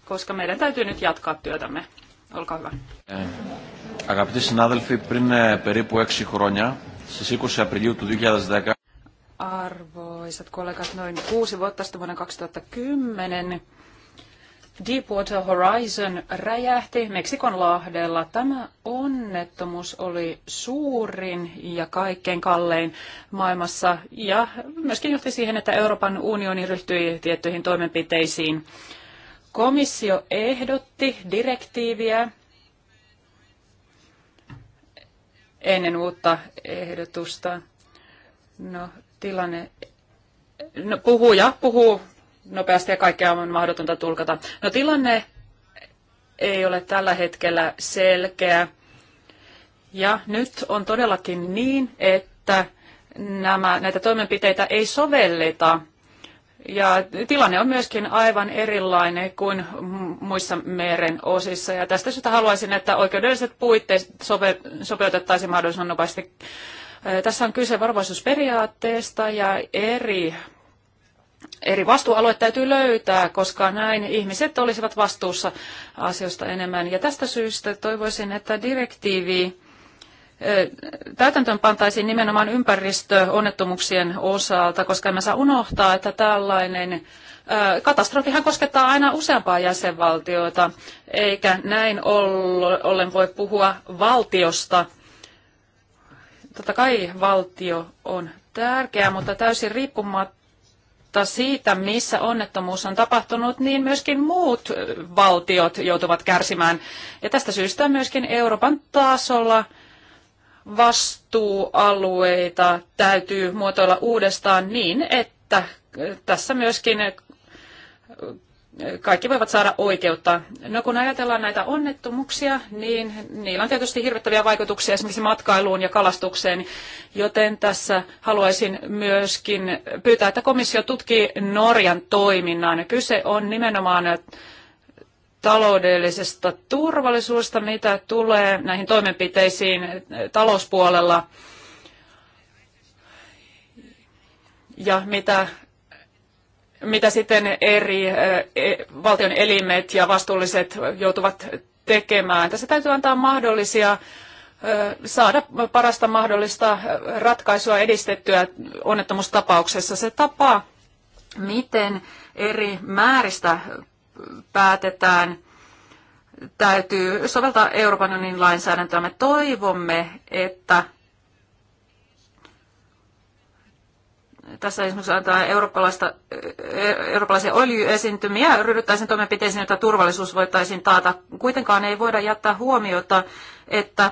koska meidän täytyy nyt jatkaa työtämme. Olkaa hyvä. Eh, Αγαπητοί συνάδελφοι, πριν περίπου έξι χρόνια, στις 20 Απριλίου του 2010... Arvoisat kollegat, noin kuusi vuotta sitten vuonna 2010 Deepwater Horizon räjähti Meksikon lahdella. Tämä onnettomuus oli suurin ja kaikkein kallein maailmassa ja myöskin johti siihen, että Euroopan unioni ryhtyi tiettyihin toimenpiteisiin. Komissio ehdotti direktiiviä, ennen uutta ehdotusta. No, tilanne... No, puhuja puhuu nopeasti ja kaikkea on mahdotonta tulkata. No, tilanne ei ole tällä hetkellä selkeä. Ja nyt on todellakin niin, että nämä, näitä toimenpiteitä ei sovelleta ja tilanne on myöskin aivan erilainen kuin muissa meren osissa. Ja tästä syystä haluaisin, että oikeudelliset puitteet sope- sopeutettaisiin mahdollisimman nopeasti. Tässä on kyse varovaisuusperiaatteesta ja eri, eri vastuualueet täytyy löytää, koska näin ihmiset olisivat vastuussa asioista enemmän. Ja tästä syystä toivoisin, että direktiivi täytäntöön pantaisiin nimenomaan ympäristöonnettomuuksien osalta, koska emme saa unohtaa, että tällainen katastrofihan koskettaa aina useampaa jäsenvaltioita, eikä näin ollen voi puhua valtiosta. Totta kai valtio on tärkeä, mutta täysin riippumatta siitä, missä onnettomuus on tapahtunut, niin myöskin muut valtiot joutuvat kärsimään. Ja tästä syystä myöskin Euroopan tasolla vastuualueita täytyy muotoilla uudestaan niin, että tässä myöskin kaikki voivat saada oikeutta. No kun ajatellaan näitä onnettomuuksia, niin niillä on tietysti hirvittäviä vaikutuksia esimerkiksi matkailuun ja kalastukseen, joten tässä haluaisin myöskin pyytää, että komissio tutkii Norjan toiminnan. Kyse on nimenomaan taloudellisesta turvallisuudesta, mitä tulee näihin toimenpiteisiin talouspuolella ja mitä, mitä sitten eri eh, valtion elimet ja vastuulliset joutuvat tekemään. Tässä täytyy antaa mahdollisia eh, saada parasta mahdollista eh, ratkaisua edistettyä onnettomuustapauksessa. Se tapa, miten eri määristä päätetään, täytyy soveltaa Euroopan unionin lainsäädäntöä. Me toivomme, että tässä esimerkiksi antaa eurooppalaista, eurooppalaisia öljyesiintymiä, ryhdyttäisiin toimenpiteisiin, jotta turvallisuus voitaisiin taata. Kuitenkaan ei voida jättää huomiota, että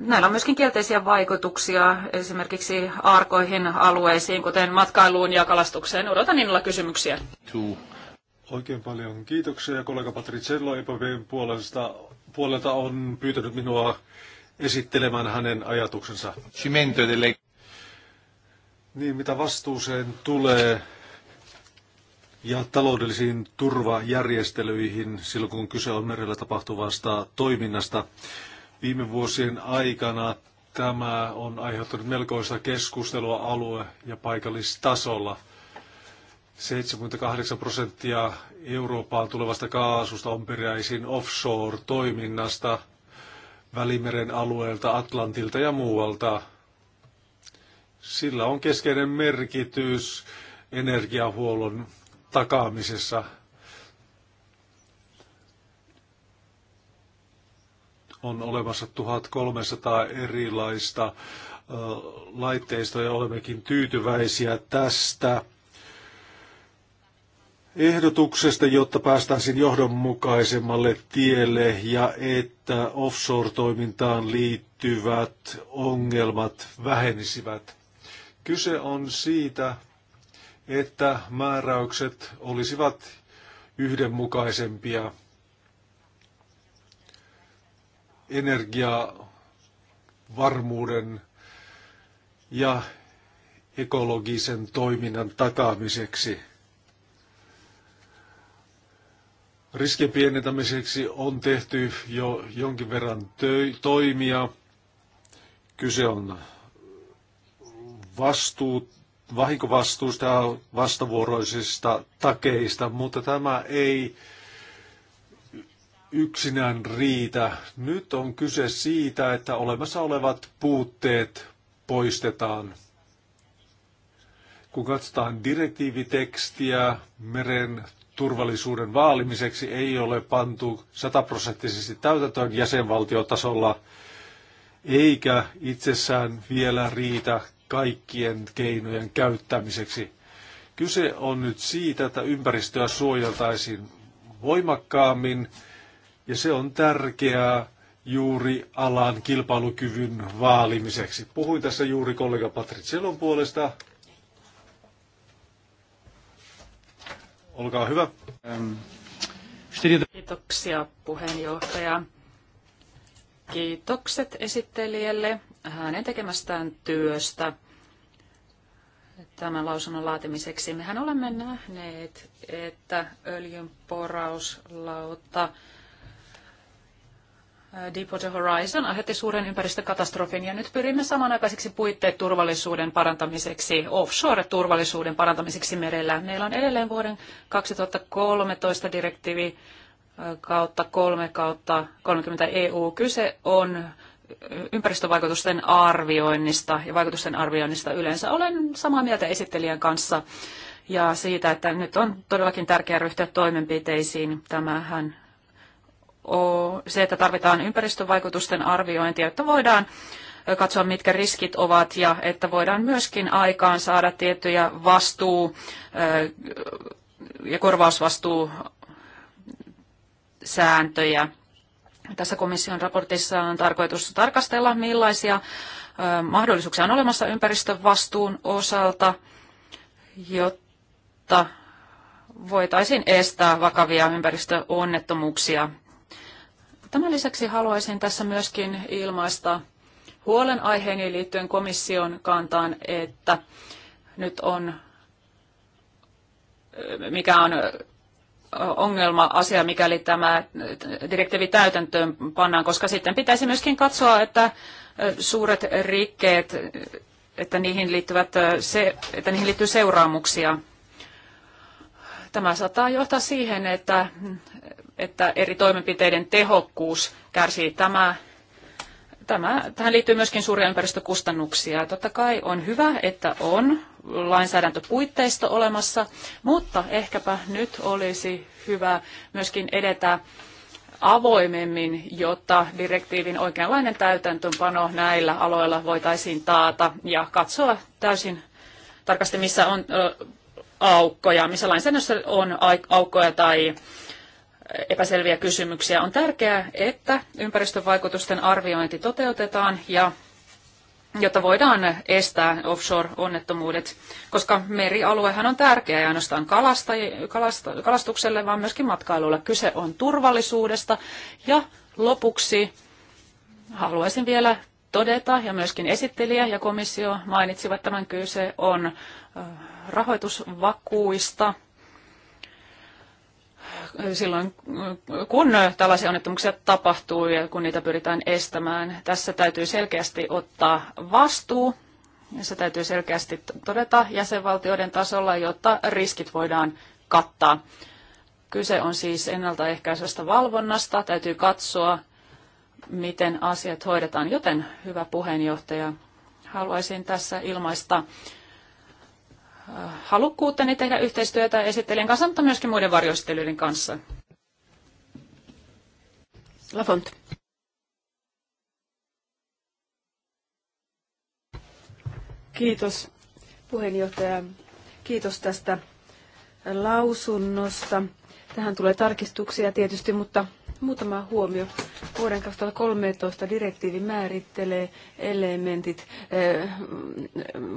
näillä on myöskin kielteisiä vaikutuksia esimerkiksi arkoihin alueisiin, kuten matkailuun ja kalastukseen. Odotan innolla kysymyksiä. Two. Oikein paljon kiitoksia ja kollega Patricello EPVn puolesta, puolelta on pyytänyt minua esittelemään hänen ajatuksensa. Niin, mitä vastuuseen tulee ja taloudellisiin turvajärjestelyihin silloin, kun kyse on merellä tapahtuvasta toiminnasta. Viime vuosien aikana tämä on aiheuttanut melkoista keskustelua alue- ja paikallistasolla – 78 prosenttia Eurooppaan tulevasta kaasusta on peräisin offshore-toiminnasta Välimeren alueelta, Atlantilta ja muualta. Sillä on keskeinen merkitys energiahuollon takaamisessa. On olemassa 1300 erilaista laitteistoja, olemmekin tyytyväisiä tästä ehdotuksesta, jotta päästäisiin johdonmukaisemmalle tielle ja että offshore-toimintaan liittyvät ongelmat vähenisivät. Kyse on siitä, että määräykset olisivat yhdenmukaisempia energiavarmuuden ja ekologisen toiminnan takaamiseksi. Riskien pienentämiseksi on tehty jo jonkin verran toimia. Kyse on vastuu, vahinkovastuusta ja vastavuoroisista takeista, mutta tämä ei yksinään riitä. Nyt on kyse siitä, että olemassa olevat puutteet poistetaan. Kun katsotaan direktiivitekstiä meren turvallisuuden vaalimiseksi ei ole pantu sataprosenttisesti täytäntöön jäsenvaltiotasolla, eikä itsessään vielä riitä kaikkien keinojen käyttämiseksi. Kyse on nyt siitä, että ympäristöä suojeltaisiin voimakkaammin, ja se on tärkeää juuri alan kilpailukyvyn vaalimiseksi. Puhuin tässä juuri kollega Patricelon puolesta, Olkaa hyvä. Ähm, Kiitoksia puheenjohtaja. Kiitokset esittelijälle hänen tekemästään työstä tämän lausunnon laatimiseksi. Mehän olemme nähneet, että öljynporauslautta Äh, Deepwater Horizon aiheutti suuren ympäristökatastrofin ja nyt pyrimme samanaikaiseksi puitteet turvallisuuden parantamiseksi, offshore-turvallisuuden parantamiseksi merellä. Meillä on edelleen vuoden 2013 direktiivi äh, kautta 3 kautta 30 EU. Kyse on äh, ympäristövaikutusten arvioinnista ja vaikutusten arvioinnista yleensä. Olen samaa mieltä esittelijän kanssa ja siitä, että nyt on todellakin tärkeää ryhtyä toimenpiteisiin. Tämähän se, että tarvitaan ympäristövaikutusten arviointia, jotta voidaan katsoa, mitkä riskit ovat ja että voidaan myöskin aikaan saada tiettyjä vastuu- ja korvausvastuusääntöjä. Tässä komission raportissa on tarkoitus tarkastella, millaisia mahdollisuuksia on olemassa ympäristövastuun osalta, jotta voitaisiin estää vakavia ympäristöonnettomuuksia Tämän lisäksi haluaisin tässä myöskin ilmaista huolenaiheeni liittyen komission kantaan, että nyt on, mikä on ongelma-asia, mikäli tämä direktiivi täytäntöön pannaan, koska sitten pitäisi myöskin katsoa, että suuret rikkeet, että niihin, liittyvät, että niihin liittyy seuraamuksia tämä saattaa johtaa siihen, että, että eri toimenpiteiden tehokkuus kärsii tämä Tämä, tähän liittyy myöskin suuria ympäristökustannuksia. Totta kai on hyvä, että on lainsäädäntöpuitteisto olemassa, mutta ehkäpä nyt olisi hyvä myöskin edetä avoimemmin, jotta direktiivin oikeanlainen täytäntöönpano näillä aloilla voitaisiin taata ja katsoa täysin tarkasti, missä on aukkoja, missä lainsäädännössä on aukkoja tai epäselviä kysymyksiä. On tärkeää, että ympäristövaikutusten arviointi toteutetaan ja jotta voidaan estää offshore-onnettomuudet, koska merialuehan on tärkeä ei ainoastaan kalastukselle, vaan myöskin matkailulle. Kyse on turvallisuudesta. Ja lopuksi haluaisin vielä todeta, ja myöskin esittelijä ja komissio mainitsivat tämän kyse, on rahoitusvakuista silloin, kun tällaisia onnettomuuksia tapahtuu ja kun niitä pyritään estämään. Tässä täytyy selkeästi ottaa vastuu ja se täytyy selkeästi todeta jäsenvaltioiden tasolla, jotta riskit voidaan kattaa. Kyse on siis ennaltaehkäisestä valvonnasta. Täytyy katsoa, miten asiat hoidetaan. Joten, hyvä puheenjohtaja, haluaisin tässä ilmaista halukkuuttani tehdä yhteistyötä esittelijän kanssa, mutta myöskin muiden varjoesittelyiden kanssa. Lafont. Kiitos puheenjohtaja. Kiitos tästä lausunnosta. Tähän tulee tarkistuksia tietysti, mutta Muutama huomio. Vuoden 2013 direktiivi määrittelee elementit eh,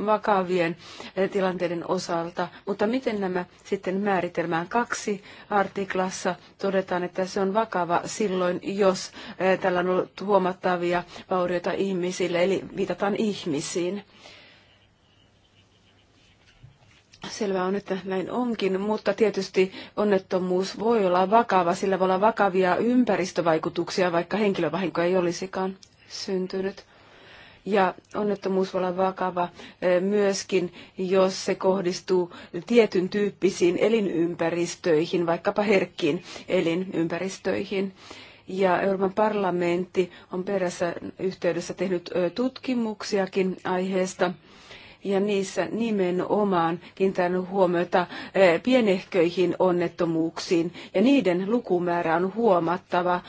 vakavien eh, tilanteiden osalta, mutta miten nämä sitten määritelmään kaksi artiklassa todetaan, että se on vakava silloin, jos eh, tällä on ollut huomattavia vaurioita ihmisille, eli viitataan ihmisiin. Selvä on, että näin onkin, mutta tietysti onnettomuus voi olla vakava, sillä voi olla vakavia ympäristövaikutuksia, vaikka henkilövahinko ei olisikaan syntynyt. Ja onnettomuus voi olla vakava eh, myöskin, jos se kohdistuu tietyn tyyppisiin elinympäristöihin, vaikkapa herkkiin elinympäristöihin. Ja Euroopan parlamentti on perässä yhteydessä tehnyt eh, tutkimuksiakin aiheesta ja niissä nimenomaan kiinnittänyt huomiota eh, pienehköihin onnettomuuksiin ja niiden lukumäärä on huomattava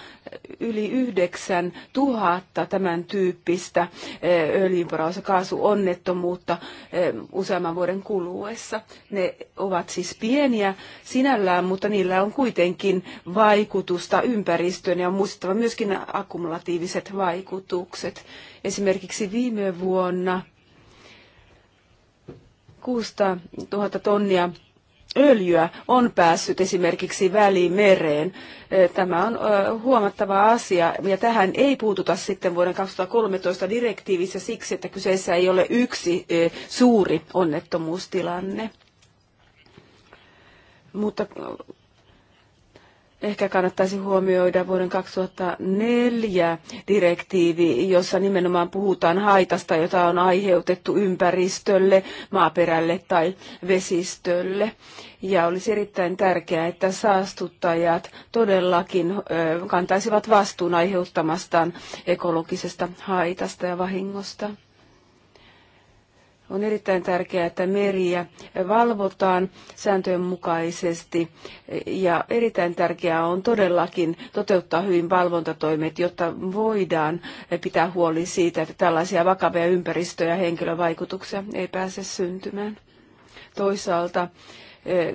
yli yhdeksän tuhatta tämän tyyppistä eh, öljynporaus- ja kaasuonnettomuutta eh, useamman vuoden kuluessa. Ne ovat siis pieniä sinällään, mutta niillä on kuitenkin vaikutusta ympäristöön ja on muistettava myöskin akkumulatiiviset vaikutukset. Esimerkiksi viime vuonna 600 000 tonnia öljyä on päässyt esimerkiksi Välimereen. Tämä on huomattava asia ja tähän ei puututa sitten vuoden 2013 direktiivissä siksi, että kyseessä ei ole yksi suuri onnettomuustilanne. Mutta ehkä kannattaisi huomioida vuoden 2004 direktiivi, jossa nimenomaan puhutaan haitasta, jota on aiheutettu ympäristölle, maaperälle tai vesistölle. Ja olisi erittäin tärkeää, että saastuttajat todellakin kantaisivat vastuun aiheuttamastaan ekologisesta haitasta ja vahingosta. On erittäin tärkeää, että meriä valvotaan sääntöjen mukaisesti ja erittäin tärkeää on todellakin toteuttaa hyvin valvontatoimet, jotta voidaan pitää huoli siitä, että tällaisia vakavia ympäristö- ja henkilövaikutuksia ei pääse syntymään. Toisaalta eh,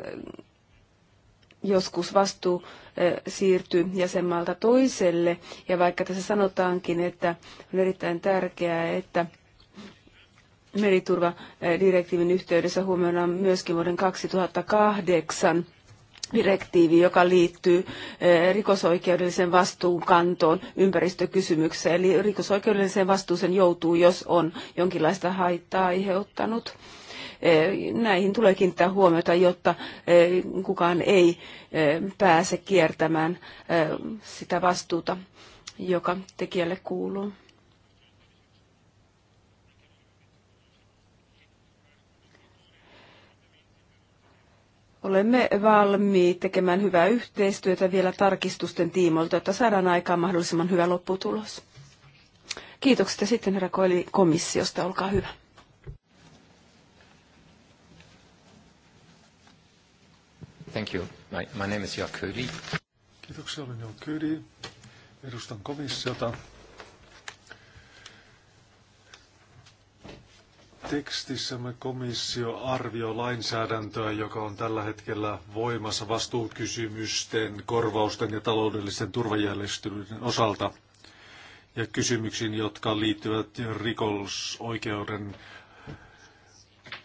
joskus vastuu eh, siirtyy jäsenmaalta toiselle. Ja vaikka tässä sanotaankin, että on erittäin tärkeää, että meriturvadirektiivin yhteydessä huomioidaan myöskin vuoden 2008 direktiivi, joka liittyy eh, rikosoikeudellisen vastuunkantoon ympäristökysymykseen. Eli rikosoikeudelliseen vastuuseen joutuu, jos on jonkinlaista haittaa aiheuttanut. Eh, näihin tulee kiinnittää huomiota, jotta eh, kukaan ei pääse kiertämään sitä vastuuta, joka tekijälle kuuluu. Olemme valmiit tekemään hyvää yhteistyötä vielä tarkistusten tiimoilta, jotta saadaan aikaan mahdollisimman hyvä lopputulos. Kiitokset ja sitten herra Koeli komissiosta, olkaa hyvä. Thank you. My, my name is Jaakko Kiitoksia, olen Jaakko Edustan komissiota. Tekstissämme komissio arvioi lainsäädäntöä, joka on tällä hetkellä voimassa vastuukysymysten, korvausten ja taloudellisten turvajärjestelyiden osalta ja kysymyksiin, jotka liittyvät rikollisoikeuden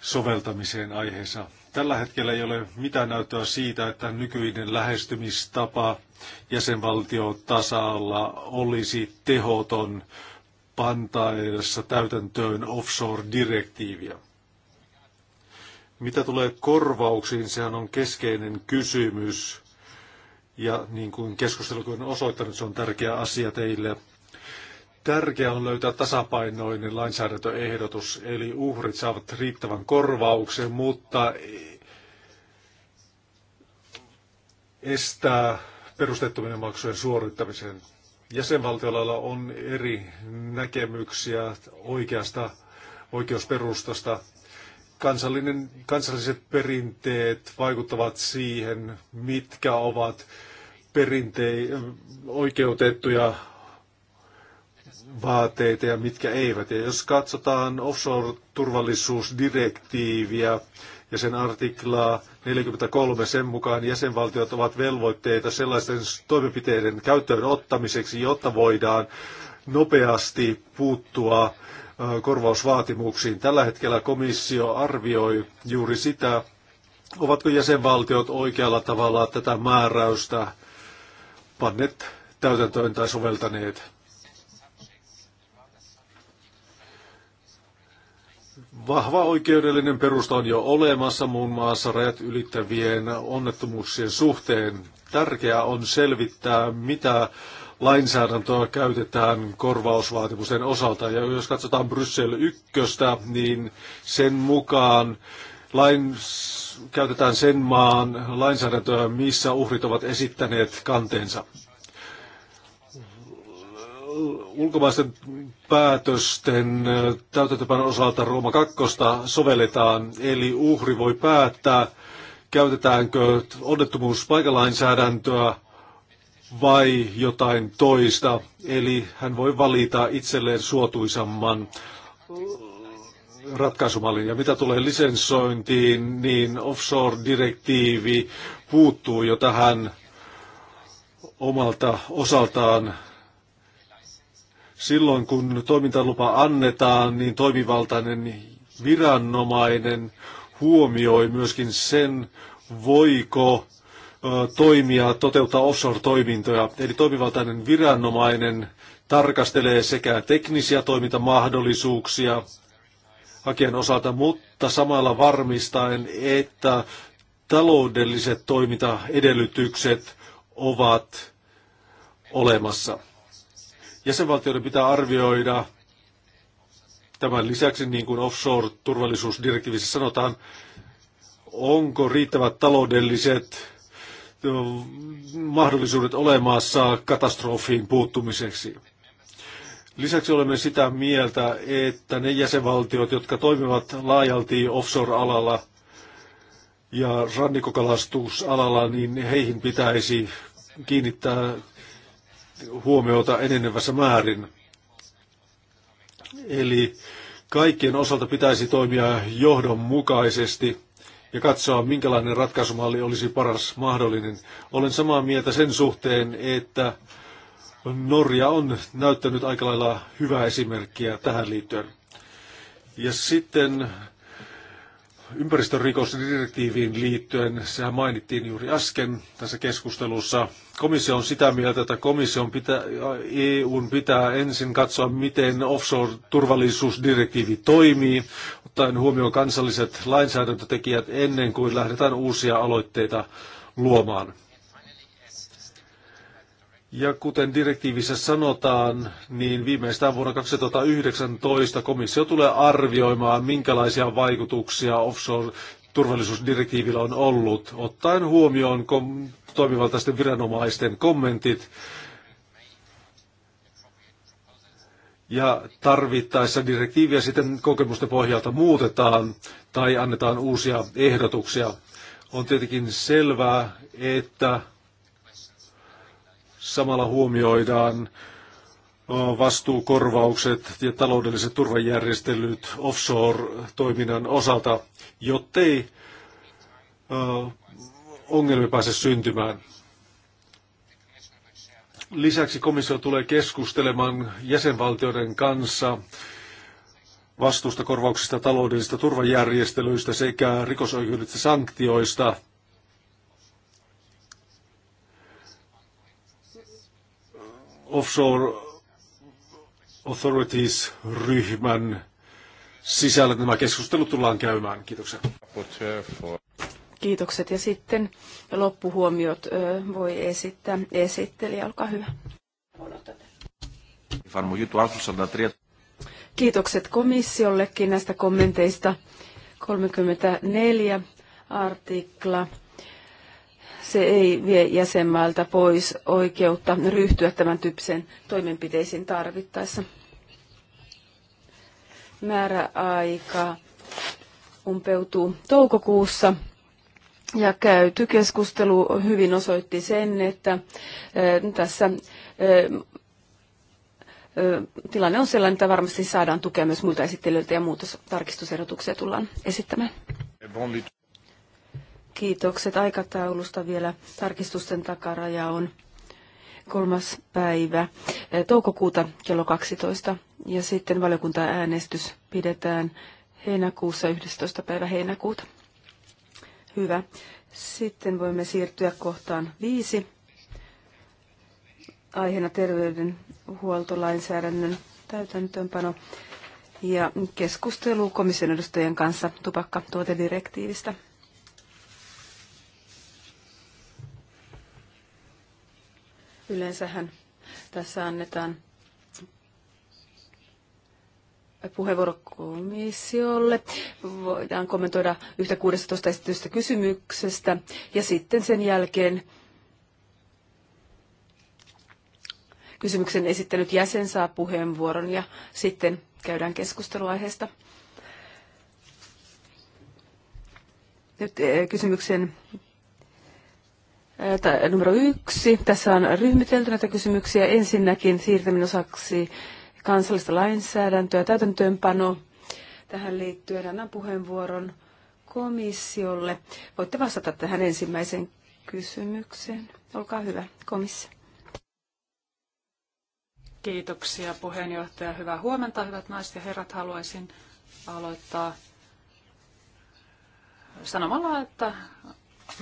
soveltamiseen aiheessa. Tällä hetkellä ei ole mitään näyttöä siitä, että nykyinen lähestymistapa jäsenvaltiotasa olisi tehoton pantaessa täytäntöön offshore-direktiiviä. Mitä tulee korvauksiin, sehän on keskeinen kysymys. Ja niin kuin keskustelu on osoittanut, se on tärkeä asia teille. Tärkeää on löytää tasapainoinen lainsäädäntöehdotus, eli uhrit saavat riittävän korvauksen, mutta estää perusteettomien maksujen suorittamisen. Jäsenvaltioilla on eri näkemyksiä oikeasta oikeusperustasta. Kansallinen, kansalliset perinteet vaikuttavat siihen, mitkä ovat perinte- oikeutettuja vaateita ja mitkä eivät. Ja jos katsotaan offshore-turvallisuusdirektiiviä ja sen artiklaa 43, sen mukaan jäsenvaltiot ovat velvoitteita sellaisten toimenpiteiden käyttöön ottamiseksi, jotta voidaan nopeasti puuttua korvausvaatimuksiin. Tällä hetkellä komissio arvioi juuri sitä, ovatko jäsenvaltiot oikealla tavalla tätä määräystä panneet täytäntöön tai soveltaneet. Vahva oikeudellinen perusta on jo olemassa muun maassa rajat ylittävien onnettomuuksien suhteen. Tärkeää on selvittää, mitä lainsäädäntöä käytetään korvausvaatimusten osalta. Ja jos katsotaan Bryssel 1, niin sen mukaan lain, käytetään sen maan lainsäädäntöä, missä uhrit ovat esittäneet kanteensa ulkomaisten päätösten täytäntöpän osalta Rooma 2 sovelletaan, eli uhri voi päättää, käytetäänkö onnettomuuspaikalainsäädäntöä vai jotain toista. Eli hän voi valita itselleen suotuisamman ratkaisumallin. Ja mitä tulee lisensointiin, niin offshore-direktiivi puuttuu jo tähän omalta osaltaan silloin kun toimintalupa annetaan, niin toimivaltainen viranomainen huomioi myöskin sen, voiko toimia toteuttaa offshore-toimintoja. Eli toimivaltainen viranomainen tarkastelee sekä teknisiä toimintamahdollisuuksia hakijan osalta, mutta samalla varmistaen, että taloudelliset toimintaedellytykset ovat olemassa. Jäsenvaltioiden pitää arvioida tämän lisäksi, niin kuin offshore-turvallisuusdirektiivissä sanotaan, onko riittävät taloudelliset mahdollisuudet olemassa katastrofiin puuttumiseksi. Lisäksi olemme sitä mieltä, että ne jäsenvaltiot, jotka toimivat laajalti offshore-alalla ja rannikokalastusalalla, niin heihin pitäisi kiinnittää huomiota enenevässä määrin. Eli kaikkien osalta pitäisi toimia johdonmukaisesti ja katsoa, minkälainen ratkaisumalli olisi paras mahdollinen. Olen samaa mieltä sen suhteen, että Norja on näyttänyt aika lailla hyvää esimerkkiä tähän liittyen. Ja sitten ympäristörikosdirektiiviin liittyen, sehän mainittiin juuri äsken tässä keskustelussa, komissio on sitä mieltä, että komission pitää, EUn pitää ensin katsoa, miten offshore-turvallisuusdirektiivi toimii, ottaen huomioon kansalliset lainsäädäntötekijät ennen kuin lähdetään uusia aloitteita luomaan. Ja kuten direktiivissä sanotaan, niin viimeistään vuonna 2019 komissio tulee arvioimaan, minkälaisia vaikutuksia offshore turvallisuusdirektiivillä on ollut, ottaen huomioon kom- toimivaltaisten viranomaisten kommentit ja tarvittaessa direktiiviä sitten kokemusten pohjalta muutetaan tai annetaan uusia ehdotuksia. On tietenkin selvää, että samalla huomioidaan vastuukorvaukset ja taloudelliset turvajärjestelyt offshore-toiminnan osalta, jottei ongelmia pääse syntymään. Lisäksi komissio tulee keskustelemaan jäsenvaltioiden kanssa vastuusta korvauksista taloudellisista turvajärjestelyistä sekä rikosoikeudellisista sanktioista. Offshore Authorities-ryhmän sisällä nämä keskustelut tullaan käymään. Kiitoksia. Kiitokset ja sitten loppuhuomiot voi esittää esittelijä, olkaa hyvä. Kiitokset komissiollekin näistä kommenteista. 34 artikla. Se ei vie jäsenmaalta pois oikeutta ryhtyä tämän tyyppisen toimenpiteisiin tarvittaessa. Määräaika umpeutuu toukokuussa ja käyty keskustelu hyvin osoitti sen, että tässä tilanne on sellainen, että varmasti saadaan tukea myös muilta esittelyiltä ja muutostarkistusehdotuksia tullaan esittämään. Kiitokset aikataulusta vielä. Tarkistusten takaraja on kolmas päivä toukokuuta kello 12 ja sitten valiokuntaäänestys pidetään heinäkuussa 11. päivä heinäkuuta. Hyvä. Sitten voimme siirtyä kohtaan viisi. Aiheena terveydenhuoltolainsäädännön täytäntöönpano ja keskustelu komission edustajien kanssa tupakkatuotedirektiivistä. Yleensähän tässä annetaan puheenvuoro komissiolle. Voidaan kommentoida yhtä 16 esitystä kysymyksestä ja sitten sen jälkeen kysymyksen esittänyt jäsen saa puheenvuoron ja sitten käydään keskusteluaiheesta. Nyt eh, kysymyksen eh, numero yksi. Tässä on ryhmitelty näitä kysymyksiä. Ensinnäkin siirtäminen osaksi kansallista lainsäädäntöä, täytäntöönpano tähän liittyen. Annan puheenvuoron komissiolle. Voitte vastata tähän ensimmäiseen kysymykseen. Olkaa hyvä, komissio. Kiitoksia puheenjohtaja. Hyvää huomenta, hyvät naiset ja herrat. Haluaisin aloittaa sanomalla, että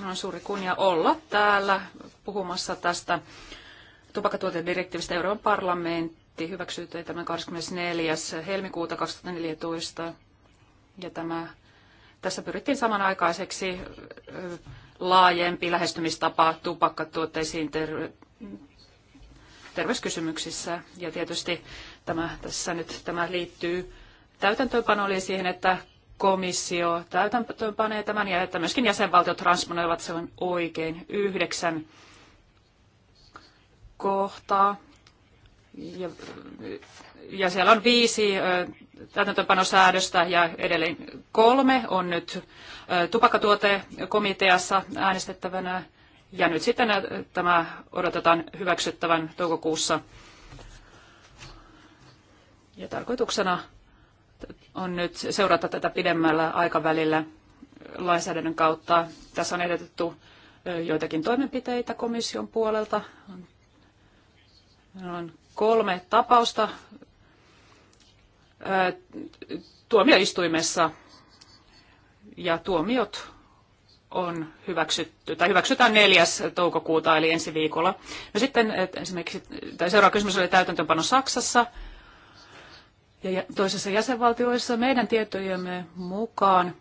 on suuri kunnia olla täällä puhumassa tästä tupakkatuotedirektiivistä Euroopan parlamentti parlamentti hyväksyi tämän 24. helmikuuta 2014. Ja tämä, tässä pyrittiin samanaikaiseksi laajempi lähestymistapa tupakkatuotteisiin ter- terveyskysymyksissä. Ja tietysti tämä, tässä nyt tämä liittyy täytäntöönpanoon siihen, että komissio täytäntöönpanee tämän ja että myöskin jäsenvaltiot transponoivat sen oikein yhdeksän kohtaa ja, ja siellä on viisi täytäntöpanosäädöstä ja edelleen kolme on nyt tupakkatuotekomiteassa äänestettävänä. Ja nyt sitten tämä odotetaan hyväksyttävän toukokuussa. Ja tarkoituksena on nyt seurata tätä pidemmällä aikavälillä lainsäädännön kautta. Tässä on ehdotettu joitakin toimenpiteitä komission puolelta. on kolme tapausta tuomioistuimessa ja tuomiot on hyväksytty, tai hyväksytään 4. toukokuuta, eli ensi viikolla. No sitten esimerkiksi, tai seuraava kysymys oli täytäntöönpano Saksassa ja toisessa jäsenvaltioissa. Meidän tietojemme mukaan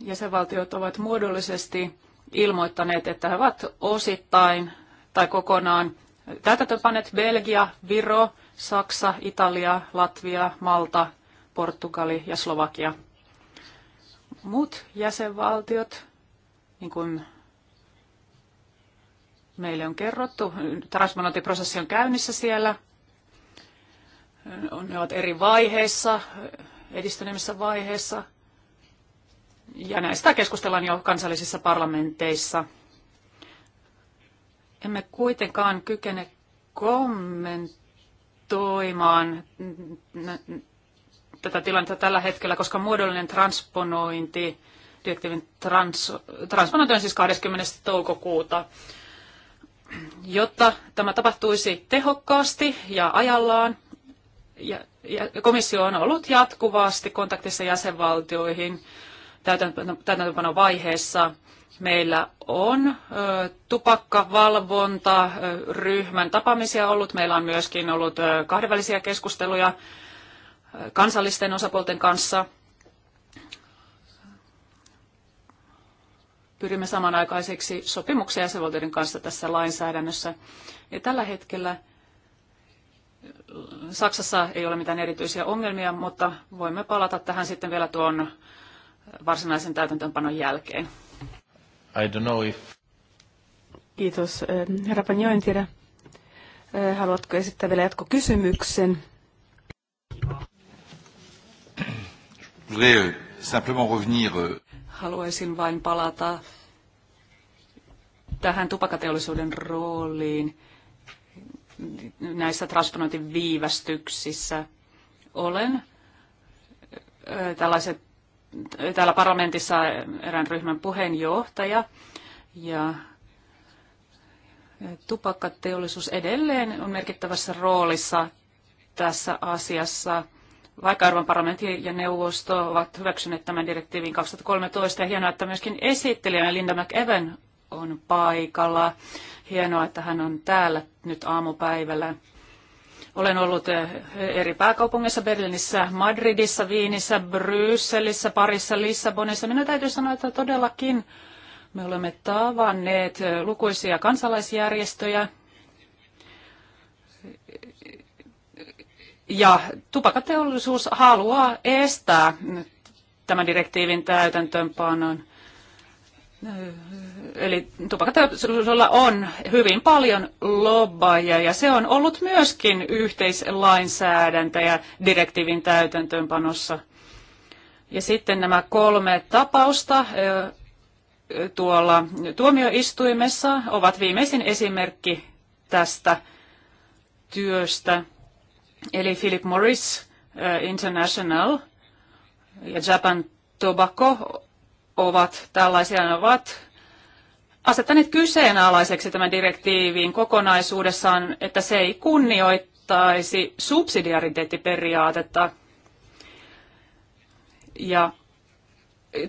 jäsenvaltiot ovat muodollisesti ilmoittaneet, että he ovat osittain tai kokonaan täytäntöpanet Belgia, Viro, Saksa, Italia, Latvia, Malta, Portugali ja Slovakia. Muut jäsenvaltiot, niin kuin meille on kerrottu, transmanointiprosessi on käynnissä siellä. Ne ovat eri vaiheissa, edistyneemmissä vaiheissa. Ja näistä keskustellaan jo kansallisissa parlamenteissa – emme kuitenkaan kykene kommentoimaan tätä tilannetta tällä hetkellä, koska muodollinen transponointi, direktiivin trans, transponointi on siis 20. toukokuuta. Jotta tämä tapahtuisi tehokkaasti ja ajallaan, ja, ja komissio on ollut jatkuvasti kontaktissa jäsenvaltioihin täytäntöpanon vaiheessa Meillä on tupakkavalvontaryhmän tapaamisia ollut. Meillä on myöskin ollut kahdenvälisiä keskusteluja kansallisten osapuolten kanssa. Pyrimme samanaikaiseksi sopimuksia jäsenvaltioiden kanssa tässä lainsäädännössä. Ja tällä hetkellä Saksassa ei ole mitään erityisiä ongelmia, mutta voimme palata tähän sitten vielä tuon varsinaisen täytäntöönpanon jälkeen. I don't know if... Kiitos. Eh, herra Panjo, en tiedä, eh, haluatko esittää vielä jatkokysymyksen? Euh, euh, Haluaisin vain palata tähän tupakateollisuuden rooliin näissä transponointiviivästyksissä. Olen eh, tällaiset täällä parlamentissa erään ryhmän puheenjohtaja ja tupakkateollisuus edelleen on merkittävässä roolissa tässä asiassa. Vaikka Euroopan parlamentti ja neuvosto ovat hyväksyneet tämän direktiivin 2013, ja hienoa, että myöskin esittelijänä Linda McEwen on paikalla. Hienoa, että hän on täällä nyt aamupäivällä. Olen ollut eh, eri pääkaupungeissa, Berliinissä, Madridissa, Viinissä, Brysselissä, Parissa, Lissabonissa. Minä täytyy sanoa, että todellakin me olemme tavanneet eh, lukuisia kansalaisjärjestöjä ja tupakateollisuus haluaa estää tämän direktiivin täytäntöönpanon eh, Eli tupakkateollisuudella on hyvin paljon lobbaajia ja se on ollut myöskin yhteislainsäädäntö ja direktiivin täytäntöönpanossa. Ja sitten nämä kolme tapausta tuolla tuomioistuimessa ovat viimeisin esimerkki tästä työstä. Eli Philip Morris International ja Japan Tobacco ovat tällaisia, ne ovat asettaneet kyseenalaiseksi tämän direktiivin kokonaisuudessaan, että se ei kunnioittaisi subsidiariteettiperiaatetta. Ja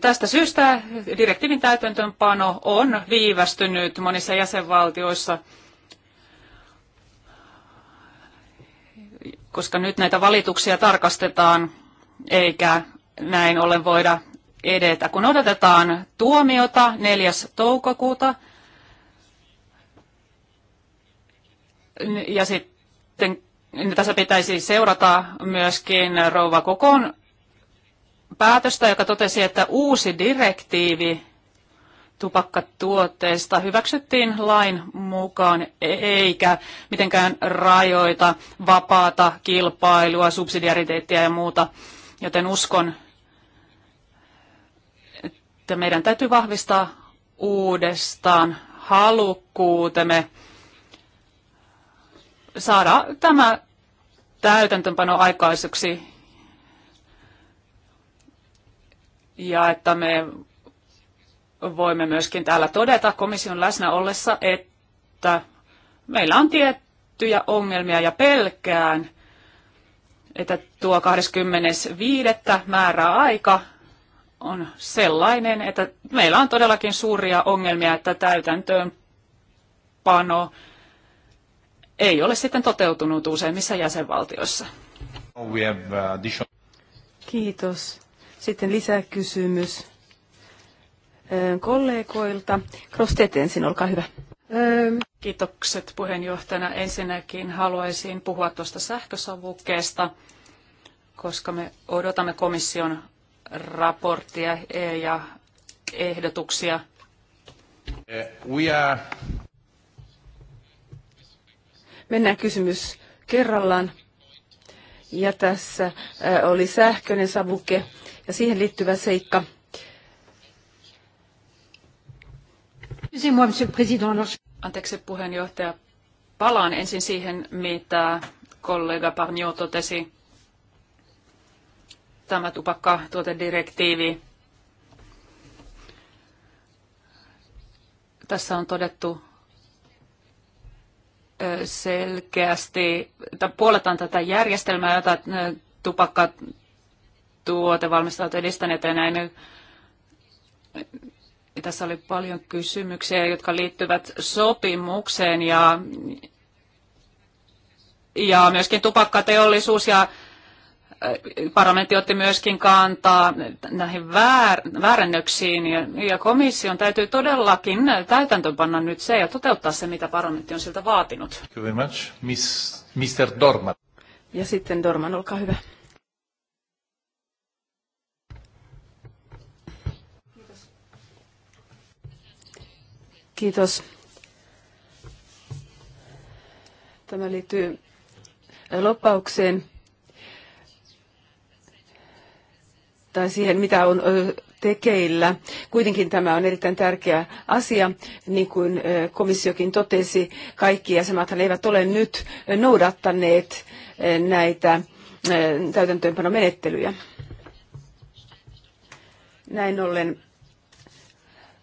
tästä syystä direktiivin täytäntöönpano on viivästynyt monissa jäsenvaltioissa, koska nyt näitä valituksia tarkastetaan, eikä näin ollen voida edetä. Kun odotetaan tuomiota 4. toukokuuta ja sitten tässä pitäisi seurata myöskin rouva kokoon päätöstä, joka totesi, että uusi direktiivi tupakkatuotteista hyväksyttiin lain mukaan e- eikä mitenkään rajoita vapaata kilpailua, subsidiariteettia ja muuta. Joten uskon, että meidän täytyy vahvistaa uudestaan halukkuutemme saada tämä täytäntöönpano aikaiseksi ja että me voimme myöskin täällä todeta komission läsnä ollessa, että meillä on tiettyjä ongelmia ja pelkään, että tuo 25. määrää aika on sellainen, että meillä on todellakin suuria ongelmia, että täytäntöönpano ei ole sitten toteutunut useimmissa jäsenvaltioissa. Uh, Kiitos. Sitten lisäkysymys eh, kollegoilta. Krosteet ensin, olkaa hyvä. Ehm. Kiitokset puheenjohtajana. Ensinnäkin haluaisin puhua tuosta sähkösavukkeesta, koska me odotamme komission raporttia ja ehdotuksia. Eh, we are... Mennään kysymys kerrallaan. Ja tässä eh, oli sähköinen savuke ja siihen liittyvä seikka. Anteeksi puheenjohtaja. Palaan ensin siihen, mitä kollega Parnio totesi tämä tupakkatuotedirektiivi. Tässä on todettu selkeästi, että puoletaan tätä järjestelmää, jota tupakkatuotevalmistajat edistäneet ja näin. Tässä oli paljon kysymyksiä, jotka liittyvät sopimukseen ja, ja myöskin tupakkateollisuus ja parlamentti otti myöskin kantaa näihin väär, väärännöksiin ja, ja komission täytyy todellakin täytäntöpanna nyt se ja toteuttaa se, mitä parlamentti on siltä vaatinut. Thank you very much. Miss, Mr. Dorman. Ja sitten Dorman, olkaa hyvä. Kiitos. Kiitos. Tämä liittyy loppaukseen tai siihen, mitä on tekeillä. Kuitenkin tämä on erittäin tärkeä asia, niin kuin komissiokin totesi, kaikki jäsenmaathan eivät ole nyt noudattaneet näitä täytäntöönpanomenettelyjä. Näin ollen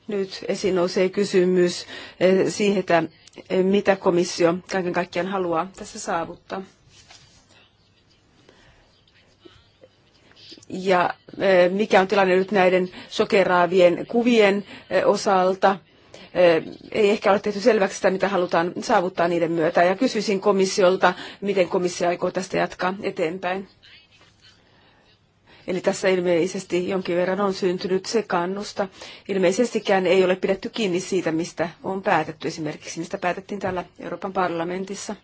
nyt esiin nousee kysymys siihen, että mitä komissio kaiken kaikkiaan haluaa tässä saavuttaa. ja e, mikä on tilanne nyt näiden sokeraavien kuvien e, osalta. E, ei ehkä ole tehty selväksi sitä, mitä halutaan saavuttaa niiden myötä. Ja kysyisin komissiolta, miten komissio aikoo tästä jatkaa eteenpäin. Eli tässä ilmeisesti jonkin verran on syntynyt sekannusta. Ilmeisestikään ei ole pidetty kiinni siitä, mistä on päätetty esimerkiksi, mistä päätettiin täällä Euroopan parlamentissa.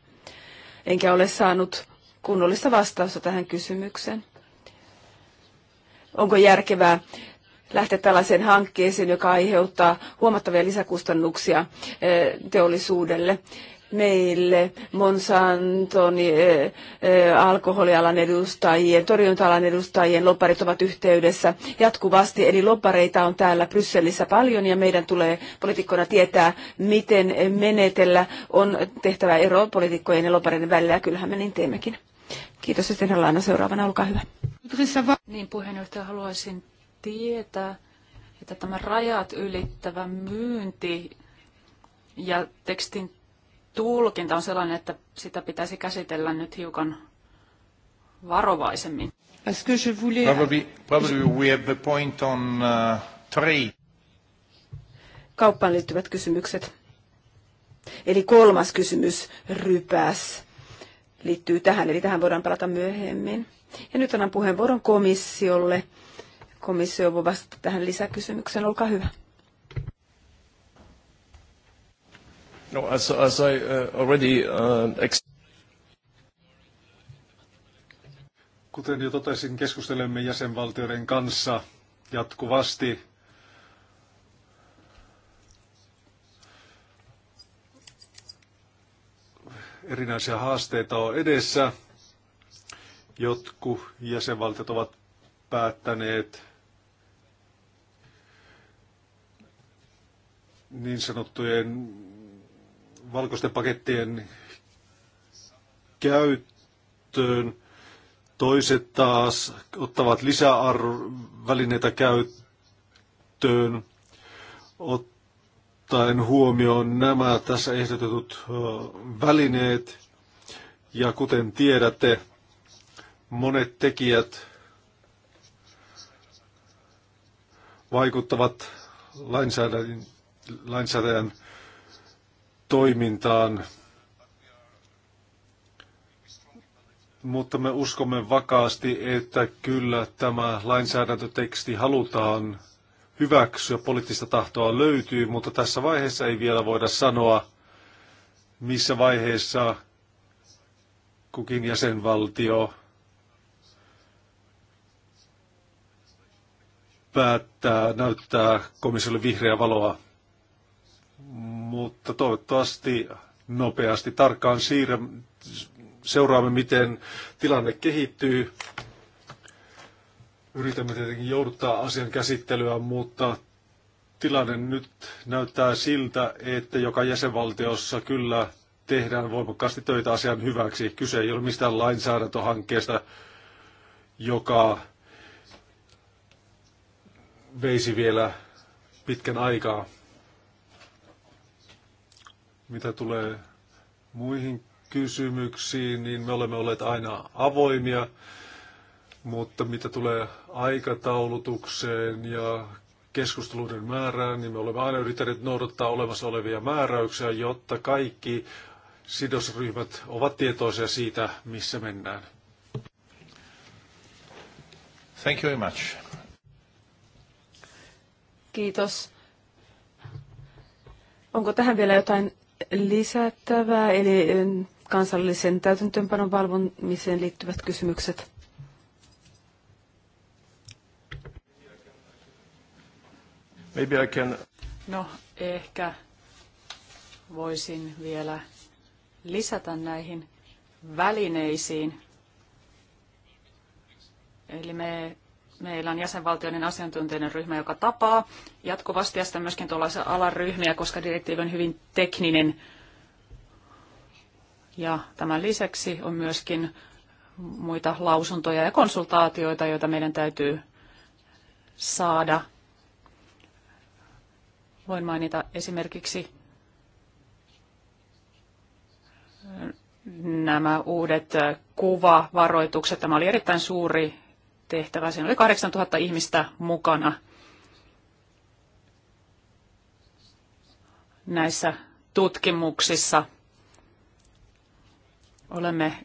Enkä ole saanut kunnollista vastausta tähän kysymykseen onko järkevää lähteä tällaiseen hankkeeseen, joka aiheuttaa huomattavia lisäkustannuksia eh, teollisuudelle. Meille Monsanton eh, eh, alkoholialan edustajien, torjunta-alan edustajien lobbarit ovat yhteydessä jatkuvasti. Eli loppareita on täällä Brysselissä paljon ja meidän tulee poliitikkoina tietää, miten menetellä. On tehtävä ero poliitikkojen ja lobbareiden välillä ja kyllähän me niin teemmekin. Kiitos sitten Helena seuraavana, olkaa hyvä. Niin puheenjohtaja, haluaisin tietää, että tämä rajat ylittävä myynti ja tekstin tulkinta on sellainen, että sitä pitäisi käsitellä nyt hiukan varovaisemmin. Uh, Kauppaan liittyvät kysymykset. Eli kolmas kysymys, rypäs liittyy tähän, eli tähän voidaan palata myöhemmin. Ja nyt annan puheenvuoron komissiolle. Komissio voi vastata tähän lisäkysymykseen. Olkaa hyvä. No, as, as I uh, already, uh, Kuten jo totesin, keskustelemme jäsenvaltioiden kanssa jatkuvasti erinäisiä haasteita on edessä. Jotkut jäsenvaltiot ovat päättäneet niin sanottujen valkoisten pakettien käyttöön. Toiset taas ottavat lisävälineitä käyttöön, ot, ottaen huomioon nämä tässä ehdotetut välineet. Ja kuten tiedätte, monet tekijät vaikuttavat lainsäädäjän toimintaan, mutta me uskomme vakaasti, että kyllä tämä lainsäädäntöteksti halutaan hyväksyä, poliittista tahtoa löytyy, mutta tässä vaiheessa ei vielä voida sanoa, missä vaiheessa kukin jäsenvaltio päättää näyttää komissiolle vihreää valoa, mutta toivottavasti nopeasti tarkkaan siirrä, seuraamme, miten tilanne kehittyy Yritämme tietenkin jouduttaa asian käsittelyä, mutta tilanne nyt näyttää siltä, että joka jäsenvaltiossa kyllä tehdään voimakkaasti töitä asian hyväksi. Kyse ei ole mistään lainsäädäntöhankkeesta, joka veisi vielä pitkän aikaa. Mitä tulee muihin kysymyksiin, niin me olemme olleet aina avoimia mutta mitä tulee aikataulutukseen ja keskusteluiden määrään, niin me olemme aina yrittäneet noudattaa olemassa olevia määräyksiä, jotta kaikki sidosryhmät ovat tietoisia siitä, missä mennään. Thank you very much. Kiitos. Onko tähän vielä jotain lisättävää, eli eh, kansallisen täytäntöönpanon valvomiseen liittyvät kysymykset? Maybe I can... No, ehkä voisin vielä lisätä näihin välineisiin. Eli me, meillä on jäsenvaltioiden asiantuntijoiden ryhmä, joka tapaa jatkuvasti ja sitten myöskin tuollaisia alaryhmiä, koska direktiivi on hyvin tekninen. Ja tämän lisäksi on myöskin muita lausuntoja ja konsultaatioita, joita meidän täytyy saada – Voin mainita esimerkiksi nämä uudet kuvavaroitukset. Tämä oli erittäin suuri tehtävä. Siinä oli 8000 ihmistä mukana näissä tutkimuksissa. Olemme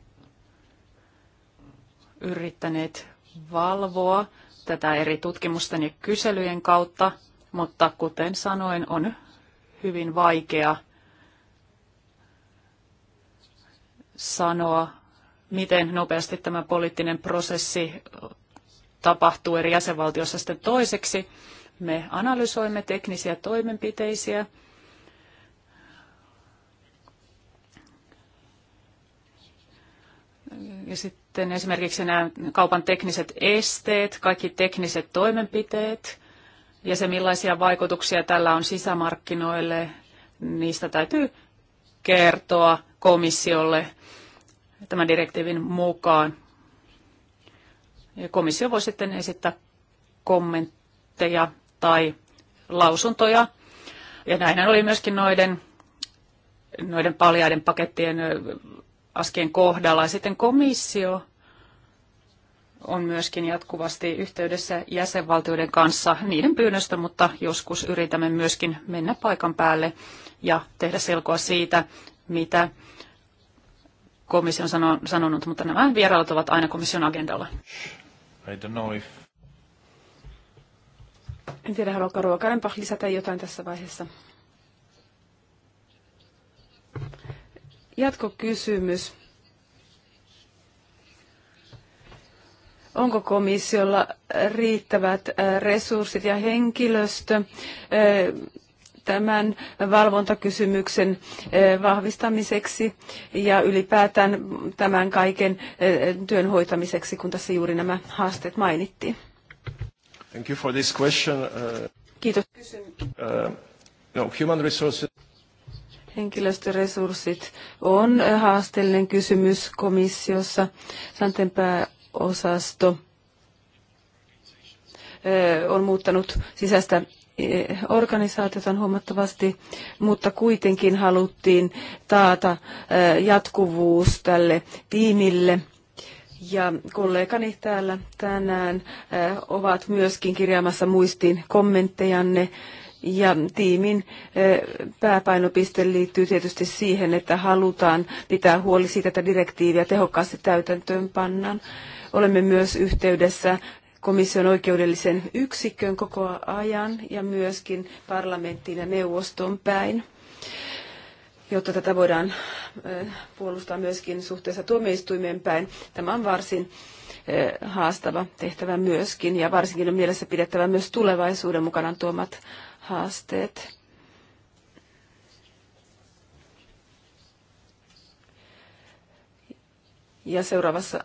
yrittäneet valvoa tätä eri tutkimusten ja kyselyjen kautta – mutta kuten sanoin, on hyvin vaikea sanoa, miten nopeasti tämä poliittinen prosessi tapahtuu eri jäsenvaltiossa sitten toiseksi. Me analysoimme teknisiä toimenpiteisiä. Ja sitten esimerkiksi nämä kaupan tekniset esteet, kaikki tekniset toimenpiteet – ja se millaisia vaikutuksia tällä on sisämarkkinoille, niistä täytyy kertoa komissiolle tämän direktiivin mukaan. Ja komissio voi sitten esittää kommentteja tai lausuntoja. Ja näinhän oli myöskin noiden, noiden paljaiden pakettien askien kohdalla. Sitten komissio on myöskin jatkuvasti yhteydessä jäsenvaltioiden kanssa niiden pyynnöstä, mutta joskus yritämme myöskin mennä paikan päälle ja tehdä selkoa siitä, mitä komissio on sanonut, mutta nämä vierailut ovat aina komission agendalla. If... En tiedä, haluatko Ruokarenpa lisätä jotain tässä vaiheessa? Jatkokysymys. onko komissiolla riittävät äh, resurssit ja henkilöstö äh, tämän valvontakysymyksen äh, vahvistamiseksi ja ylipäätään tämän kaiken työn hoitamiseksi, kun tässä juuri nämä haasteet mainittiin? Thank you for this question. Uh, Kiitos uh, no, human resources. Henkilöstöresurssit on haasteellinen kysymys komissiossa. Santen osasto eh, on muuttanut sisäistä eh, organisaatiota huomattavasti, mutta kuitenkin haluttiin taata eh, jatkuvuus tälle tiimille. Ja kollegani täällä tänään ovat myöskin kirjaamassa muistiin kommenttejanne. Ja tiimin pääpainopiste liittyy tietysti siihen, että halutaan pitää huoli siitä, että direktiiviä tehokkaasti täytäntöön pannaan. Olemme myös yhteydessä komission oikeudellisen yksikön koko ajan ja myöskin parlamenttiin ja neuvoston päin jotta tätä voidaan puolustaa myöskin suhteessa tuomioistuimeen päin. Tämä on varsin haastava tehtävä myöskin ja varsinkin on mielessä pidettävä myös tulevaisuuden mukanaan tuomat haasteet. Ja seuraavassa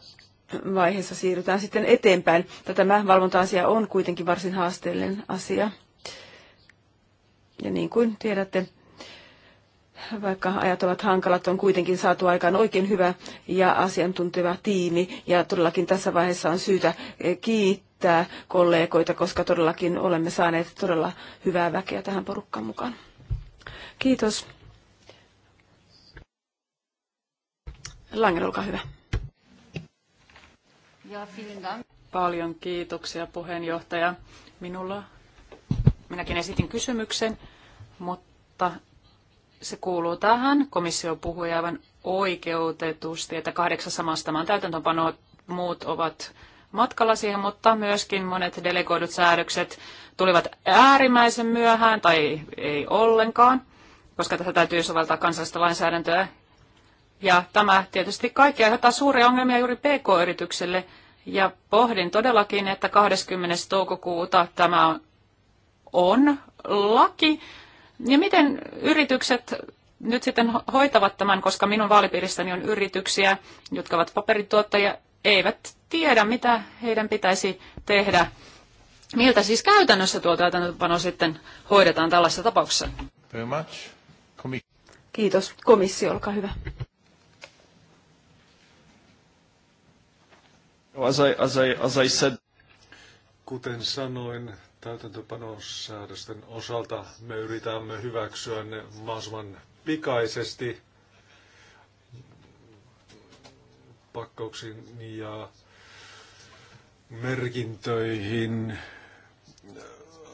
vaiheessa siirrytään sitten eteenpäin. Tämä valvonta-asia on kuitenkin varsin haasteellinen asia. Ja niin kuin tiedätte, vaikka ajat ovat hankalat, on kuitenkin saatu aikaan oikein hyvä ja asiantunteva tiimi. Ja todellakin tässä vaiheessa on syytä eh, kiittää kollegoita, koska todellakin olemme saaneet todella hyvää väkeä tähän porukkaan mukaan. Kiitos. Langer, olkaa hyvä. Ja, Paljon kiitoksia puheenjohtaja. Minulla, minäkin esitin kysymyksen, mutta se kuuluu tähän. Komissio puhui aivan oikeutetusti, että kahdeksassa samasta maan täytäntöpano muut ovat matkalla siihen, mutta myöskin monet delegoidut säädökset tulivat äärimmäisen myöhään tai ei ollenkaan, koska tässä täytyy soveltaa kansallista lainsäädäntöä. Ja tämä tietysti kaikki aiheuttaa suuria ongelmia juuri PK-yritykselle, ja pohdin todellakin, että 20. toukokuuta tämä on laki. Ja miten yritykset nyt sitten hoitavat tämän, koska minun vaalipiirissäni on yrityksiä, jotka ovat paperituottajia, eivät tiedä, mitä heidän pitäisi tehdä. Miltä siis käytännössä tuo täytäntöpano sitten hoidetaan tällaisessa tapauksessa? Kiitos. Komissio, olkaa hyvä. as I, as I, as I said... Kuten sanoin, täytäntöpanosäädösten osalta me yritämme hyväksyä ne mahdollisimman pikaisesti pakkauksiin ja merkintöihin,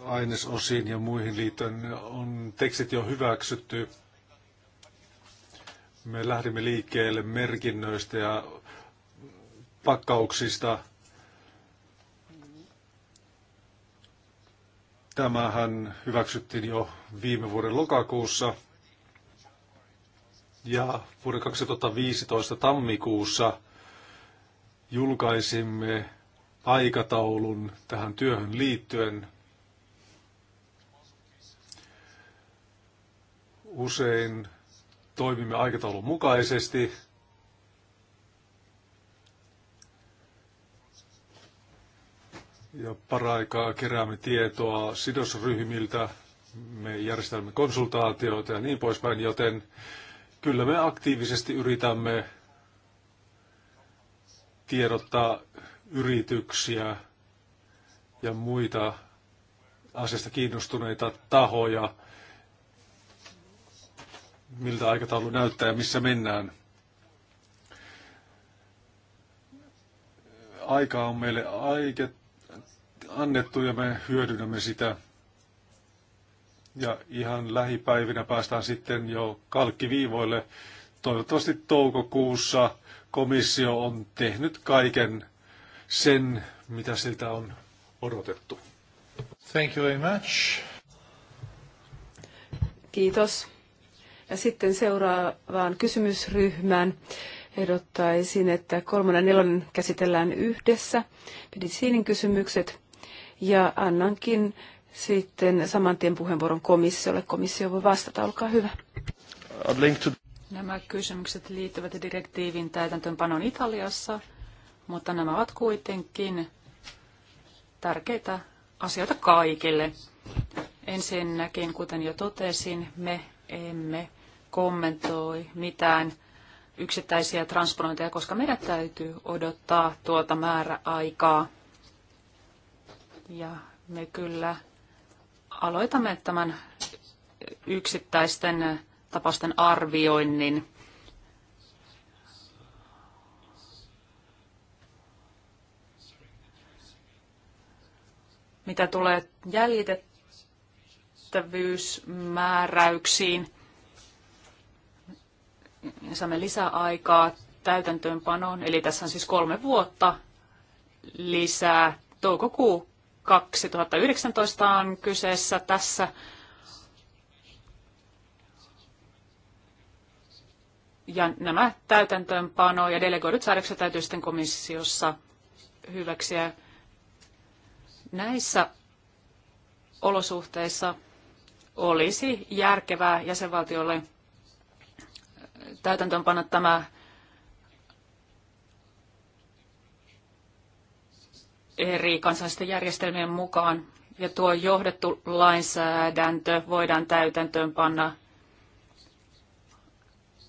ainesosiin ja muihin liittyen on tekstit jo hyväksytty. Me lähdimme liikkeelle merkinnöistä ja pakkauksista. Tämähän hyväksyttiin jo viime vuoden lokakuussa ja vuoden 2015 tammikuussa julkaisimme aikataulun tähän työhön liittyen. Usein toimimme aikataulun mukaisesti ja paraikaa keräämme tietoa sidosryhmiltä, me järjestämme konsultaatioita ja niin poispäin, joten kyllä me aktiivisesti yritämme tiedottaa yrityksiä ja muita asiasta kiinnostuneita tahoja, miltä aikataulu näyttää ja missä mennään. Aika on meille aiketta annettu ja me hyödynnämme sitä. Ja ihan lähipäivinä päästään sitten jo kalkkiviivoille. Toivottavasti toukokuussa komissio on tehnyt kaiken sen, mitä siltä on odotettu. Thank you very much. Kiitos. Ja sitten seuraavaan kysymysryhmään ehdottaisin, että kolmannen nelonen käsitellään yhdessä. Medisiinin kysymykset ja annankin sitten saman tien puheenvuoron komissiolle. Komissio voi vastata, olkaa hyvä. Nämä kysymykset liittyvät direktiivin täytäntöönpanoon Italiassa, mutta nämä ovat kuitenkin tärkeitä asioita kaikille. Ensinnäkin, kuten jo totesin, me emme kommentoi mitään yksittäisiä transponointeja, koska meidän täytyy odottaa tuota määräaikaa ja me kyllä aloitamme tämän yksittäisten tapausten arvioinnin. Mitä tulee jäljitettävyysmääräyksiin, niin saamme lisäaikaa täytäntöönpanoon, eli tässä on siis kolme vuotta lisää. Toukokuu 2019 on kyseessä tässä. Ja nämä täytäntöönpano ja delegoidut säädökset täytyy sitten komissiossa hyväksyä. Näissä olosuhteissa olisi järkevää jäsenvaltiolle täytäntöönpanna tämä eri kansallisten järjestelmien mukaan. Ja tuo johdettu lainsäädäntö voidaan täytäntöön panna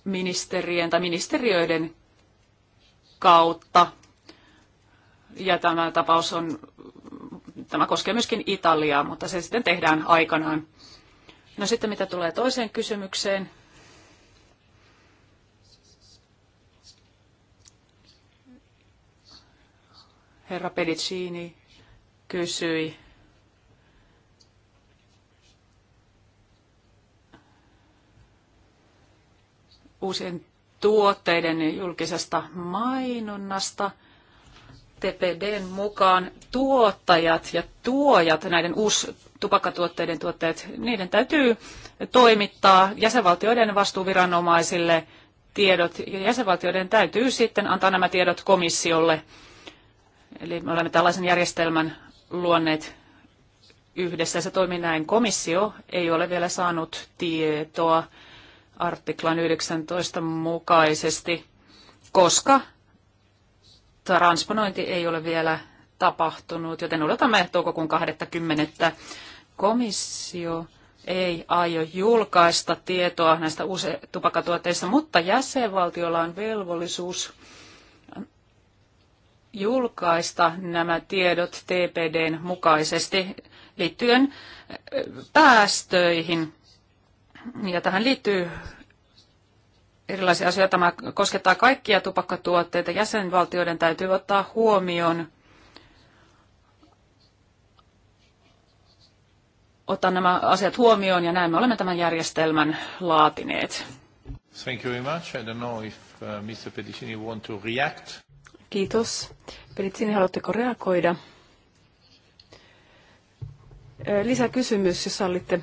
ministerien tai ministeriöiden kautta. Ja tämä tapaus on, tämä koskee myöskin Italiaa, mutta se sitten tehdään aikanaan. No sitten mitä tulee toiseen kysymykseen, Herra Pedicini kysyi uusien tuotteiden julkisesta mainonnasta. TPDn mukaan tuottajat ja tuojat, näiden uusi tupakkatuotteiden tuotteet, niiden täytyy toimittaa jäsenvaltioiden vastuuviranomaisille tiedot, ja jäsenvaltioiden täytyy sitten antaa nämä tiedot komissiolle Eli me olemme tällaisen järjestelmän luonneet yhdessä. Se toimii näin. Komissio ei ole vielä saanut tietoa artiklan 19 mukaisesti, koska transponointi ei ole vielä tapahtunut, joten odotamme toukokuun 20. Komissio ei aio julkaista tietoa näistä uusista tupakatuotteista, mutta jäsenvaltiolla on velvollisuus julkaista nämä tiedot TPDn mukaisesti liittyen äh, päästöihin. Ja tähän liittyy erilaisia asioita. Tämä koskettaa kaikkia tupakkatuotteita. Jäsenvaltioiden täytyy ottaa huomioon ottaa nämä asiat huomioon ja näin me olemme tämän järjestelmän laatineet. Thank you very much. I don't know if uh, Mr. Pedicini want to react. Kiitos. Pelitsin, haluatteko reagoida? Lisäkysymys, jos sallitte.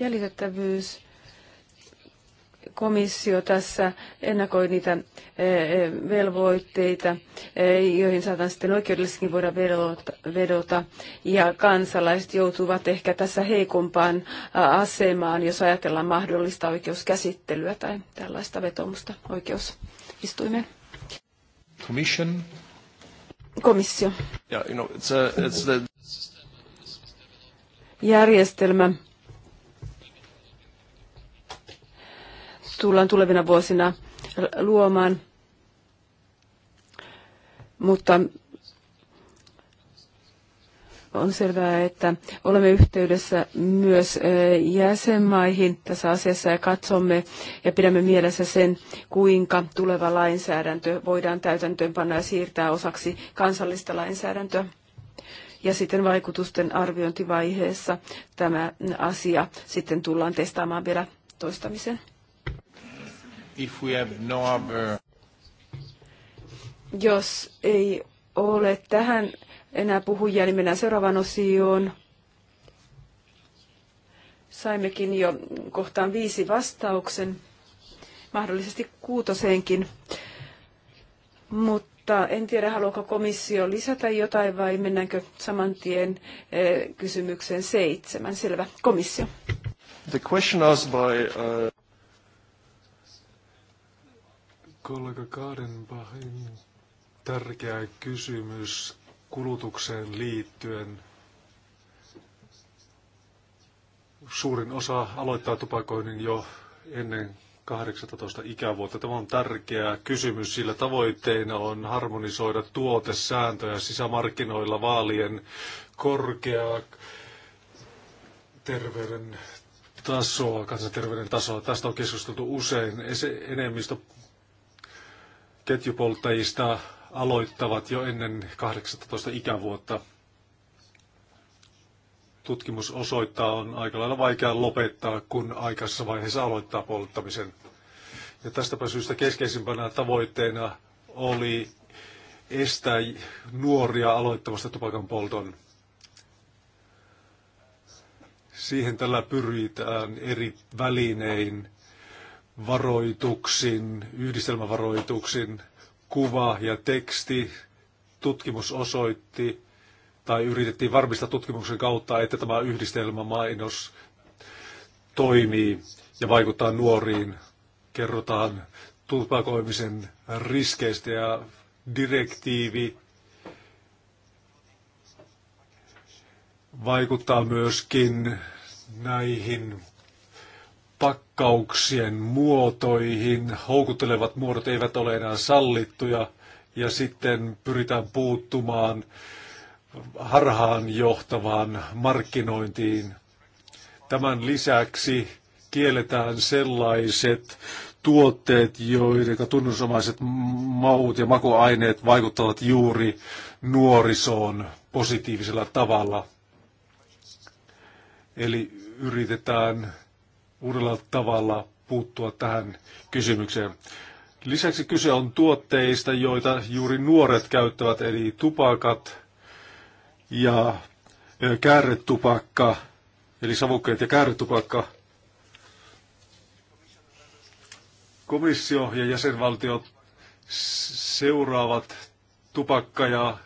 Jäljitettävyys. Komissio tässä ennakoi niitä velvoitteita, joihin saadaan sitten oikeudellisestikin voida vedota. Ja kansalaiset joutuvat ehkä tässä heikompaan asemaan, jos ajatellaan mahdollista oikeuskäsittelyä tai tällaista vetomusta oikeus tuomioistuimeen. Commission. Komissio. Yeah, you know, it's a, it's the... Järjestelmä tullaan tulevina vuosina luomaan, mutta on selvää, että olemme yhteydessä myös jäsenmaihin tässä asiassa ja katsomme ja pidämme mielessä sen, kuinka tuleva lainsäädäntö voidaan täytäntöönpanna ja siirtää osaksi kansallista lainsäädäntöä. Ja sitten vaikutusten arviointivaiheessa tämä asia sitten tullaan testaamaan vielä toistamiseen. If we have no other... Jos ei ole tähän enää puhujia, niin mennään seuraavaan osioon. Saimmekin jo kohtaan viisi vastauksen, mahdollisesti kuutoseenkin. Mutta en tiedä, haluaako komissio lisätä jotain vai mennäänkö saman tien eh, kysymykseen seitsemän. Selvä, komissio. The question asked by uh... kollega Kaadenbachin tärkeä kysymys kulutukseen liittyen. Suurin osa aloittaa tupakoinnin jo ennen 18 ikävuotta. Tämä on tärkeä kysymys, sillä tavoitteena on harmonisoida tuotesääntöjä sisämarkkinoilla vaalien korkeaa terveyden tasoa, kansanterveyden tasoa. Tästä on keskusteltu usein. Enemmistö ketjupolttajista aloittavat jo ennen 18 ikävuotta. Tutkimus osoittaa, on aika lailla vaikea lopettaa, kun aikaisessa vaiheessa aloittaa polttamisen. Ja tästäpä syystä keskeisimpänä tavoitteena oli estää nuoria aloittamasta tupakan polton. Siihen tällä pyritään eri välinein, varoituksin, yhdistelmävaroituksin – kuva ja teksti. Tutkimus osoitti, tai yritettiin varmistaa tutkimuksen kautta, että tämä yhdistelmämainos toimii ja vaikuttaa nuoriin. Kerrotaan tupakoimisen riskeistä ja direktiivi vaikuttaa myöskin näihin pakkauksien muotoihin. Houkuttelevat muodot eivät ole enää sallittuja ja sitten pyritään puuttumaan harhaan johtavaan markkinointiin. Tämän lisäksi kielletään sellaiset tuotteet, joiden tunnusomaiset maut ja makuaineet vaikuttavat juuri nuorisoon positiivisella tavalla. Eli yritetään uudella tavalla puuttua tähän kysymykseen. Lisäksi kyse on tuotteista, joita juuri nuoret käyttävät, eli tupakat ja kärretupakka, eli savukkeet ja kärretupakka. Komissio ja jäsenvaltiot seuraavat tupakka- ja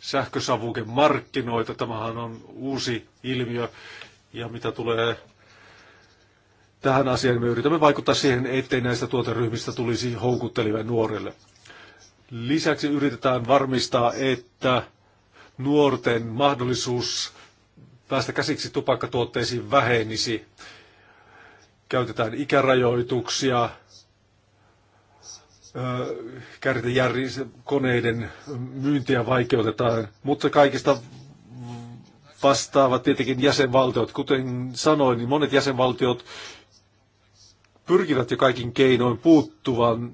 sähkösavuken markkinoita. Tämähän on uusi ilmiö. Ja mitä tulee tähän asiaan me yritämme vaikuttaa siihen, ettei näistä tuoteryhmistä tulisi houkuttelevia nuorille. Lisäksi yritetään varmistaa, että nuorten mahdollisuus päästä käsiksi tupakkatuotteisiin vähenisi. Käytetään ikärajoituksia, koneiden myyntiä vaikeutetaan, mutta kaikista vastaavat tietenkin jäsenvaltiot. Kuten sanoin, niin monet jäsenvaltiot pyrkivät jo kaikin keinoin puuttuvan,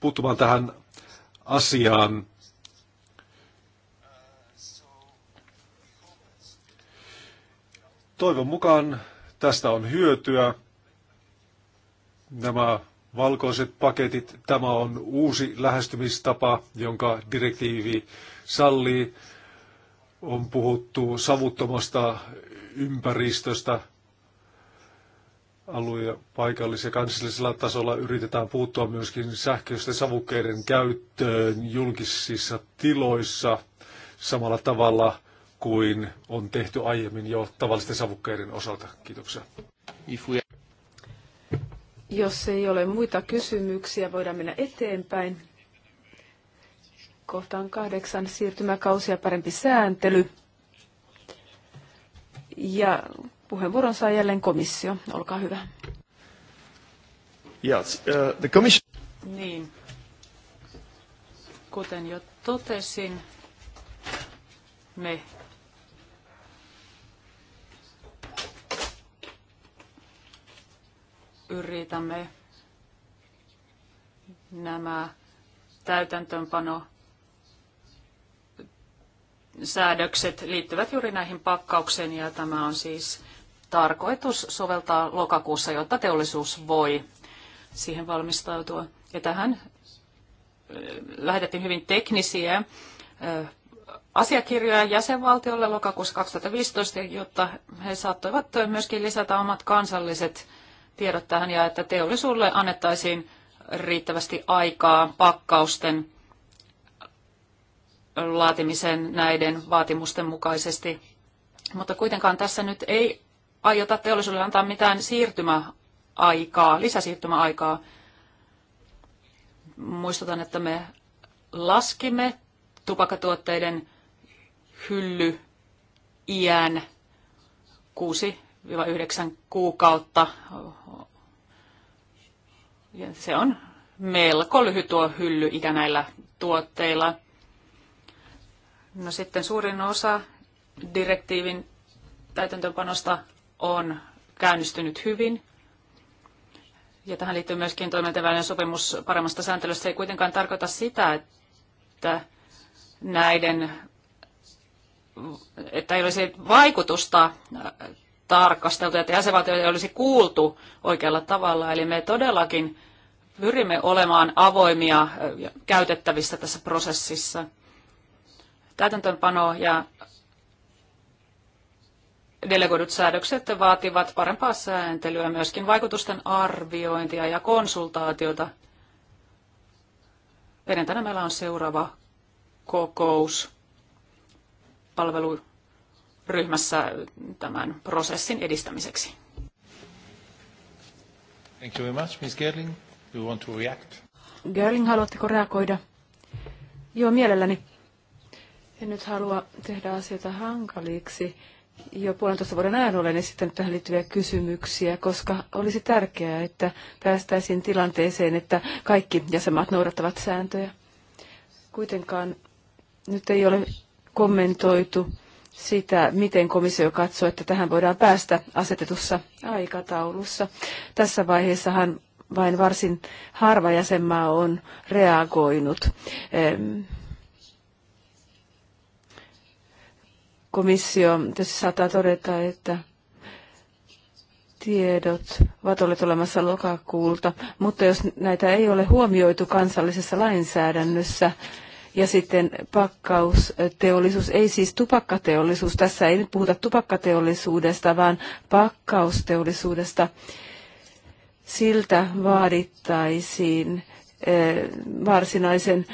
puuttumaan tähän asiaan. Toivon mukaan tästä on hyötyä. Nämä valkoiset paketit, tämä on uusi lähestymistapa, jonka direktiivi sallii. On puhuttu savuttomasta ympäristöstä – alue- paikallis- ja kansallisella tasolla yritetään puuttua myöskin sähköisten savukkeiden käyttöön julkisissa tiloissa samalla tavalla kuin on tehty aiemmin jo tavallisten savukkeiden osalta. Kiitoksia. Jos ei ole muita kysymyksiä, voidaan mennä eteenpäin. Kohtaan kahdeksan siirtymäkausia parempi sääntely. Ja Puheenvuoron saa jälleen komissio. Olkaa hyvä. Yes, uh, the commission... Niin. Kuten jo totesin, me yritämme nämä täytäntöönpano säädökset liittyvät juuri näihin pakkauksiin ja tämä on siis tarkoitus soveltaa lokakuussa, jotta teollisuus voi siihen valmistautua. Ja tähän lähetettiin hyvin teknisiä asiakirjoja jäsenvaltiolle lokakuussa 2015, jotta he saattoivat myöskin lisätä omat kansalliset tiedot tähän ja että teollisuudelle annettaisiin riittävästi aikaa pakkausten laatimisen näiden vaatimusten mukaisesti. Mutta kuitenkaan tässä nyt ei aiota teollisuudelle antaa mitään siirtymäaikaa, lisäsiirtymäaikaa. Muistutan, että me laskimme tupakatuotteiden hylly iän 6-9 kuukautta. Ja se on melko lyhyt tuo hylly ikä näillä tuotteilla. No sitten suurin osa direktiivin täytäntöönpanosta on käynnistynyt hyvin. Ja tähän liittyy myöskin toimintavälinen sopimus paremmasta sääntelystä. Se ei kuitenkaan tarkoita sitä, että näiden että ei olisi vaikutusta tarkasteltu, että jäsenvaltioita ei olisi kuultu oikealla tavalla. Eli me todellakin pyrimme olemaan avoimia ja käytettävissä tässä prosessissa. Täytäntöönpano ja delegoidut säädökset vaativat parempaa sääntelyä, myöskin vaikutusten arviointia ja konsultaatiota. Perjantaina meillä on seuraava kokous palveluryhmässä tämän prosessin edistämiseksi. Thank you very much, Ms. Gerling. Do You want to react? Gerling, haluatteko reagoida? Joo, mielelläni. En nyt halua tehdä asioita hankaliksi jo puolentoista vuoden ajan olen esittänyt tähän liittyviä kysymyksiä, koska olisi tärkeää, että päästäisiin tilanteeseen, että kaikki jäsenmaat noudattavat sääntöjä. Kuitenkaan nyt ei ole kommentoitu sitä, miten komissio katsoo, että tähän voidaan päästä asetetussa aikataulussa. Tässä vaiheessahan vain varsin harva jäsenmaa on reagoinut komissio tässä saattaa todeta, että tiedot ovat olleet olemassa lokakuulta, mutta jos näitä ei ole huomioitu kansallisessa lainsäädännössä, ja sitten pakkausteollisuus, ei siis tupakkateollisuus, tässä ei nyt puhuta tupakkateollisuudesta, vaan pakkausteollisuudesta, siltä vaadittaisiin varsinaisen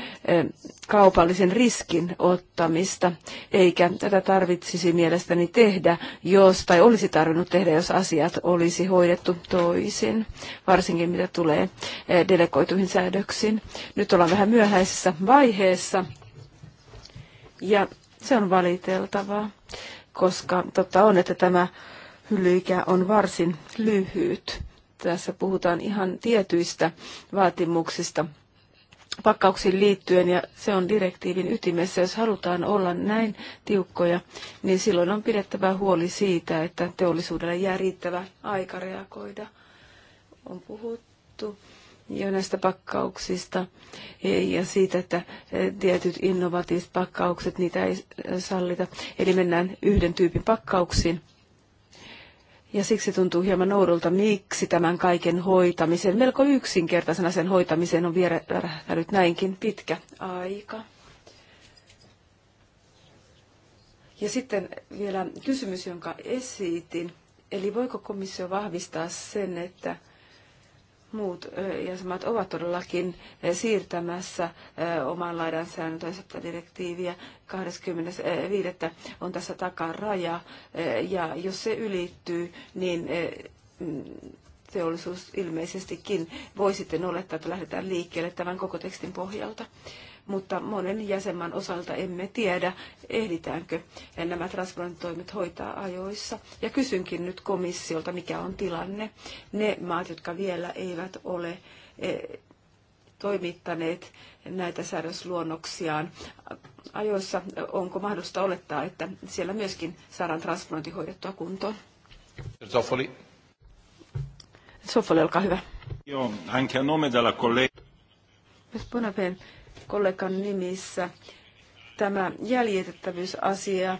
kaupallisen riskin ottamista, eikä tätä tarvitsisi mielestäni tehdä, jos, tai olisi tarvinnut tehdä, jos asiat olisi hoidettu toisin, varsinkin mitä tulee delegoituihin säädöksiin. Nyt ollaan vähän myöhäisessä vaiheessa, ja se on valiteltavaa, koska totta on, että tämä hyllyikä on varsin lyhyt. Tässä puhutaan ihan tietyistä vaatimuksista pakkauksiin liittyen, ja se on direktiivin ytimessä. Jos halutaan olla näin tiukkoja, niin silloin on pidettävä huoli siitä, että teollisuudelle jää riittävä aika reagoida. On puhuttu jo näistä pakkauksista ja siitä, että tietyt innovatiiviset pakkaukset, niitä ei sallita. Eli mennään yhden tyypin pakkauksiin. Ja siksi tuntuu hieman oudolta, miksi tämän kaiken hoitamisen, melko yksinkertaisena sen hoitamiseen on vierähtänyt näinkin pitkä aika. Ja sitten vielä kysymys, jonka esitin. Eli voiko komissio vahvistaa sen, että muut jäsenmaat ovat todellakin siirtämässä oman lainsäädäntönsä direktiiviä. 25. on tässä raja ja jos se ylittyy, niin mm, teollisuus ilmeisestikin voi sitten olettaa, että lähdetään liikkeelle tämän koko tekstin pohjalta mutta monen jäsenmaan osalta emme tiedä, ehditäänkö nämä transplantoimet hoitaa ajoissa. Ja kysynkin nyt komissiolta, mikä on tilanne. Ne maat, jotka vielä eivät ole eh, toimittaneet näitä säädösluonnoksiaan ajoissa, onko mahdollista olettaa, että siellä myöskin saadaan transplantti hoidettua kuntoon? Zoffoli. Zoffoli, olkaa hyvä. Joo, anche a nome della collega. Buonapena kollegan nimissä tämä jäljitettävyysasia,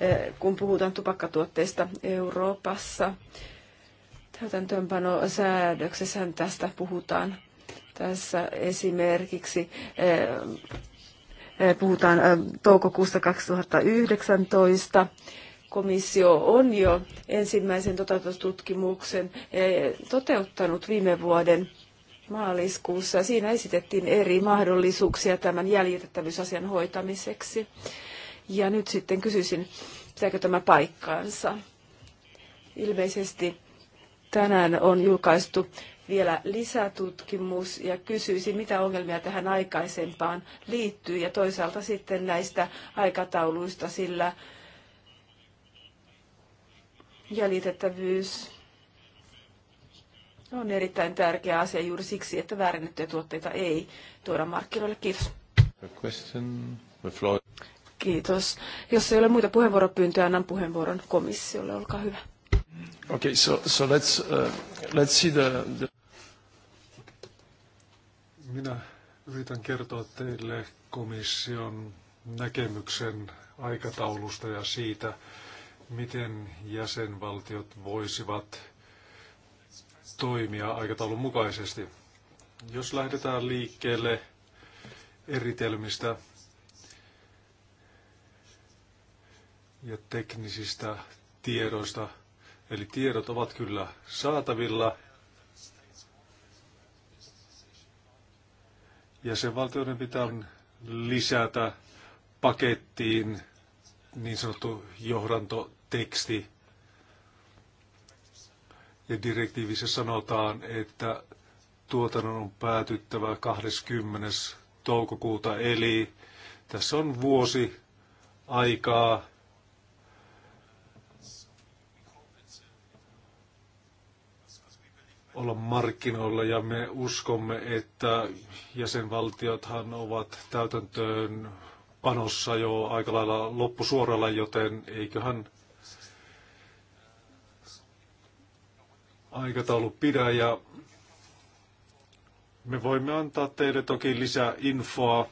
eh, kun puhutaan tupakkatuotteista Euroopassa. Täytäntöönpanosäädöksessä tästä puhutaan. Tässä esimerkiksi eh, eh, puhutaan toukokuusta 2019. Komissio on jo ensimmäisen toteutustutkimuksen toteuttanut viime vuoden maaliskuussa. Siinä esitettiin eri mahdollisuuksia tämän jäljitettävyysasian hoitamiseksi. Ja nyt sitten kysyisin, pitääkö tämä paikkaansa. Ilmeisesti tänään on julkaistu vielä lisätutkimus ja kysyisin, mitä ongelmia tähän aikaisempaan liittyy ja toisaalta sitten näistä aikatauluista, sillä jäljitettävyys se on erittäin tärkeä asia juuri siksi, että väärennettyjä tuotteita ei tuoda markkinoille. Kiitos. Kiitos. Jos ei ole muita puheenvuoropyyntöjä, annan puheenvuoron komissiolle. Olkaa hyvä. Okay, so, so let's, uh, let's see the, the... Minä yritän kertoa teille komission näkemyksen aikataulusta ja siitä, miten jäsenvaltiot voisivat toimia aikataulun mukaisesti. Jos lähdetään liikkeelle eritelmistä ja teknisistä tiedoista, eli tiedot ovat kyllä saatavilla, jäsenvaltioiden pitää lisätä pakettiin niin sanottu johdantoteksti ja direktiivissä sanotaan, että tuotannon on päätyttävä 20. toukokuuta, eli tässä on vuosi aikaa olla markkinoilla ja me uskomme, että jäsenvaltiothan ovat täytäntöön panossa jo aika lailla loppusuoralla, joten eiköhän aikataulu pidä ja me voimme antaa teille toki lisää infoa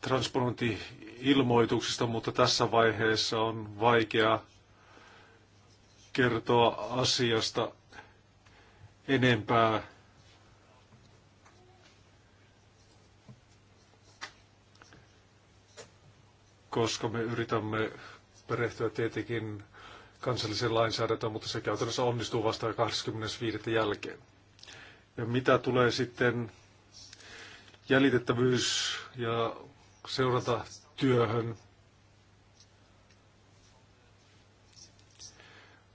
transponointi-ilmoituksista, mutta tässä vaiheessa on vaikea kertoa asiasta enempää. koska me yritämme perehtyä tietenkin kansalliseen lainsäädäntöön, mutta se käytännössä onnistuu vasta 25. jälkeen. Ja mitä tulee sitten jäljitettävyys- ja seurantatyöhön,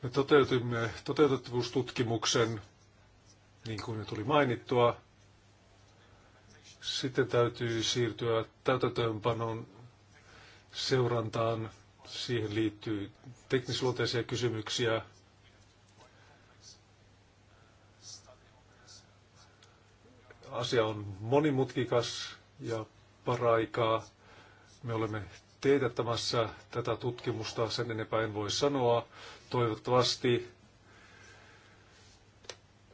me toteutimme toteutettavuustutkimuksen, niin kuin jo tuli mainittua. Sitten täytyy siirtyä täytäntöönpanon seurantaan Siihen liittyy teknisluonteisia kysymyksiä. Asia on monimutkikas ja paraikaa. Me olemme teetättämässä tätä tutkimusta, sen enempää en voi sanoa. Toivottavasti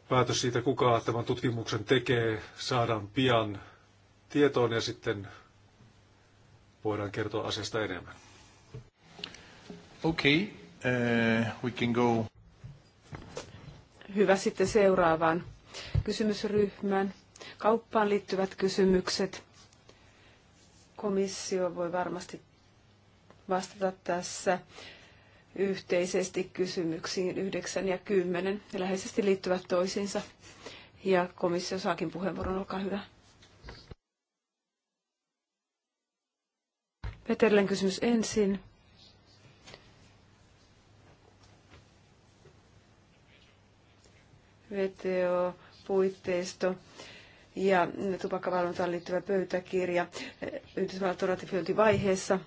päätös siitä, kuka tämän tutkimuksen tekee, saadaan pian tietoon ja sitten voidaan kertoa asiasta enemmän. Okay, uh, we can go. Hyvä sitten seuraavaan kysymysryhmään. Kauppaan liittyvät kysymykset. Komissio voi varmasti vastata tässä yhteisesti kysymyksiin 9 ja 10. Ne läheisesti liittyvät toisiinsa. Ja komissio saakin puheenvuoron, olkaa hyvä. Peterlen kysymys ensin. VTO-puitteisto ja tupakkavalvontaan liittyvä pöytäkirja Yhdysvallat on ratifiointivaiheessa.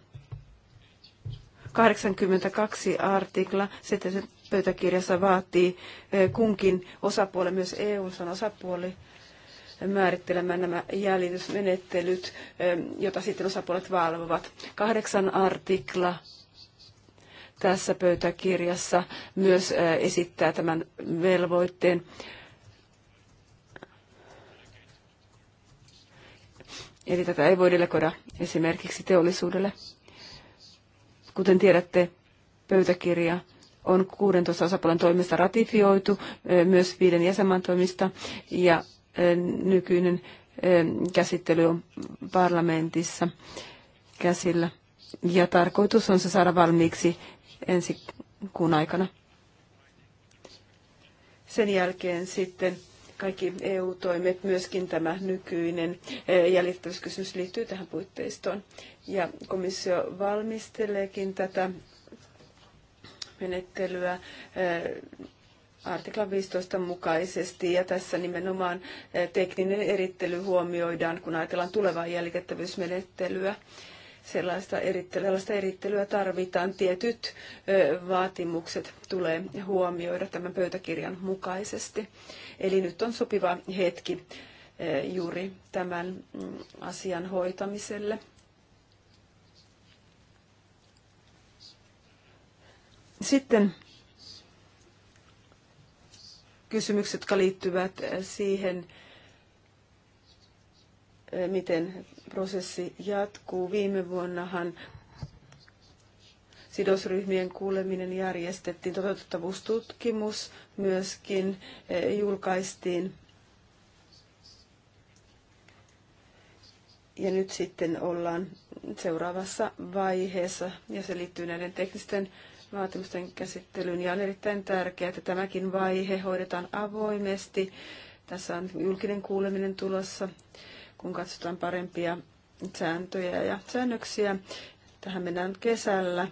82 artikla, sitten se pöytäkirjassa vaatii eh, kunkin osapuolen, myös EU on osapuoli, määrittelemään nämä jäljitysmenettelyt, eh, jota sitten osapuolet valvovat. Kahdeksan artikla tässä pöytäkirjassa myös esittää tämän velvoitteen. Eli tätä ei voi delegoida esimerkiksi teollisuudelle. Kuten tiedätte, pöytäkirja on 16 osapuolen toimesta ratifioitu, myös viiden jäsenmaan toimista, ja nykyinen käsittely on parlamentissa käsillä. Ja tarkoitus on se saada valmiiksi ensi kuun aikana. Sen jälkeen sitten kaikki EU-toimet, myöskin tämä nykyinen eh, jäljittävyyskysymys liittyy tähän puitteistoon. Ja komissio valmisteleekin tätä menettelyä eh, artiklan 15 mukaisesti, ja tässä nimenomaan eh, tekninen erittely huomioidaan, kun ajatellaan tulevaa jäljitettävyysmenettelyä sellaista erittelyä, sellaista erittelyä tarvitaan. Tietyt vaatimukset tulee huomioida tämän pöytäkirjan mukaisesti. Eli nyt on sopiva hetki juuri tämän mm, asian hoitamiselle. Sitten kysymykset, jotka liittyvät siihen, miten prosessi jatkuu. Viime vuonnahan sidosryhmien kuuleminen järjestettiin, toteutettavuustutkimus myöskin eh, julkaistiin. Ja nyt sitten ollaan seuraavassa vaiheessa, ja se liittyy näiden teknisten vaatimusten käsittelyyn. Ja on erittäin tärkeää, että tämäkin vaihe hoidetaan avoimesti. Tässä on julkinen kuuleminen tulossa kun katsotaan parempia sääntöjä ja säännöksiä. Tähän mennään kesällä.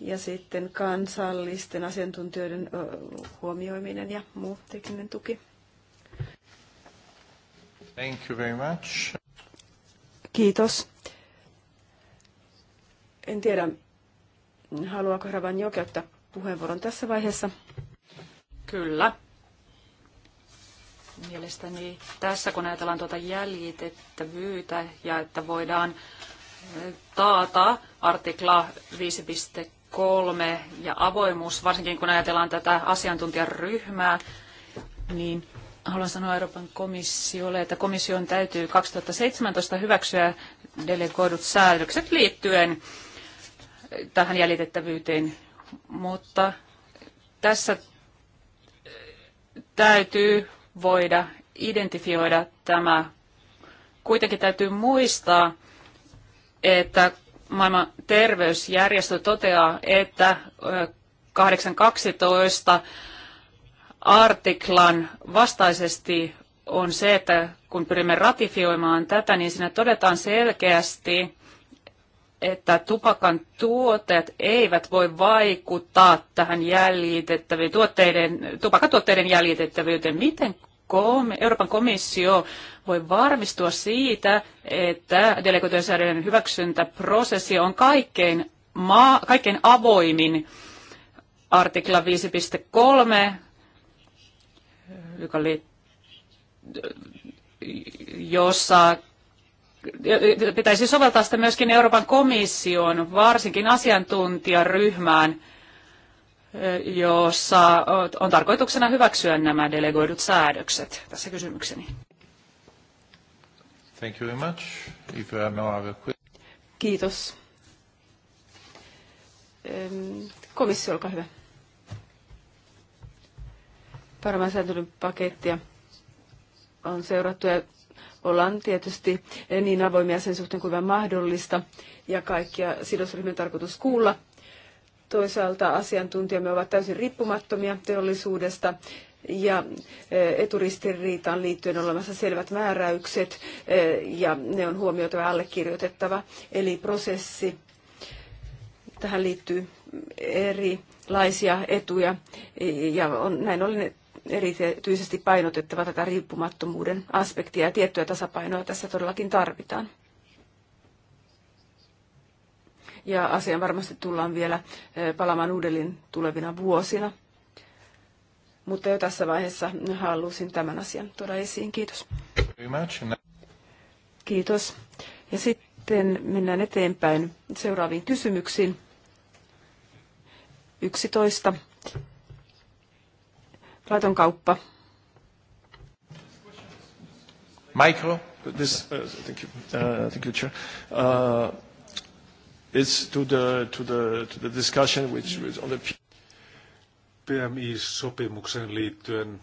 Ja sitten kansallisten asiantuntijoiden huomioiminen ja muu tekninen tuki. Thank you very much. Kiitos. En tiedä, haluaako Ravan Joki ottaa puheenvuoron tässä vaiheessa? Kyllä. Mielestäni tässä, kun ajatellaan tuota jäljitettävyyttä ja että voidaan eh, taata artikla 5.3 ja avoimuus, varsinkin kun ajatellaan tätä asiantuntijaryhmää, niin haluan sanoa Euroopan komissiolle, että komission täytyy 2017 hyväksyä delegoidut säädökset liittyen eh, tähän jäljitettävyyteen, mutta tässä eh, täytyy voida identifioida tämä. Kuitenkin täytyy muistaa, että maailman terveysjärjestö toteaa, että 812 artiklan vastaisesti on se, että kun pyrimme ratifioimaan tätä, niin siinä todetaan selkeästi, että tupakan tuottajat eivät voi vaikuttaa tähän jäljitettäviin tuotteiden, tupakatuotteiden jäljitettävyyteen. Miten Euroopan komissio voi varmistua siitä, että delegoitujen säädöiden hyväksyntäprosessi on kaikkein, maa, kaikkein avoimin artikla 5.3, joka jossa pitäisi soveltaa sitä myöskin Euroopan komission, varsinkin asiantuntijaryhmään, jossa on tarkoituksena hyväksyä nämä delegoidut säädökset. Tässä kysymykseni. Thank you very much. If you have no other Kiitos. Komissio, olkaa hyvä. Paremman sääntelyn pakettia on seurattu ja ollaan tietysti eh, niin avoimia sen suhteen kuin vain mahdollista ja kaikkia sidosryhmien tarkoitus kuulla. Toisaalta asiantuntijamme ovat täysin riippumattomia teollisuudesta ja eh, eturistiriitaan liittyen olemassa selvät määräykset eh, ja ne on huomioitava ja allekirjoitettava. Eli prosessi, tähän liittyy erilaisia etuja ja on, näin ollen erityisesti painotettava tätä riippumattomuuden aspektia ja tiettyä tasapainoa tässä todellakin tarvitaan. Ja asiaan varmasti tullaan vielä eh, palaamaan uudelleen tulevina vuosina. Mutta jo tässä vaiheessa halusin tämän asian tuoda esiin. Kiitos. Kiitos. Ja sitten mennään eteenpäin seuraaviin kysymyksiin. 11 laiton kauppa. Micro, this, uh, thank you, uh, thank you, Chair. Uh, it's to the, to the, to the discussion which was on the PMI-sopimukseen e liittyen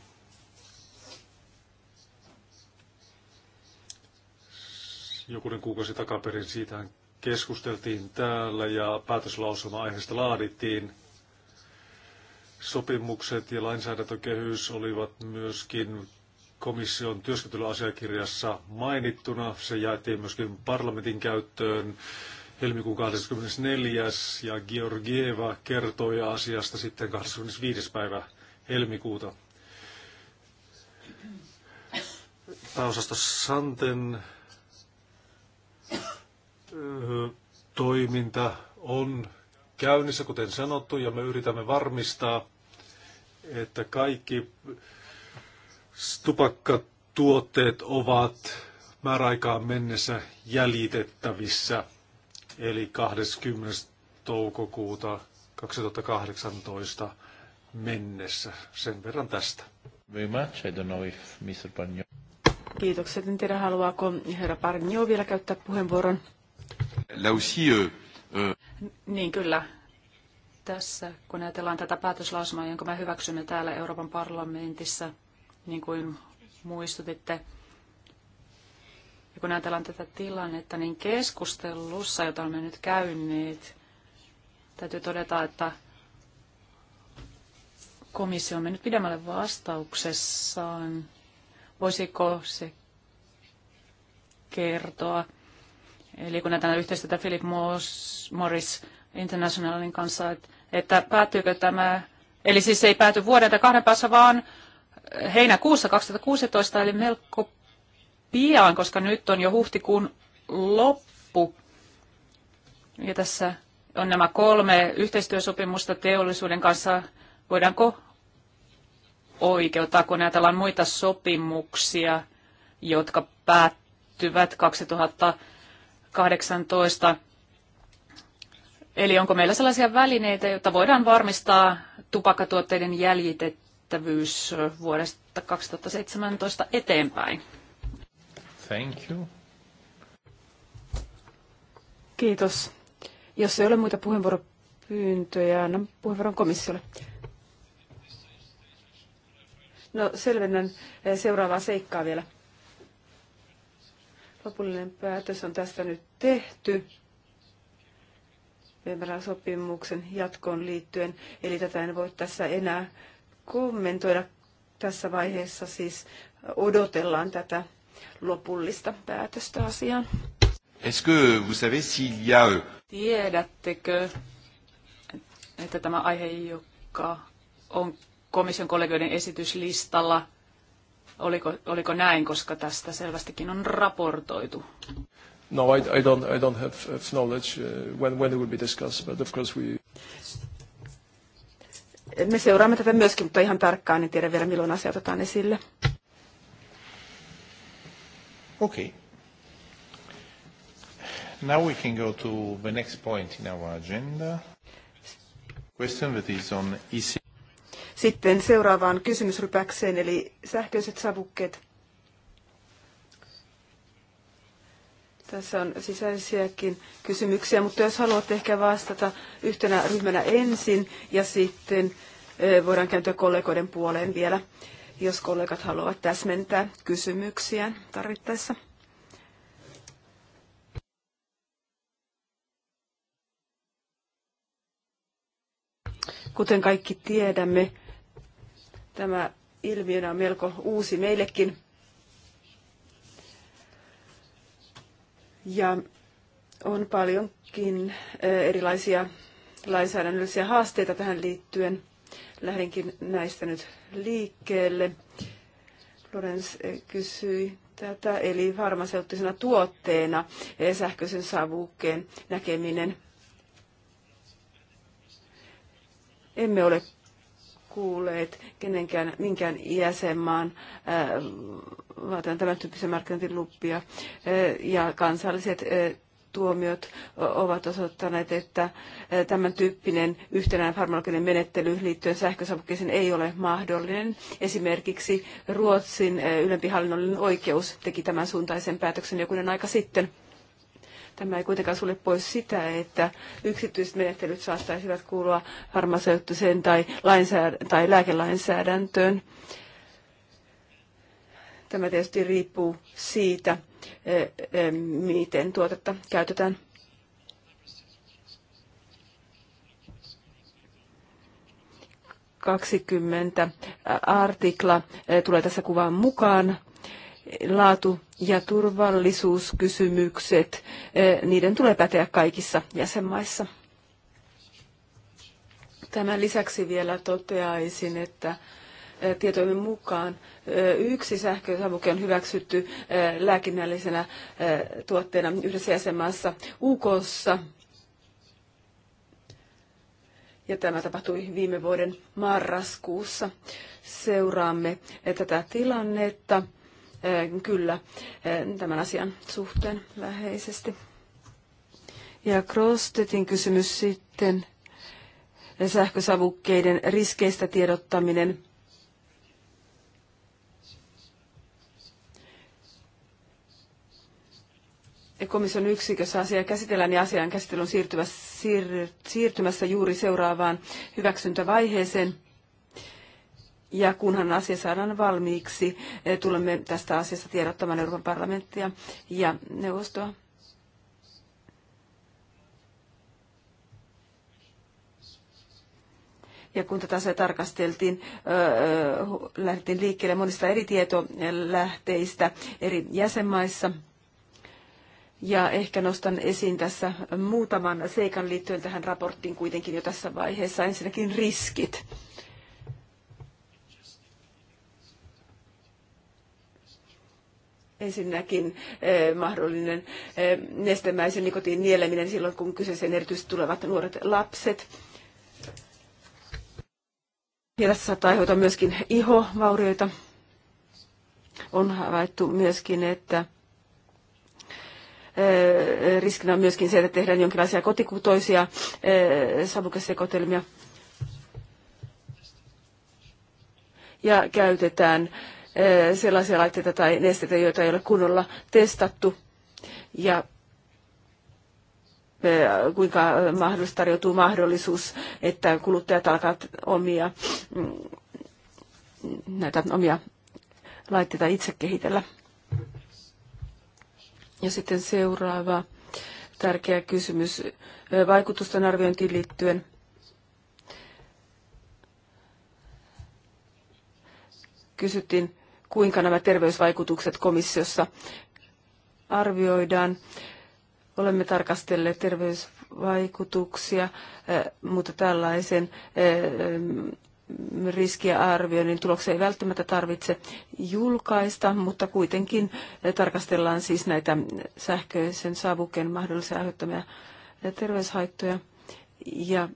jokunen kuukausi takaperin siitä keskusteltiin täällä ja päätöslausuma aiheesta laadittiin. Sopimukset ja lainsäädäntökehys olivat myöskin komission työskentelyasiakirjassa mainittuna. Se jaettiin myöskin parlamentin käyttöön helmikuun 24. ja Georgieva kertoi asiasta sitten 25. päivä helmikuuta. Pääosasto Santen toiminta on käynnissä, kuten sanottu, ja me yritämme varmistaa, että kaikki tupakkatuotteet ovat määräaikaan mennessä jäljitettävissä, eli 20. toukokuuta 2018 mennessä. Sen verran tästä. Very much. I don't know if Mr. Parnio... Kiitokset. En tiedä, haluaako herra Parnio vielä käyttää puheenvuoron. Là aussi, euh, Mm. Niin kyllä. Tässä, kun ajatellaan tätä päätöslausmaa, jonka me hyväksymme täällä Euroopan parlamentissa, niin kuin muistutitte, ja kun ajatellaan tätä tilannetta, niin keskustelussa, jota olemme nyt käyneet, täytyy todeta, että komissio on mennyt pidemmälle vastauksessaan. Voisiko se kertoa tänä yhteistyötä Philip Morris Internationalin kanssa, että päättyykö tämä, eli siis ei pääty vuoden tai kahden päässä, vaan heinäkuussa 2016, eli melko pian, koska nyt on jo huhtikuun loppu. Ja tässä on nämä kolme yhteistyösopimusta teollisuuden kanssa. Voidaanko oikeuttaa, kun ajatellaan muita sopimuksia, jotka päättyvät 2000 18. Eli onko meillä sellaisia välineitä, jotta voidaan varmistaa tupakkatuotteiden jäljitettävyys vuodesta 2017 eteenpäin? Thank you. Kiitos. Jos ei ole muita puheenvuoropyyntöjä, annan puheenvuoron komissiolle. No selvennän eh, seuraavaa seikkaa vielä. Lopullinen päätös on tästä nyt tehty. Sopimuksen jatkoon liittyen, eli tätä en voi tässä enää kommentoida tässä vaiheessa, siis odotellaan tätä lopullista päätöstä asiaan. Est-ce que vous savez s'il y a... Euh, Tiedättekö, että tämä aihe, joka on komission kollegoiden esityslistalla, Oliko, oliko näin, koska tästä selvästikin on raportoitu? No, I, I don't, I don't have, have knowledge uh, when, when it will be discussed, but of course we... Me seuraamme tätä myöskin, mutta ihan tarkkaan en tiedä vielä milloin asia otetaan esille. Okei. Okay. Now we can go to the next point in our agenda. Question that is on EC. Sitten seuraavaan kysymysrypäkseen, eli sähköiset savukkeet. Tässä on sisäisiäkin kysymyksiä, mutta jos haluatte ehkä vastata yhtenä ryhmänä ensin ja sitten voidaan kääntyä kollegoiden puoleen vielä, jos kollegat haluavat täsmentää kysymyksiä tarvittaessa. Kuten kaikki tiedämme, Tämä ilmiönä on melko uusi meillekin. Ja on paljonkin erilaisia lainsäädännöllisiä haasteita tähän liittyen. Lähdenkin näistä nyt liikkeelle. Lorenz e, kysyi tätä, eli farmaseuttisena tuotteena e, sähköisen savukkeen näkeminen. Emme ole kuulleet kenenkään, minkään jäsenmaan äh, vaatan tämän markkinointin luppia. Äh, ja kansalliset äh, tuomiot ovat osoittaneet, että tämän tyyppinen yhtenäinen farmakologinen menettely liittyen sähkösavukkeeseen ei ole mahdollinen. Esimerkiksi Ruotsin ylempi hallinnollinen oikeus teki tämän suuntaisen päätöksen jokunen aika sitten. Tämä ei kuitenkaan sulle pois sitä, että yksityiset menettelyt saattaisivat kuulua farmaseuttiseen tai, lainsääd- tai lääkelainsäädäntöön. Tämä tietysti riippuu siitä, e, e, miten tuotetta käytetään. Kaksikymmentä artikla e, tulee tässä kuvaan mukaan laatu- ja turvallisuuskysymykset, niiden tulee päteä kaikissa jäsenmaissa. Tämän lisäksi vielä toteaisin, että tietojen mukaan yksi sähkösavuke on hyväksytty lääkinnällisenä tuotteena yhdessä jäsenmaassa UKssa. Ja tämä tapahtui viime vuoden marraskuussa. Seuraamme tätä tilannetta kyllä tämän asian suhteen läheisesti. Ja Krostetin kysymys sitten sähkösavukkeiden riskeistä tiedottaminen. komission yksikössä asiaa käsitellään ja asian käsittely on siirtymässä, siir, siirtymässä juuri seuraavaan hyväksyntävaiheeseen. Ja kunhan asia saadaan valmiiksi, eh, tulemme tästä asiasta tiedottamaan Euroopan parlamenttia ja neuvostoa. ja kun tätä asiaa tarkasteltiin, öö, lähdettiin liikkeelle monista eri tietolähteistä eri jäsenmaissa. Ja ehkä nostan esiin tässä muutaman seikan liittyen tähän raporttiin kuitenkin jo tässä vaiheessa. Ensinnäkin riskit. Ensinnäkin eh, mahdollinen eh, nestemäisen nikotiin nieleminen silloin, kun kyseeseen erityisesti tulevat nuoret lapset. Ja tässä saattaa aiheuttaa myöskin ihovaurioita. On havaittu myöskin, että eh, riskinä on myöskin se, että tehdään jonkinlaisia kotikutoisia eh, savukesekotelmia ja käytetään sellaisia laitteita tai nesteitä, joita ei ole kunnolla testattu. Ja kuinka mahdollista tarjoutuu mahdollisuus, että kuluttajat alkavat omia, mm, näitä omia laitteita itse kehitellä. Ja sitten seuraava tärkeä kysymys vaikutusten arviointiin liittyen. Kysyttiin, kuinka nämä terveysvaikutukset komissiossa arvioidaan. Olemme tarkastelleet terveysvaikutuksia, eh, mutta tällaisen eh, riskiä arvioinnin tuloksia ei välttämättä tarvitse julkaista, mutta kuitenkin eh, tarkastellaan siis näitä sähköisen savuken mahdollisia aiheuttamia terveyshaittoja. Ja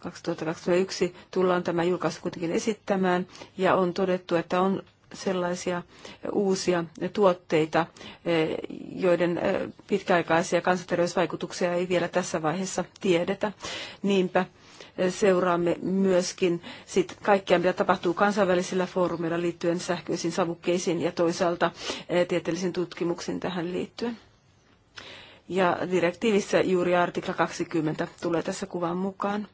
2021 tullaan tämä julkaisu kuitenkin esittämään ja on todettu, että on sellaisia uusia tuotteita, eh, joiden eh, pitkäaikaisia kansanterveysvaikutuksia ei vielä tässä vaiheessa tiedetä. Niinpä eh, seuraamme myöskin sit kaikkea, mitä tapahtuu kansainvälisillä foorumeilla liittyen sähköisiin savukkeisiin ja toisaalta tieteellisiin tutkimuksiin tähän liittyen. Ja direktiivissä juuri artikla 20 tulee tässä kuvan mukaan.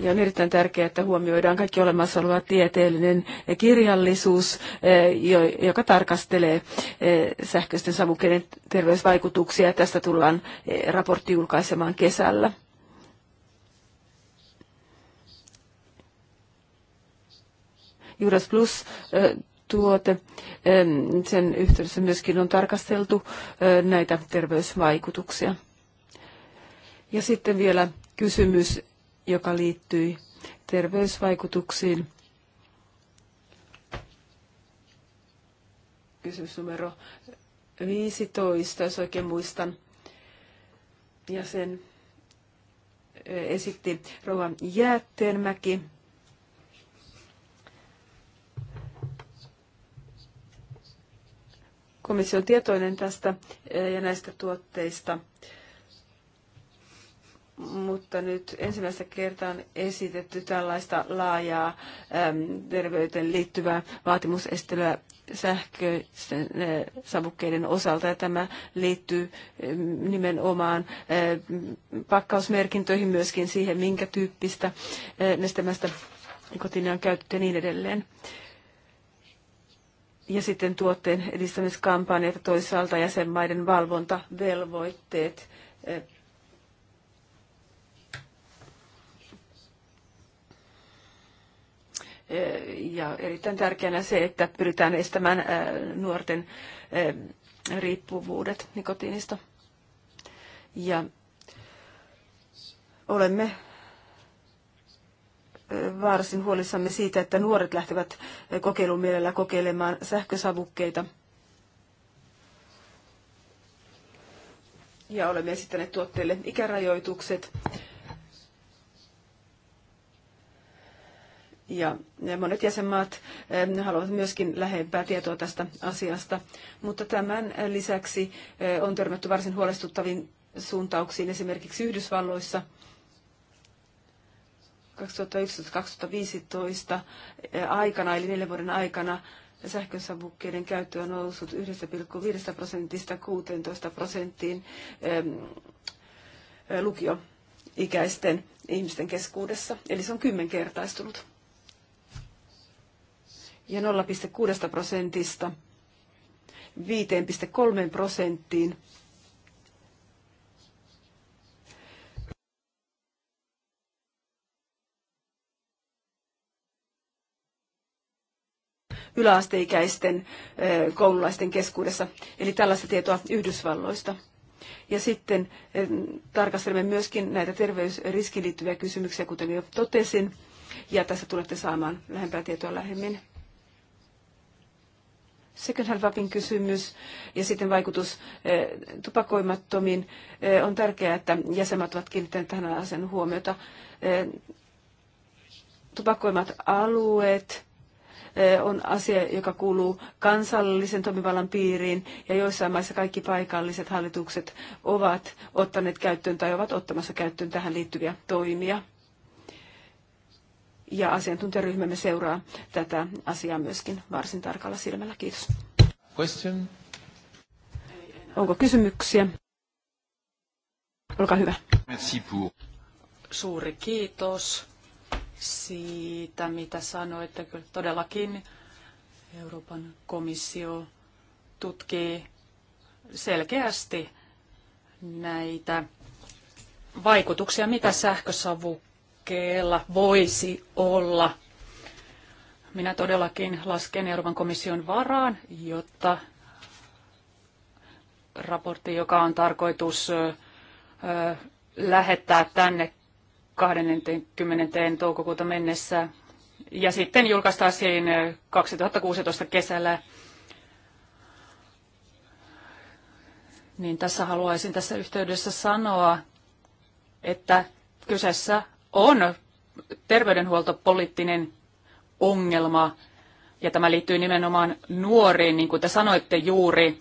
Ja on erittäin tärkeää, että huomioidaan kaikki olemassa oleva tieteellinen kirjallisuus, eh, joka tarkastelee eh, sähköisten savukkeiden terveysvaikutuksia. Tästä tullaan eh, raportti julkaisemaan kesällä. Juras Plus tuote. Sen yhteydessä myöskin on tarkasteltu näitä terveysvaikutuksia. Ja sitten vielä kysymys joka liittyi terveysvaikutuksiin. Kysymys numero 15, jos oikein muistan. Ja sen esitti rovan Jäätteenmäki. Komissio on tietoinen tästä ja näistä tuotteista mutta nyt ensimmäistä kertaa on esitetty tällaista laajaa äm, terveyteen liittyvää vaatimusestelyä sähköisten äh, savukkeiden osalta. Ja tämä liittyy nimenomaan äh, pakkausmerkintöihin myöskin siihen, minkä tyyppistä äh, nestemästä nikotiinia on käytetty ja niin edelleen. Ja sitten tuotteen edistämiskampanjat toisaalta jäsenmaiden valvontavelvoitteet ja erittäin tärkeänä se, että pyritään estämään nuorten riippuvuudet nikotiinista. Ja olemme varsin huolissamme siitä, että nuoret lähtevät kokeilumielellä kokeilemaan sähkösavukkeita. Ja olemme esittäneet tuotteille ikärajoitukset Ja monet jäsenmaat haluavat myöskin lähempää tietoa tästä asiasta. Mutta tämän eh, lisäksi eh, on törmätty varsin huolestuttaviin suuntauksiin esimerkiksi Yhdysvalloissa 2011-2015 eh, aikana, eli neljän vuoden aikana, sähkösavukkeiden käyttö on noussut 1,5 prosentista 16 prosenttiin lukioikäisten ihmisten keskuudessa, eli se on kymmenkertaistunut ja 0,6 prosentista 5,3 prosenttiin. yläasteikäisten koululaisten keskuudessa. Eli tällaista tietoa Yhdysvalloista. Ja sitten tarkastelemme myöskin näitä terveysriskiin liittyviä kysymyksiä, kuten jo totesin. Ja tässä tulette saamaan lähempää tietoa lähemmin second hand vapin kysymys ja sitten vaikutus eh, tupakoimattomiin. Eh, on tärkeää, että jäsenmaat ovat kiinnittäneet tähän asian huomiota. Eh, tupakoimat alueet on asia, joka kuuluu kansallisen toimivallan piiriin, ja joissain maissa kaikki paikalliset hallitukset ovat ottaneet käyttöön tai ovat ottamassa käyttöön tähän liittyviä toimia ja asiantuntijaryhmämme seuraa tätä asiaa myöskin varsin tarkalla silmällä. Kiitos. Question. Onko kysymyksiä? Olkaa hyvä. Merci pour. Suuri kiitos siitä, mitä sanoitte. Kyllä todellakin Euroopan komissio tutkii selkeästi näitä vaikutuksia, mitä sähkösavu hankkeella voisi olla. Minä todellakin lasken Euroopan komission varaan, jotta raportti, joka on tarkoitus lähettää tänne 20. toukokuuta mennessä ja sitten julkaistaisiin 2016 kesällä. Niin tässä haluaisin tässä yhteydessä sanoa, että kyseessä on terveydenhuoltopoliittinen ongelma, ja tämä liittyy nimenomaan nuoriin, niin kuin te sanoitte juuri.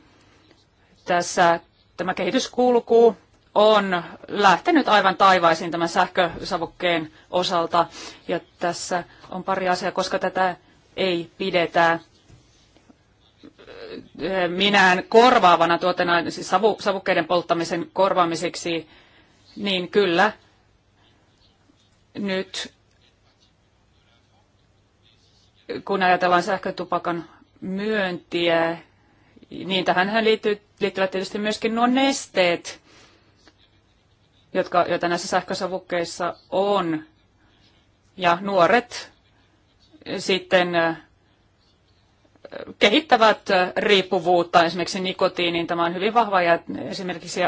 Tässä tämä kehityskulku on lähtenyt aivan taivaisiin tämän sähkösavukkeen osalta, ja tässä on pari asiaa, koska tätä ei pidetä minään korvaavana tuotena, siis savukkeiden polttamisen korvaamiseksi, niin kyllä, nyt, kun ajatellaan sähkötupakan myöntiä, niin tähän liittyy, liittyvät tietysti myöskin nuo nesteet, jotka, joita näissä sähkösavukkeissa on. Ja nuoret sitten kehittävät riippuvuutta esimerkiksi nikotiiniin. Tämä on hyvin vahva ja esimerkiksi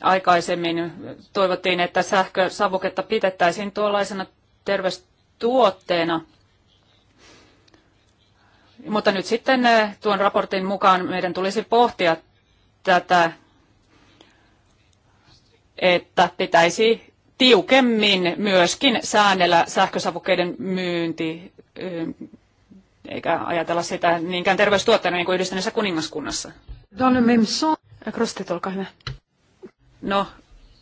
Aikaisemmin toivottiin, että sähkösavuketta pitettäisiin tuollaisena terveystuotteena, mutta nyt sitten eh, tuon raportin mukaan meidän tulisi pohtia tätä, että pitäisi tiukemmin myöskin säännellä sähkösavukkeiden myynti, eh, eikä ajatella sitä niinkään terveystuotteena niin kuin yhdistyneessä kuningaskunnassa. Donne Memson. Krustit, olkaa hyvä. No,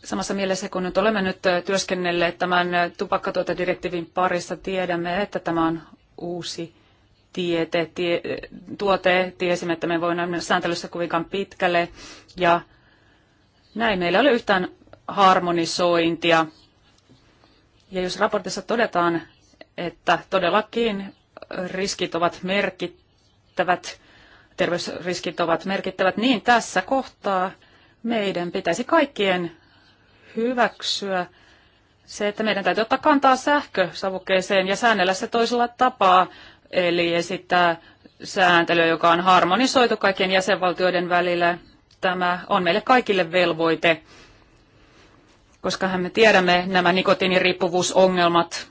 samassa mielessä kun nyt olemme nyt työskennelleet tämän tupakkatuotedirektiivin parissa, tiedämme, että tämä on uusi tiete, tie, tuote. Tiesimme, että me voimme mennä sääntelyssä kuinkaan pitkälle ja näin meillä ei ole yhtään harmonisointia. Ja jos raportissa todetaan, että todellakin riskit ovat merkittävät, terveysriskit ovat merkittävät, niin tässä kohtaa – meidän pitäisi kaikkien hyväksyä se, että meidän täytyy ottaa kantaa sähkösavukkeeseen ja säännellä se toisella tapaa, eli esittää sääntelyä, joka on harmonisoitu kaikkien jäsenvaltioiden välillä. Tämä on meille kaikille velvoite, koska me tiedämme nämä nikotiiniriippuvuusongelmat,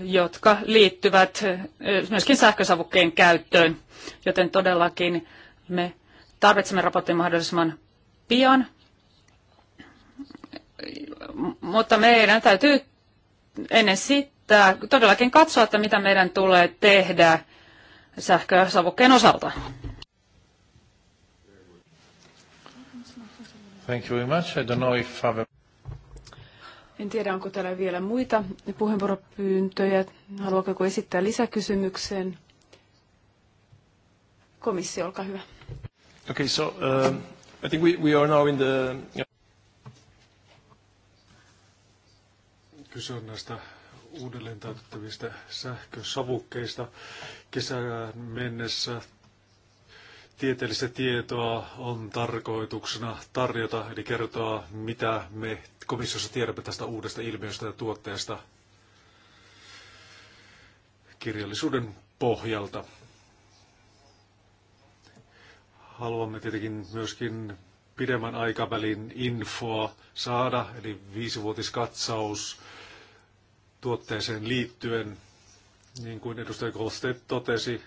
jotka liittyvät eh, myöskin sähkösavukkeen käyttöön, joten todellakin me tarvitsemme raportin mahdollisimman pian. Mutta meidän täytyy ennen sitä todellakin katsoa, että mitä meidän tulee tehdä sähkösavukkeen osalta. Thank you very much. I don't know if I've... En tiedä, onko täällä vielä muita puheenvuoropyyntöjä. Haluaako esittää lisäkysymyksen? Komissio, olkaa hyvä. Okay, so, uh... I think we, are now in the... Kyse on näistä uudelleen täytettävistä sähkösavukkeista. Kesään mennessä tieteellistä tietoa on tarkoituksena tarjota, eli kertoa, mitä me komissiossa tiedämme tästä uudesta ilmiöstä ja tuotteesta kirjallisuuden pohjalta haluamme tietenkin myöskin pidemmän aikavälin infoa saada, eli viisivuotiskatsaus tuotteeseen liittyen. Niin kuin edustaja Kolstedt totesi,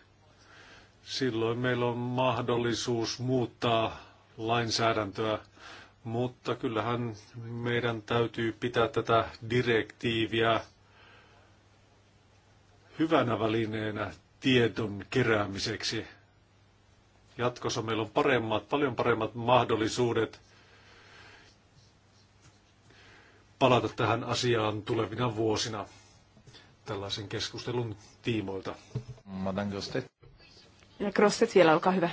silloin meillä on mahdollisuus muuttaa lainsäädäntöä, mutta kyllähän meidän täytyy pitää tätä direktiiviä hyvänä välineenä tiedon keräämiseksi Jatkossa meillä on paremmat, paljon paremmat mahdollisuudet palata tähän asiaan tulevina vuosina tällaisen keskustelun tiimoilta. Madame Grostet. Grostet vielä, olkaa hyvä.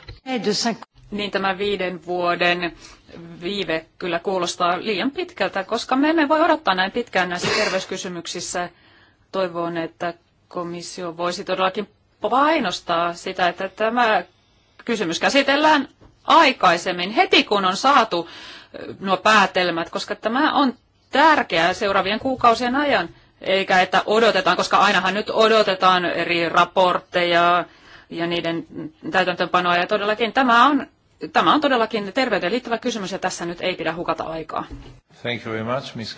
Niin tämä viiden vuoden viive kyllä kuulostaa liian pitkältä, koska me emme voi odottaa näin pitkään näissä terveyskysymyksissä. Toivon, että komissio voisi todellakin painostaa sitä, että tämä kysymys käsitellään aikaisemmin, heti kun on saatu nuo päätelmät, koska tämä on tärkeää seuraavien kuukausien ajan, eikä että odotetaan, koska ainahan nyt odotetaan eri raportteja ja niiden täytäntöönpanoa, ja todellakin tämä on, tämä on todellakin terveyteen liittyvä kysymys, ja tässä nyt ei pidä hukata aikaa. Thank you very much, Miss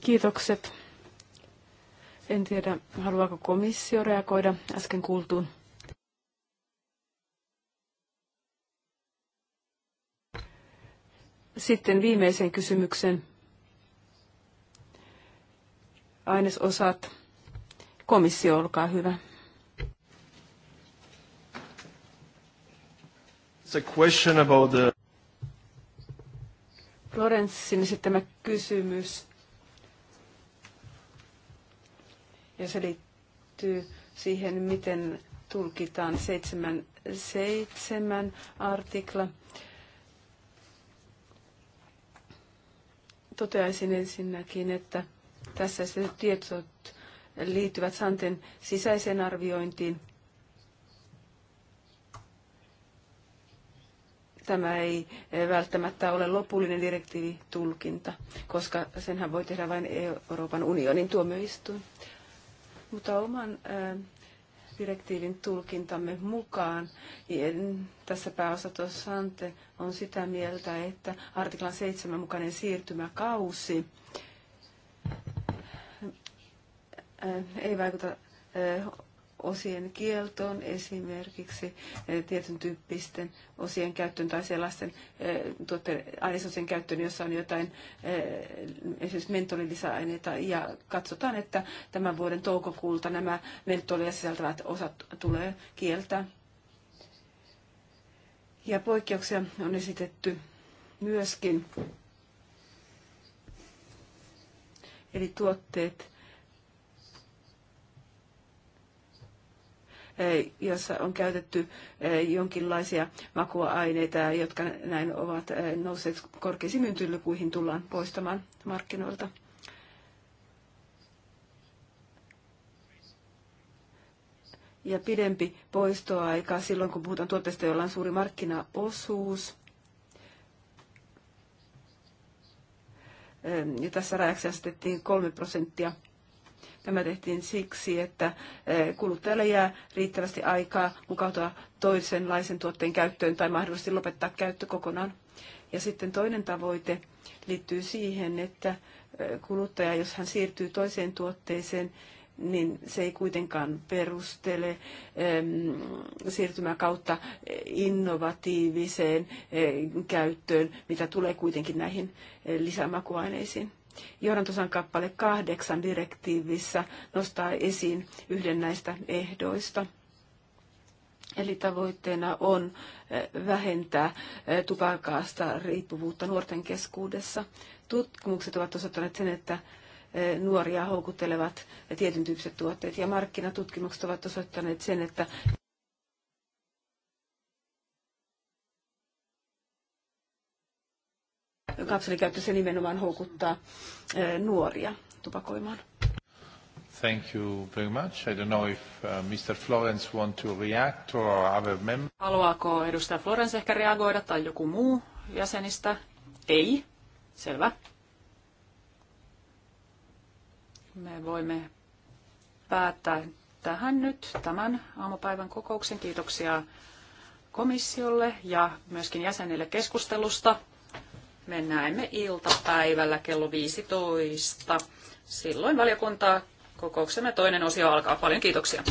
Kiitokset. En tiedä, haluaako komissio reagoida äsken kuultuun. Sitten viimeisen kysymyksen. Ainesosat. Komissio, olkaa hyvä. It's a question about the... Florenssin esittämä kysymys. Ja se liittyy siihen, miten tulkitaan 7.7 artikla. Toteaisin ensinnäkin, että tässä tietot liittyvät Santen sisäiseen arviointiin. Tämä ei välttämättä ole lopullinen direktiivitulkinta, koska senhän voi tehdä vain Euroopan unionin tuomioistuin. Mutta oman direktiivin tulkintamme mukaan. Tässä pääosato Ante on sitä mieltä, että artiklan 7 mukainen siirtymäkausi ei vaikuta osien kieltoon esimerkiksi eh, tietyn tyyppisten osien käyttöön tai sellaisten eh, ainesosien käyttöön, jossa on jotain eh, esimerkiksi mentolilisäaineita ja katsotaan, että tämän vuoden toukokuulta nämä mentolia sisältävät osat tulee kieltää. Ja poikkeuksia on esitetty myöskin. Eli tuotteet, Eh, jossa on käytetty eh, jonkinlaisia makuaineita, jotka näin ovat eh, nousseet korkeisiin myyntilukuihin, tullaan poistamaan markkinoilta. Ja pidempi poistoaika silloin, kun puhutaan tuotteista, joilla on suuri markkinaosuus. Ja tässä rajaksi asetettiin 3 prosenttia Tämä tehtiin siksi, että eh, kuluttajalle jää riittävästi aikaa mukautua toisenlaisen tuotteen käyttöön tai mahdollisesti lopettaa käyttö kokonaan. Ja sitten toinen tavoite liittyy siihen, että eh, kuluttaja, jos hän siirtyy toiseen tuotteeseen, niin se ei kuitenkaan perustele siirtymää kautta eh, innovatiiviseen käyttöön, mitä tulee kuitenkin näihin lisämakuaineisiin. Johdantosan kappale kahdeksan direktiivissä nostaa esiin yhden näistä ehdoista. Eli tavoitteena on eh, vähentää eh, tupakaasta riippuvuutta nuorten keskuudessa. Tutkimukset ovat osoittaneet sen, että eh, nuoria houkuttelevat tietyn tyyppiset tuotteet ja markkinatutkimukset ovat osoittaneet sen, että kapselikäyttö nimenomaan houkuttaa eh, nuoria tupakoimaan. Thank you very much. I don't know if uh, Mr. Florence want to react or other members. Haluaako edustaja Florence ehkä reagoida tai joku muu jäsenistä? Ei. Selvä. Me voimme päättää tähän nyt tämän aamupäivän kokouksen. Kiitoksia komissiolle ja myöskin jäsenille keskustelusta me näemme iltapäivällä kello 15. Silloin valiokuntaa kokouksemme toinen osio alkaa. Paljon kiitoksia.